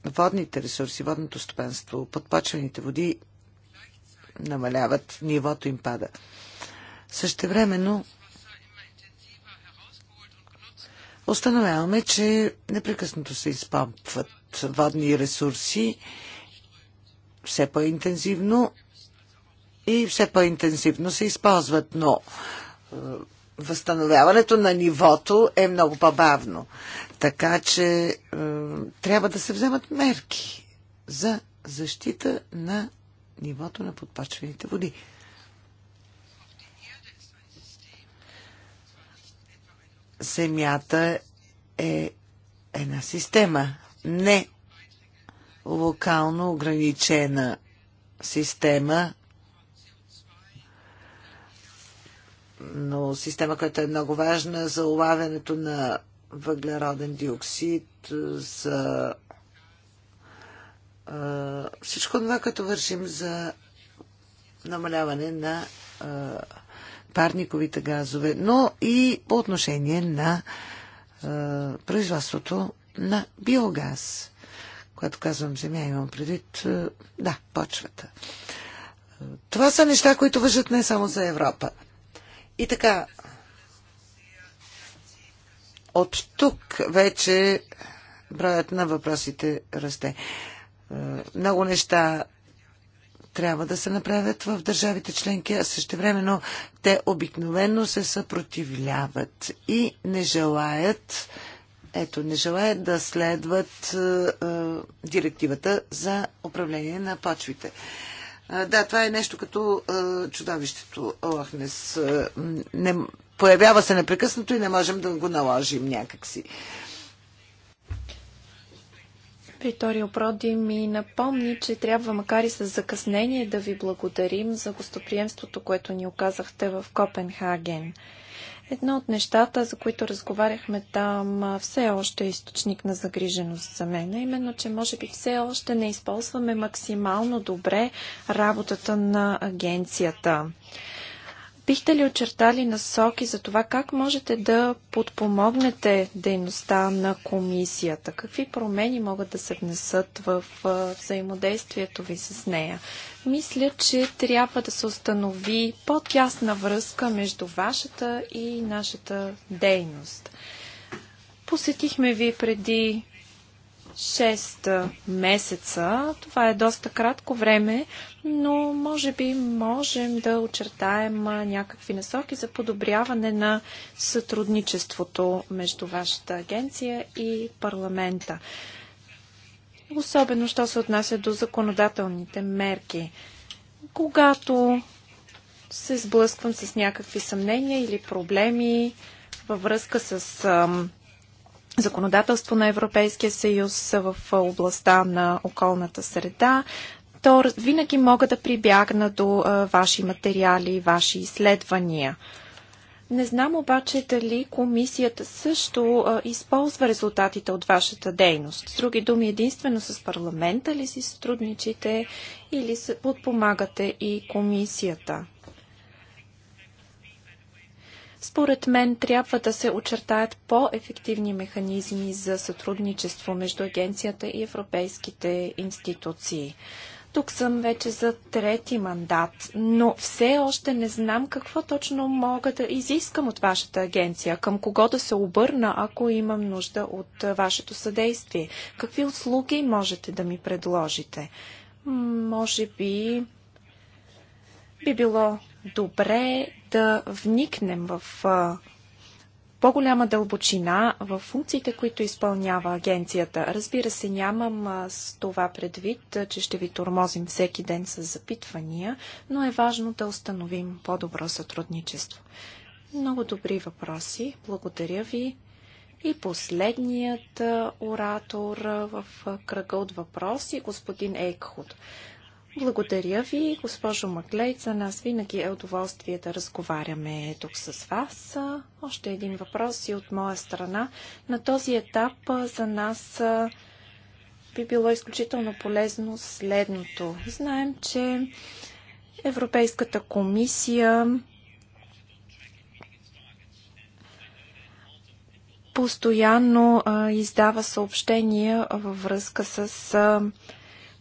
водните ресурси, водното стопанство, подпочвените води намаляват, нивото им пада. Същевременно установяваме, че непрекъснато се изпампват водни ресурси все по-интензивно и все по-интензивно се използват, но е, възстановяването на нивото е много по-бавно. Така че е, трябва да се вземат мерки за защита на нивото на подпачваните води. земята е една система, не локално ограничена система, но система, която е много важна за улавянето на въглероден диоксид, за всичко това, като вършим за намаляване на парниковите газове, но и по отношение на е, производството на биогаз. Когато казвам земя, имам предвид, е, да, почвата. Това са неща, които въжат не само за Европа. И така, от тук вече броят на въпросите расте. Много неща трябва да се направят в държавите членки, а същевременно те обикновено се съпротивляват и не желаят ето, не желаят да следват е, е директивата за управление на почвите. Е, да, това е нещо като е, чудовището Лохнес. Е, не, появява се непрекъснато и не можем да го наложим някакси. Е, Виторио Проди ми напомни, че трябва, макар и с закъснение, да ви благодарим за гостоприемството, което ни оказахте в Копенхаген. Едно от нещата, за които разговаряхме там, все още е източник на загриженост за мен, а именно, че може би все още не използваме максимално добре работата на агенцията. Бихте ли очертали насоки за това как можете да подпомогнете дейността на комисията? Какви промени могат да се внесат в взаимодействието ви с нея? Мисля, че трябва да се установи по-тясна връзка между вашата и нашата дейност. Посетихме ви преди 6 месеца. Това е доста кратко време, но може би можем да очертаем някакви насоки за подобряване на сътрудничеството между вашата агенция и парламента. Особено, що се отнася до законодателните мерки. Когато се сблъсквам с някакви съмнения или проблеми във връзка с законодателство на Европейския съюз в областта на околната среда, то винаги мога да прибягна до ваши материали, ваши изследвания. Не знам обаче дали комисията също а, използва резултатите от вашата дейност. С други думи, единствено с парламента ли си сътрудничите или подпомагате и комисията? Според мен трябва да се очертаят по-ефективни механизми за сътрудничество между агенцията и европейските институции. Тук съм вече за трети мандат, но все още не знам какво точно мога да изискам от вашата агенция, към кого да се обърна, ако имам нужда от вашето съдействие. Какви услуги можете да ми предложите? Може би би било добре да вникнем в по-голяма дълбочина в функциите, които изпълнява агенцията. Разбира се, нямам с това предвид, че ще ви тормозим всеки ден с запитвания, но е важно да установим по-добро сътрудничество. Много добри въпроси. Благодаря ви. И последният оратор в кръга от въпроси, господин Ейкхуд. Благодаря ви, госпожо Маклей. За нас винаги е удоволствие да разговаряме тук с вас. Още един въпрос и от моя страна. На този етап за нас би било изключително полезно следното. Знаем, че Европейската комисия постоянно а, издава съобщения във връзка с а,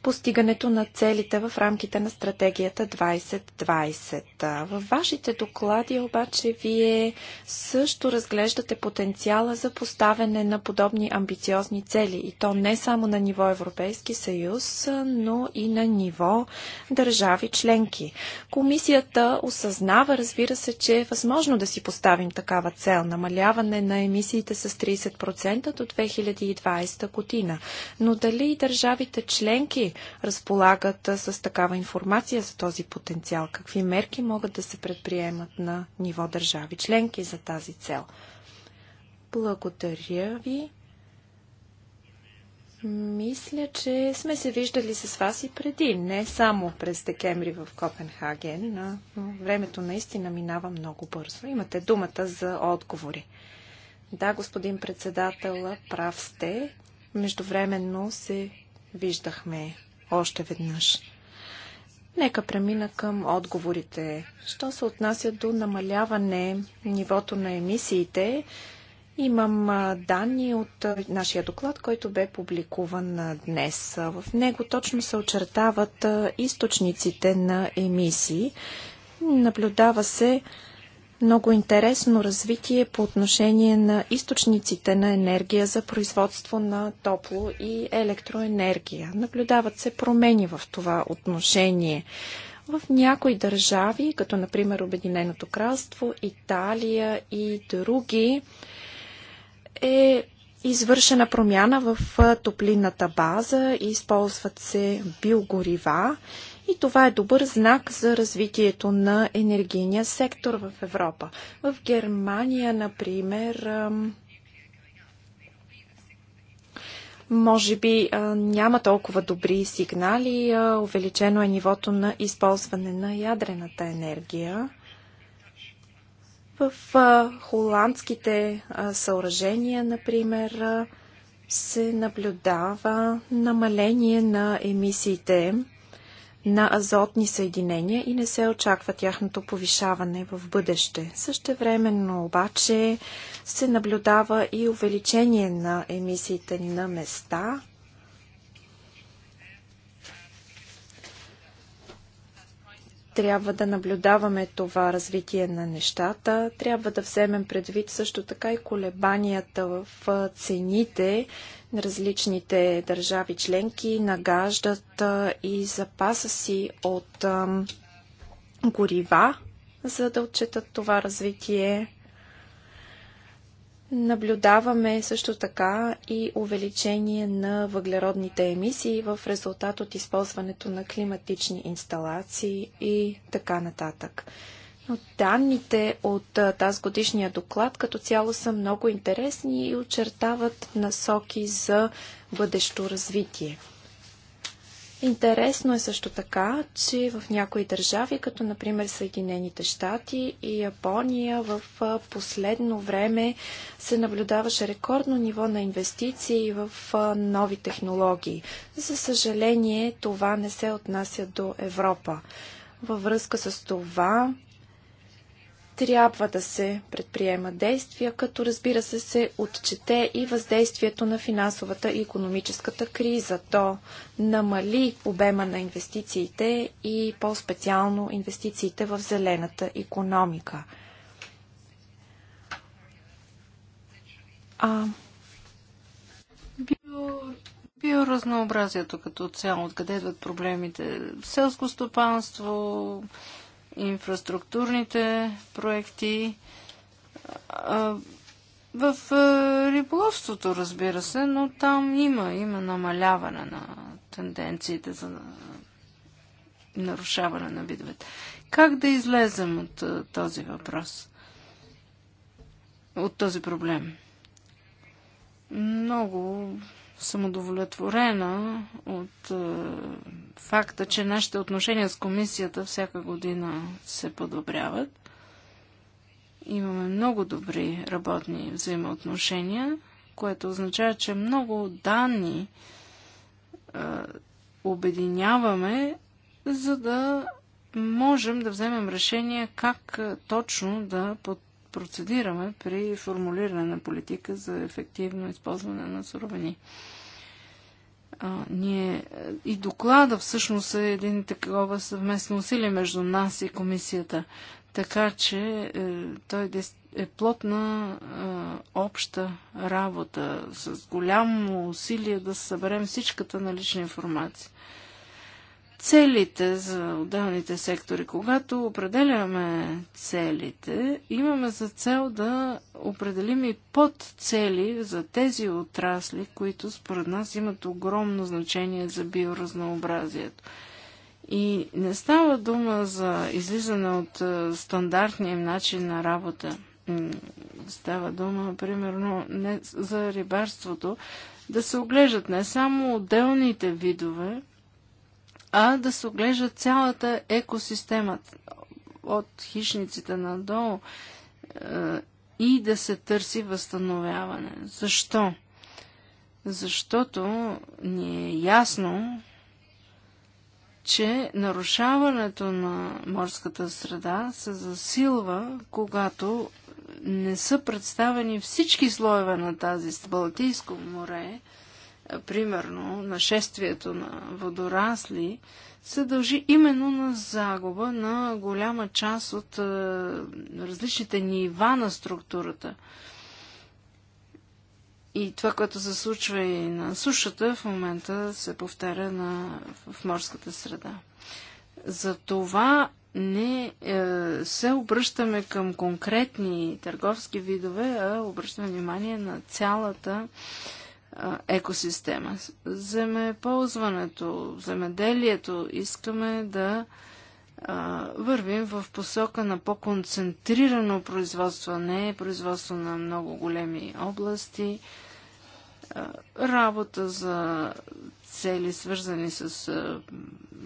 постигането на целите в рамките на стратегията 2020. Във вашите доклади обаче вие също разглеждате потенциала за поставяне на подобни амбициозни цели и то не само на ниво Европейски съюз, но и на ниво държави членки. Комисията осъзнава, разбира се, че е възможно да си поставим такава цел намаляване на емисиите с 30% до 2020 година. Но дали и държавите членки разполагат с такава информация за този потенциал? Какви мерки могат да се предприемат на ниво държави членки за тази цел? Благодаря ви. Мисля, че сме се виждали с вас и преди, не само през декември в Копенхаген. но времето наистина минава много бързо. Имате думата за отговори. Да, господин председател, прав сте. Междувременно се виждахме още веднъж. Нека премина към отговорите. Що се отнася до намаляване нивото на емисиите, имам данни от нашия доклад, който бе публикуван днес. В него точно се очертават източниците на емисии. Наблюдава се много интересно развитие по отношение на източниците на енергия за производство на топло и електроенергия. Наблюдават се промени в това отношение. В някои държави, като например Обединеното кралство, Италия и други, е извършена промяна в топлинната база, използват се биогорива и това е добър знак за развитието на енергийния сектор в Европа. В Германия, например, може би няма толкова добри сигнали, увеличено е нивото на използване на ядрената енергия. В холандските съоръжения, например, се наблюдава намаление на емисиите на азотни съединения и не се очаква тяхното повишаване в бъдеще. Същевременно обаче се наблюдава и увеличение на емисиите на места. Трябва да наблюдаваме това развитие на нещата. Трябва да вземем предвид също така и колебанията в цените Различните държави членки нагаждат и запаса си от горива, за да отчитат това развитие. Наблюдаваме също така и увеличение на въглеродните емисии в резултат от използването на климатични инсталации и така нататък. Но данните от тази годишния доклад като цяло са много интересни и очертават насоки за бъдещо развитие. Интересно е също така, че в някои държави, като например Съединените щати и Япония, в последно време се наблюдаваше рекордно ниво на инвестиции в нови технологии. За съжаление, това не се отнася до Европа. Във връзка с това, трябва да се предприемат действия, като разбира се се отчете и въздействието на финансовата и економическата криза. То намали обема на инвестициите и по-специално инвестициите в зелената економика. А... Био... Биоразнообразието като цяло, откъде идват проблемите? Селско стопанство, инфраструктурните проекти, в риболовството, разбира се, но там има, има намаляване на тенденциите за нарушаване на видовете. Как да излезем от този въпрос? От този проблем? Много съм удовлетворена от е, факта, че нашите отношения с комисията всяка година се подобряват. Имаме много добри работни взаимоотношения, което означава, че много данни е, обединяваме, за да можем да вземем решение как точно да под, процедираме при формулиране на политика за ефективно използване на суровини. А, ние, и доклада всъщност е един такова съвместно усилие между нас и комисията. Така че е, той е плотна е, обща работа с голямо усилие да съберем всичката налична информация целите за отделните сектори. Когато определяме целите, имаме за цел да определим и подцели за тези отрасли, които според нас имат огромно значение за биоразнообразието. И не става дума за излизане от е, стандартния им начин на работа. Става дума, примерно, не за рибарството, да се оглеждат не само отделните видове, а да се оглежда цялата екосистема от хищниците надолу е, и да се търси възстановяване. Защо? Защото ни е ясно, че нарушаването на морската среда се засилва, когато не са представени всички слоеве на тази Балтийско море, примерно нашествието на водорасли, се дължи именно на загуба на голяма част от е, различните нива на структурата. И това, което се случва и на сушата, в момента се повтаря на, в морската среда. Затова не е, се обръщаме към конкретни търговски видове, а обръщаме внимание на цялата екосистема. Земеползването, земеделието искаме да вървим в посока на по-концентрирано производство, не производство на много големи области, работа за цели свързани с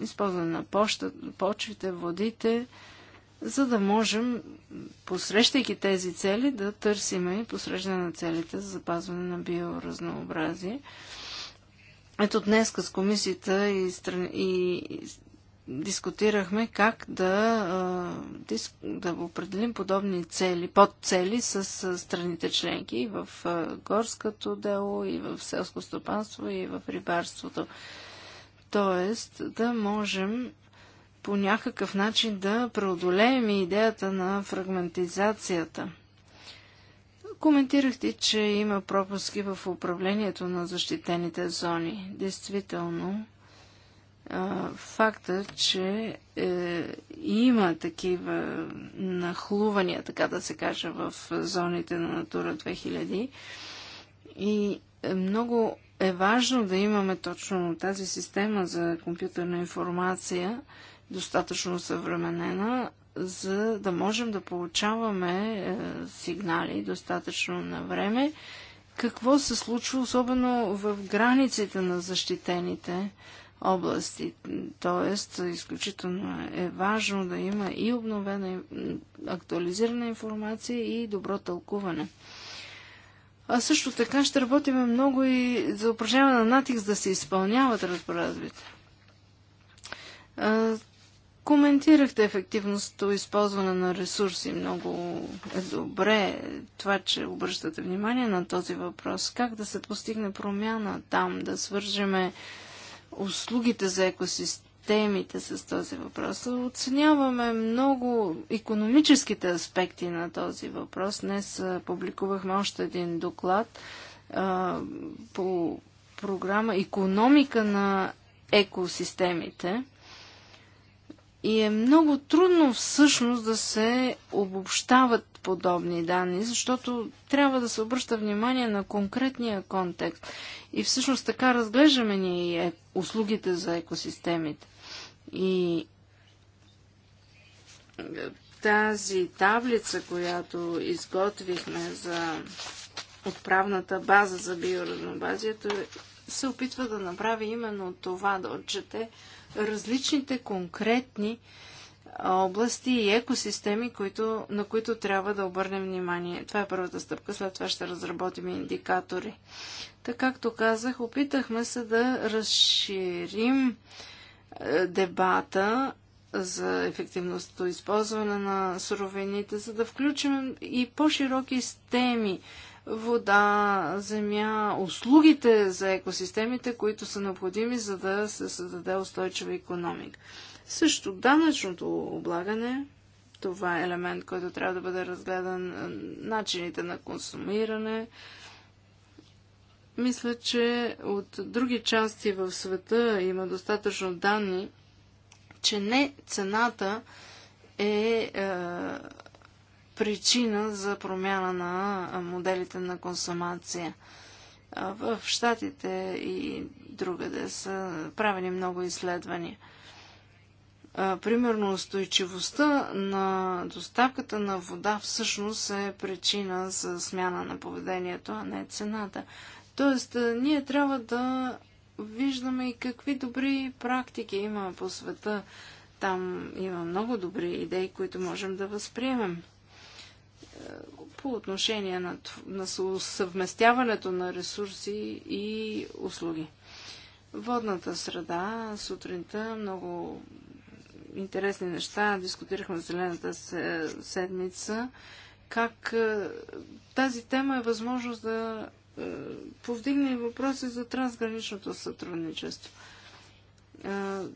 използване на почта, почвите, водите, за да можем, посрещайки тези цели, да търсиме и посрещане на целите за запазване на биоразнообразие. Ето днес с комисията и, стран... и дискутирахме как да, да определим подобни цели, подцели с страните членки и в горското дело, и в селско стопанство, и в рибарството. Тоест да можем по някакъв начин да преодолеем идеята на фрагментизацията. Коментирахте, че има пропуски в управлението на защитените зони. Действително, факта, че е, има такива нахлувания, така да се каже, в зоните на Натура 2000 и много е важно да имаме точно тази система за компютърна информация, достатъчно съвременена, за да можем да получаваме е, сигнали достатъчно на време. Какво се случва, особено в границите на защитените области. Тоест, изключително е важно да има и обновена, актуализирана информация и добро тълкуване. А също така ще работим много и за упражняване на натиск да се изпълняват разпоредбите. Коментирахте ефективното използване на ресурси. Много е добре това, че обръщате внимание на този въпрос. Как да се постигне промяна там, да свържеме услугите за екосистемите с този въпрос. Оценяваме много економическите аспекти на този въпрос. Днес публикувахме още един доклад а, по програма Економика на екосистемите. И е много трудно всъщност да се обобщават подобни данни, защото трябва да се обръща внимание на конкретния контекст. И всъщност така разглеждаме ние и е- услугите за екосистемите. И е, тази таблица, която изготвихме за отправната база за биоразнообразието, се опитва да направи именно това, да отчете различните конкретни области и екосистеми, които, на които трябва да обърнем внимание. Това е първата стъпка, след това ще разработим индикатори. Така както казах, опитахме се да разширим е, дебата за ефективността използване на суровините, за да включим и по-широки теми вода, земя, услугите за екосистемите, които са необходими, за да се създаде устойчива економика. Също данъчното облагане, това е елемент, който трябва да бъде разгледан, е, начините на консумиране. Мисля, че от други части в света има достатъчно данни, че не цената е, е причина за промяна на моделите на консумация. В Штатите и другаде са правени много изследвания. Примерно устойчивостта на доставката на вода всъщност е причина за смяна на поведението, а не цената. Тоест, ние трябва да виждаме и какви добри практики има по света. Там има много добри идеи, които можем да възприемем по отношение на, на съвместяването на ресурси и услуги. Водната среда сутринта много интересни неща. Дискутирахме в Зелената седмица. Как е, тази тема е възможност да е, повдигне въпроси за трансграничното сътрудничество. Е,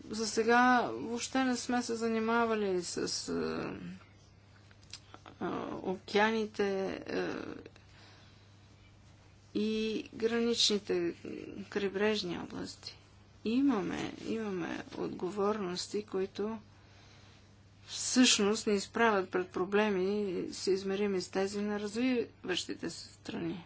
за сега въобще не сме се занимавали с океаните и граничните крайбрежни области. Имаме, имаме отговорности, които всъщност ни изправят пред проблеми се измерими с тези на развиващите се страни.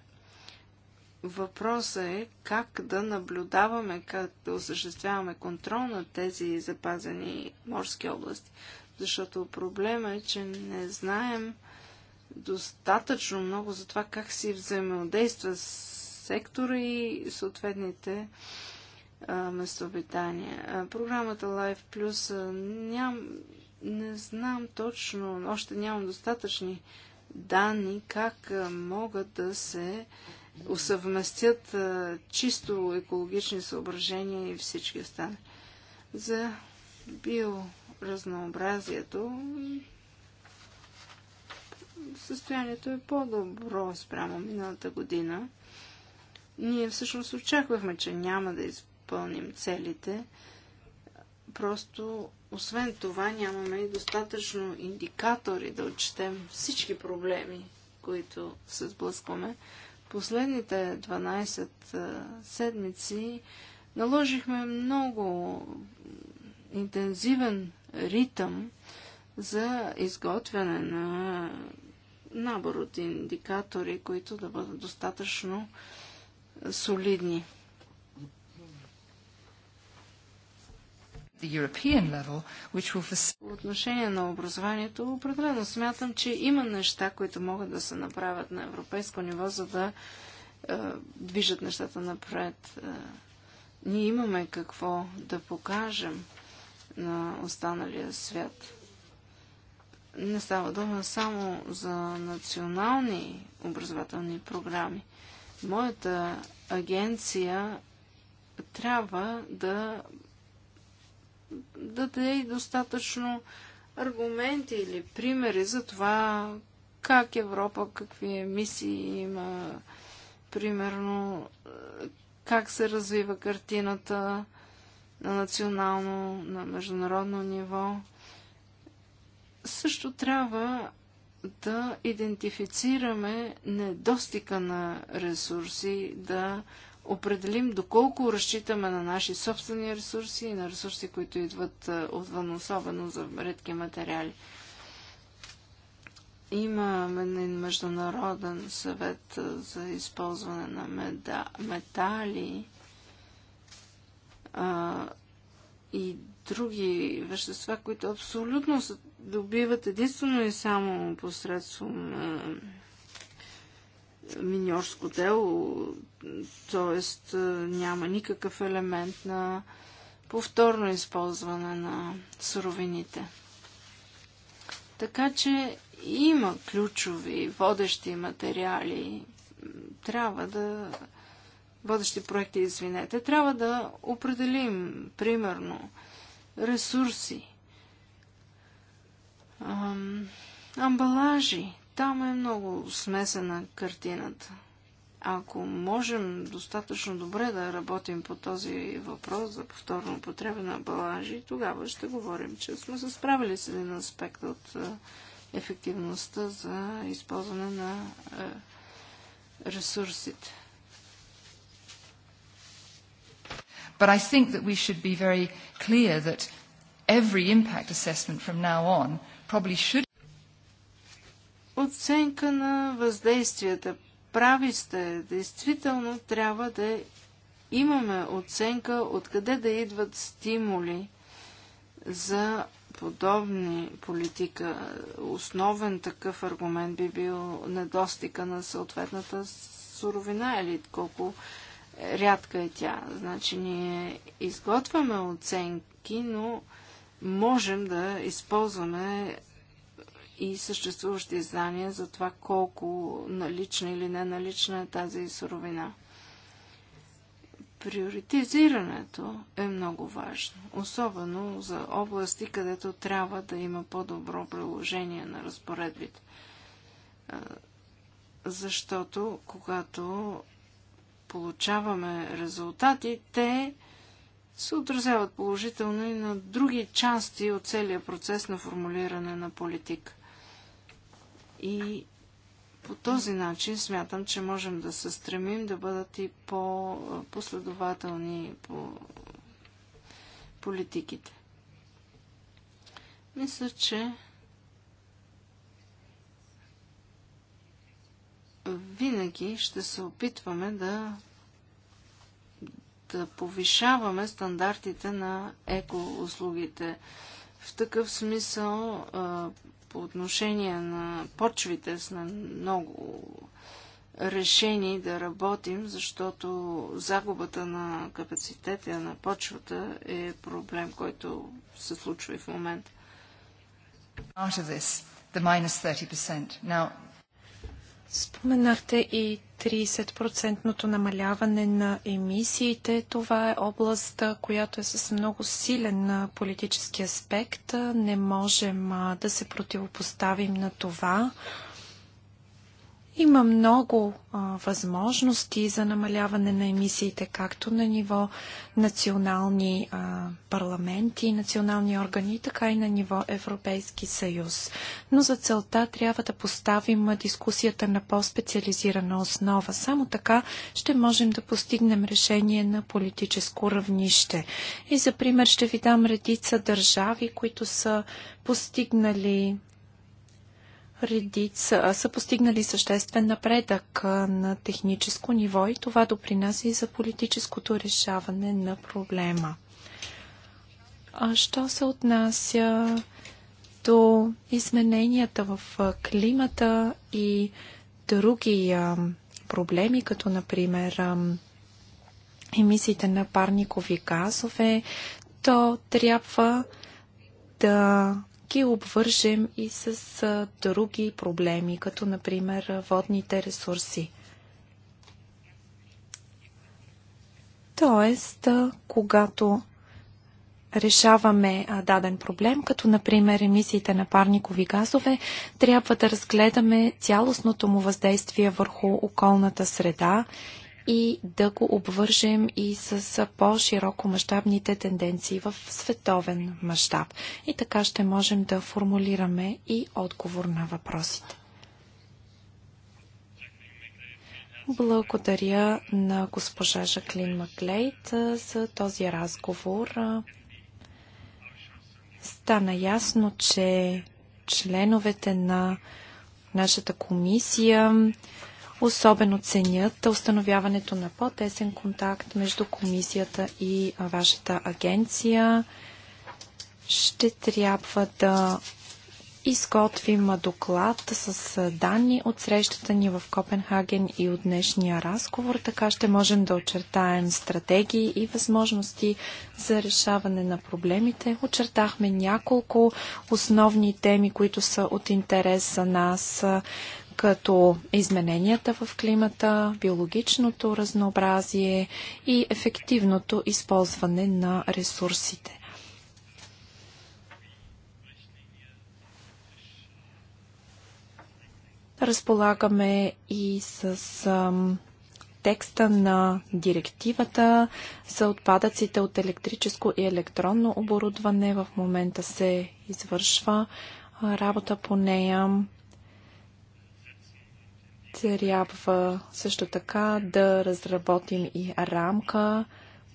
Въпросът е как да наблюдаваме, как да осъществяваме контрол на тези запазени морски области защото проблема е, че не знаем достатъчно много за това как си взаимодейства с сектора и съответните а, местообитания. А, програмата Life Plus а, ням, не знам точно, още нямам достатъчни данни как а, могат да се усъвместят а, чисто екологични съображения и всички останали. За био разнообразието, състоянието е по-добро спрямо миналата година. Ние всъщност очаквахме, че няма да изпълним целите. Просто, освен това, нямаме и достатъчно индикатори да отчетем всички проблеми, които се сблъскваме. Последните 12 седмици наложихме много интензивен ритъм за изготвяне на набор от индикатори, които да бъдат достатъчно солидни. По отношение на образованието, определено смятам, че има неща, които могат да се направят на европейско ниво, за да е, движат нещата напред. Е, ние имаме какво да покажем на останалия свят. Не става дума само за национални образователни програми. Моята агенция трябва да даде и достатъчно аргументи или примери за това как Европа, какви е мисии има, примерно как се развива картината на национално, на международно ниво, също трябва да идентифицираме недостига на ресурси, да определим доколко разчитаме на наши собствени ресурси и на ресурси, които идват отвън, особено за редки материали. Имаме международен съвет за използване на метали а, и други вещества, които абсолютно се добиват единствено и само посредством а, миньорско дело, т.е. няма никакъв елемент на повторно използване на суровините. Така че има ключови, водещи материали. Трябва да бъдещи проекти, извинете, трябва да определим, примерно, ресурси, ам, амбалажи. Там е много смесена картината. Ако можем достатъчно добре да работим по този въпрос за повторно употреба на амбалажи, тогава ще говорим, че сме се справили с един аспект от ефективността за използване на ресурсите. But I think that we should be very clear that every impact assessment from now on probably should. Оценка на въздействията. Прави сте. Действително трябва да имаме оценка откъде да идват стимули за подобни политика. Основен такъв аргумент би бил недостига на съответната суровина или колко Рядка е тя. Значи ние изготвяме оценки, но можем да използваме и съществуващи знания за това колко налична или неналична е тази суровина. Приоритизирането е много важно, особено за области, където трябва да има по-добро приложение на разпоредбите. Защото когато получаваме резултати, те се отразяват положително и на други части от целия процес на формулиране на политика. И по този начин смятам, че можем да се стремим да бъдат и по-последователни по политиките. Мисля, че винаги ще се опитваме да, да повишаваме стандартите на екоуслугите. В такъв смисъл по отношение на почвите сме много решени да работим, защото загубата на капацитета на почвата е проблем, който се случва и в момента. of this, the minus 30%. Now, Споменахте и 30 намаляване на емисиите. Това е област, която е с много силен политически аспект. Не можем да се противопоставим на това. Има много а, възможности за намаляване на емисиите, както на ниво национални а, парламенти, национални органи, така и на ниво Европейски съюз. Но за целта трябва да поставим дискусията на по-специализирана основа. Само така ще можем да постигнем решение на политическо равнище. И за пример ще ви дам редица държави, които са постигнали редица са постигнали съществен напредък на техническо ниво и това допринася и за политическото решаване на проблема. А що се отнася до измененията в климата и други проблеми, като например емисиите на парникови газове, то трябва да ги обвържем и с други проблеми, като например водните ресурси. Тоест, когато решаваме даден проблем, като например емисиите на парникови газове, трябва да разгледаме цялостното му въздействие върху околната среда и да го обвържем и с по-широко мащабните тенденции в световен мащаб. И така ще можем да формулираме и отговор на въпросите. Благодаря на госпожа Жаклин Маклейт за този разговор. Стана ясно, че членовете на нашата комисия Особено ценят установяването на по-тесен контакт между комисията и вашата агенция. Ще трябва да изготвим доклад с данни от срещата ни в Копенхаген и от днешния разговор. Така ще можем да очертаем стратегии и възможности за решаване на проблемите. Очертахме няколко основни теми, които са от интерес за нас като измененията в климата, биологичното разнообразие и ефективното използване на ресурсите. Разполагаме и с текста на директивата за отпадъците от електрическо и електронно оборудване. В момента се извършва работа по нея. Трябва също така да разработим и рамка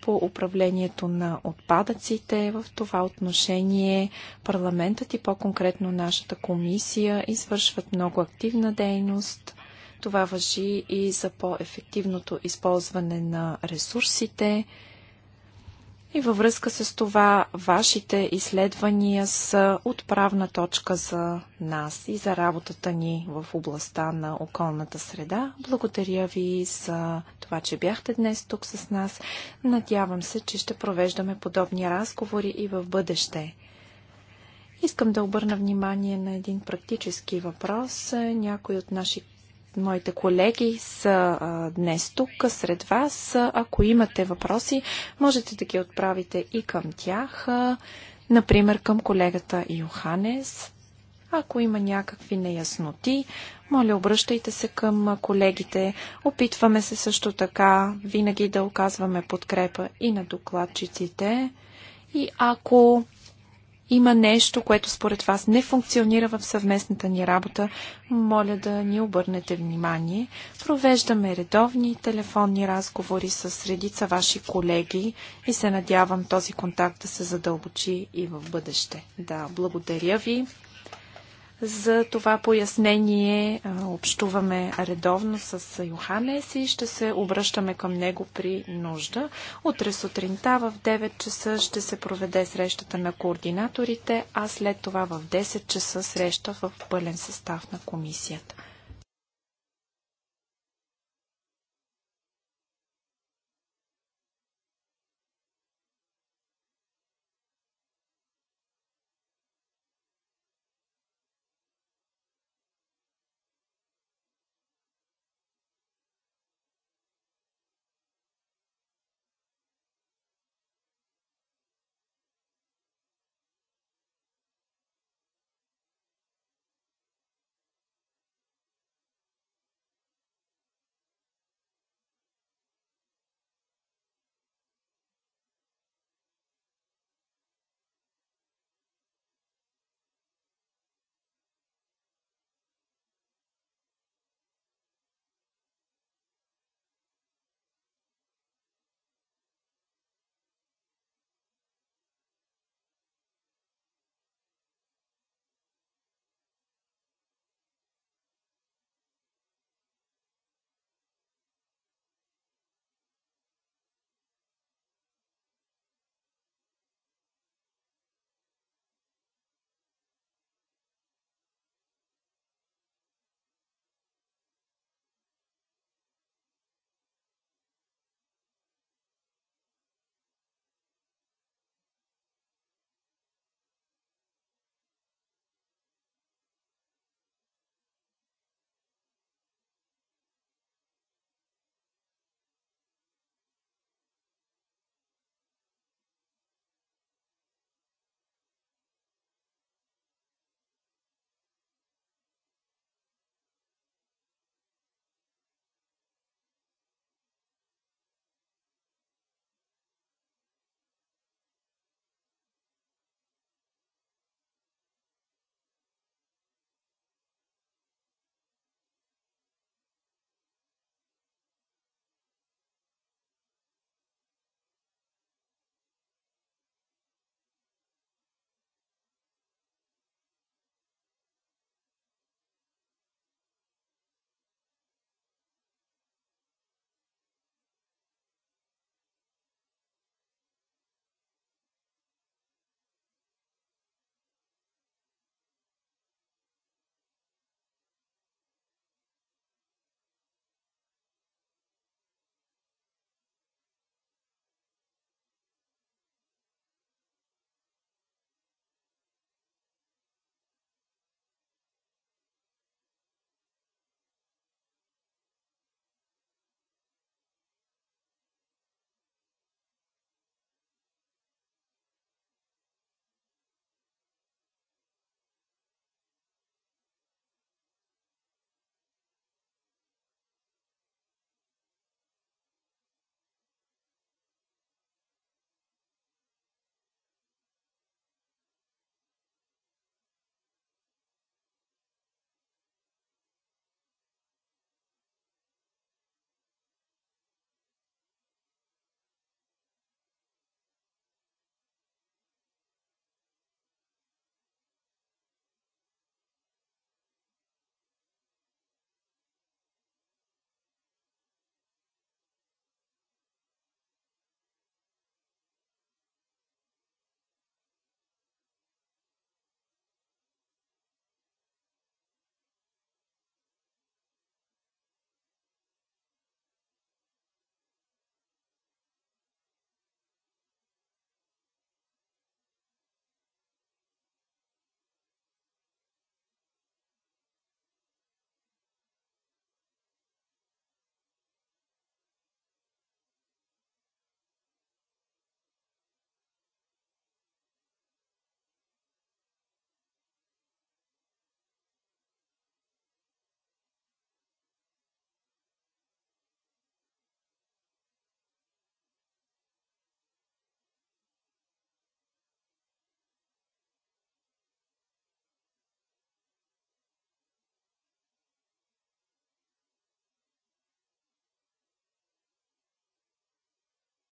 по управлението на отпадъците. В това отношение парламентът и по-конкретно нашата комисия извършват много активна дейност. Това въжи и за по-ефективното използване на ресурсите, и във връзка с това, вашите изследвания са отправна точка за нас и за работата ни в областта на околната среда. Благодаря ви за това, че бяхте днес тук с нас. Надявам се, че ще провеждаме подобни разговори и в бъдеще. Искам да обърна внимание на един практически въпрос. Някои от нашите моите колеги са а, днес тук сред вас. Ако имате въпроси, можете да ги отправите и към тях, а, например към колегата Йоханес. Ако има някакви неясноти, моля, обръщайте се към колегите. Опитваме се също така винаги да оказваме подкрепа и на докладчиците. И ако има нещо, което според вас не функционира в съвместната ни работа, моля да ни обърнете внимание. Провеждаме редовни телефонни разговори с редица ваши колеги и се надявам този контакт да се задълбочи и в бъдеще. Да, благодаря ви за това пояснение. Общуваме редовно с Йоханес и ще се обръщаме към него при нужда. Утре сутринта в 9 часа ще се проведе срещата на координаторите, а след това в 10 часа среща в пълен състав на комисията.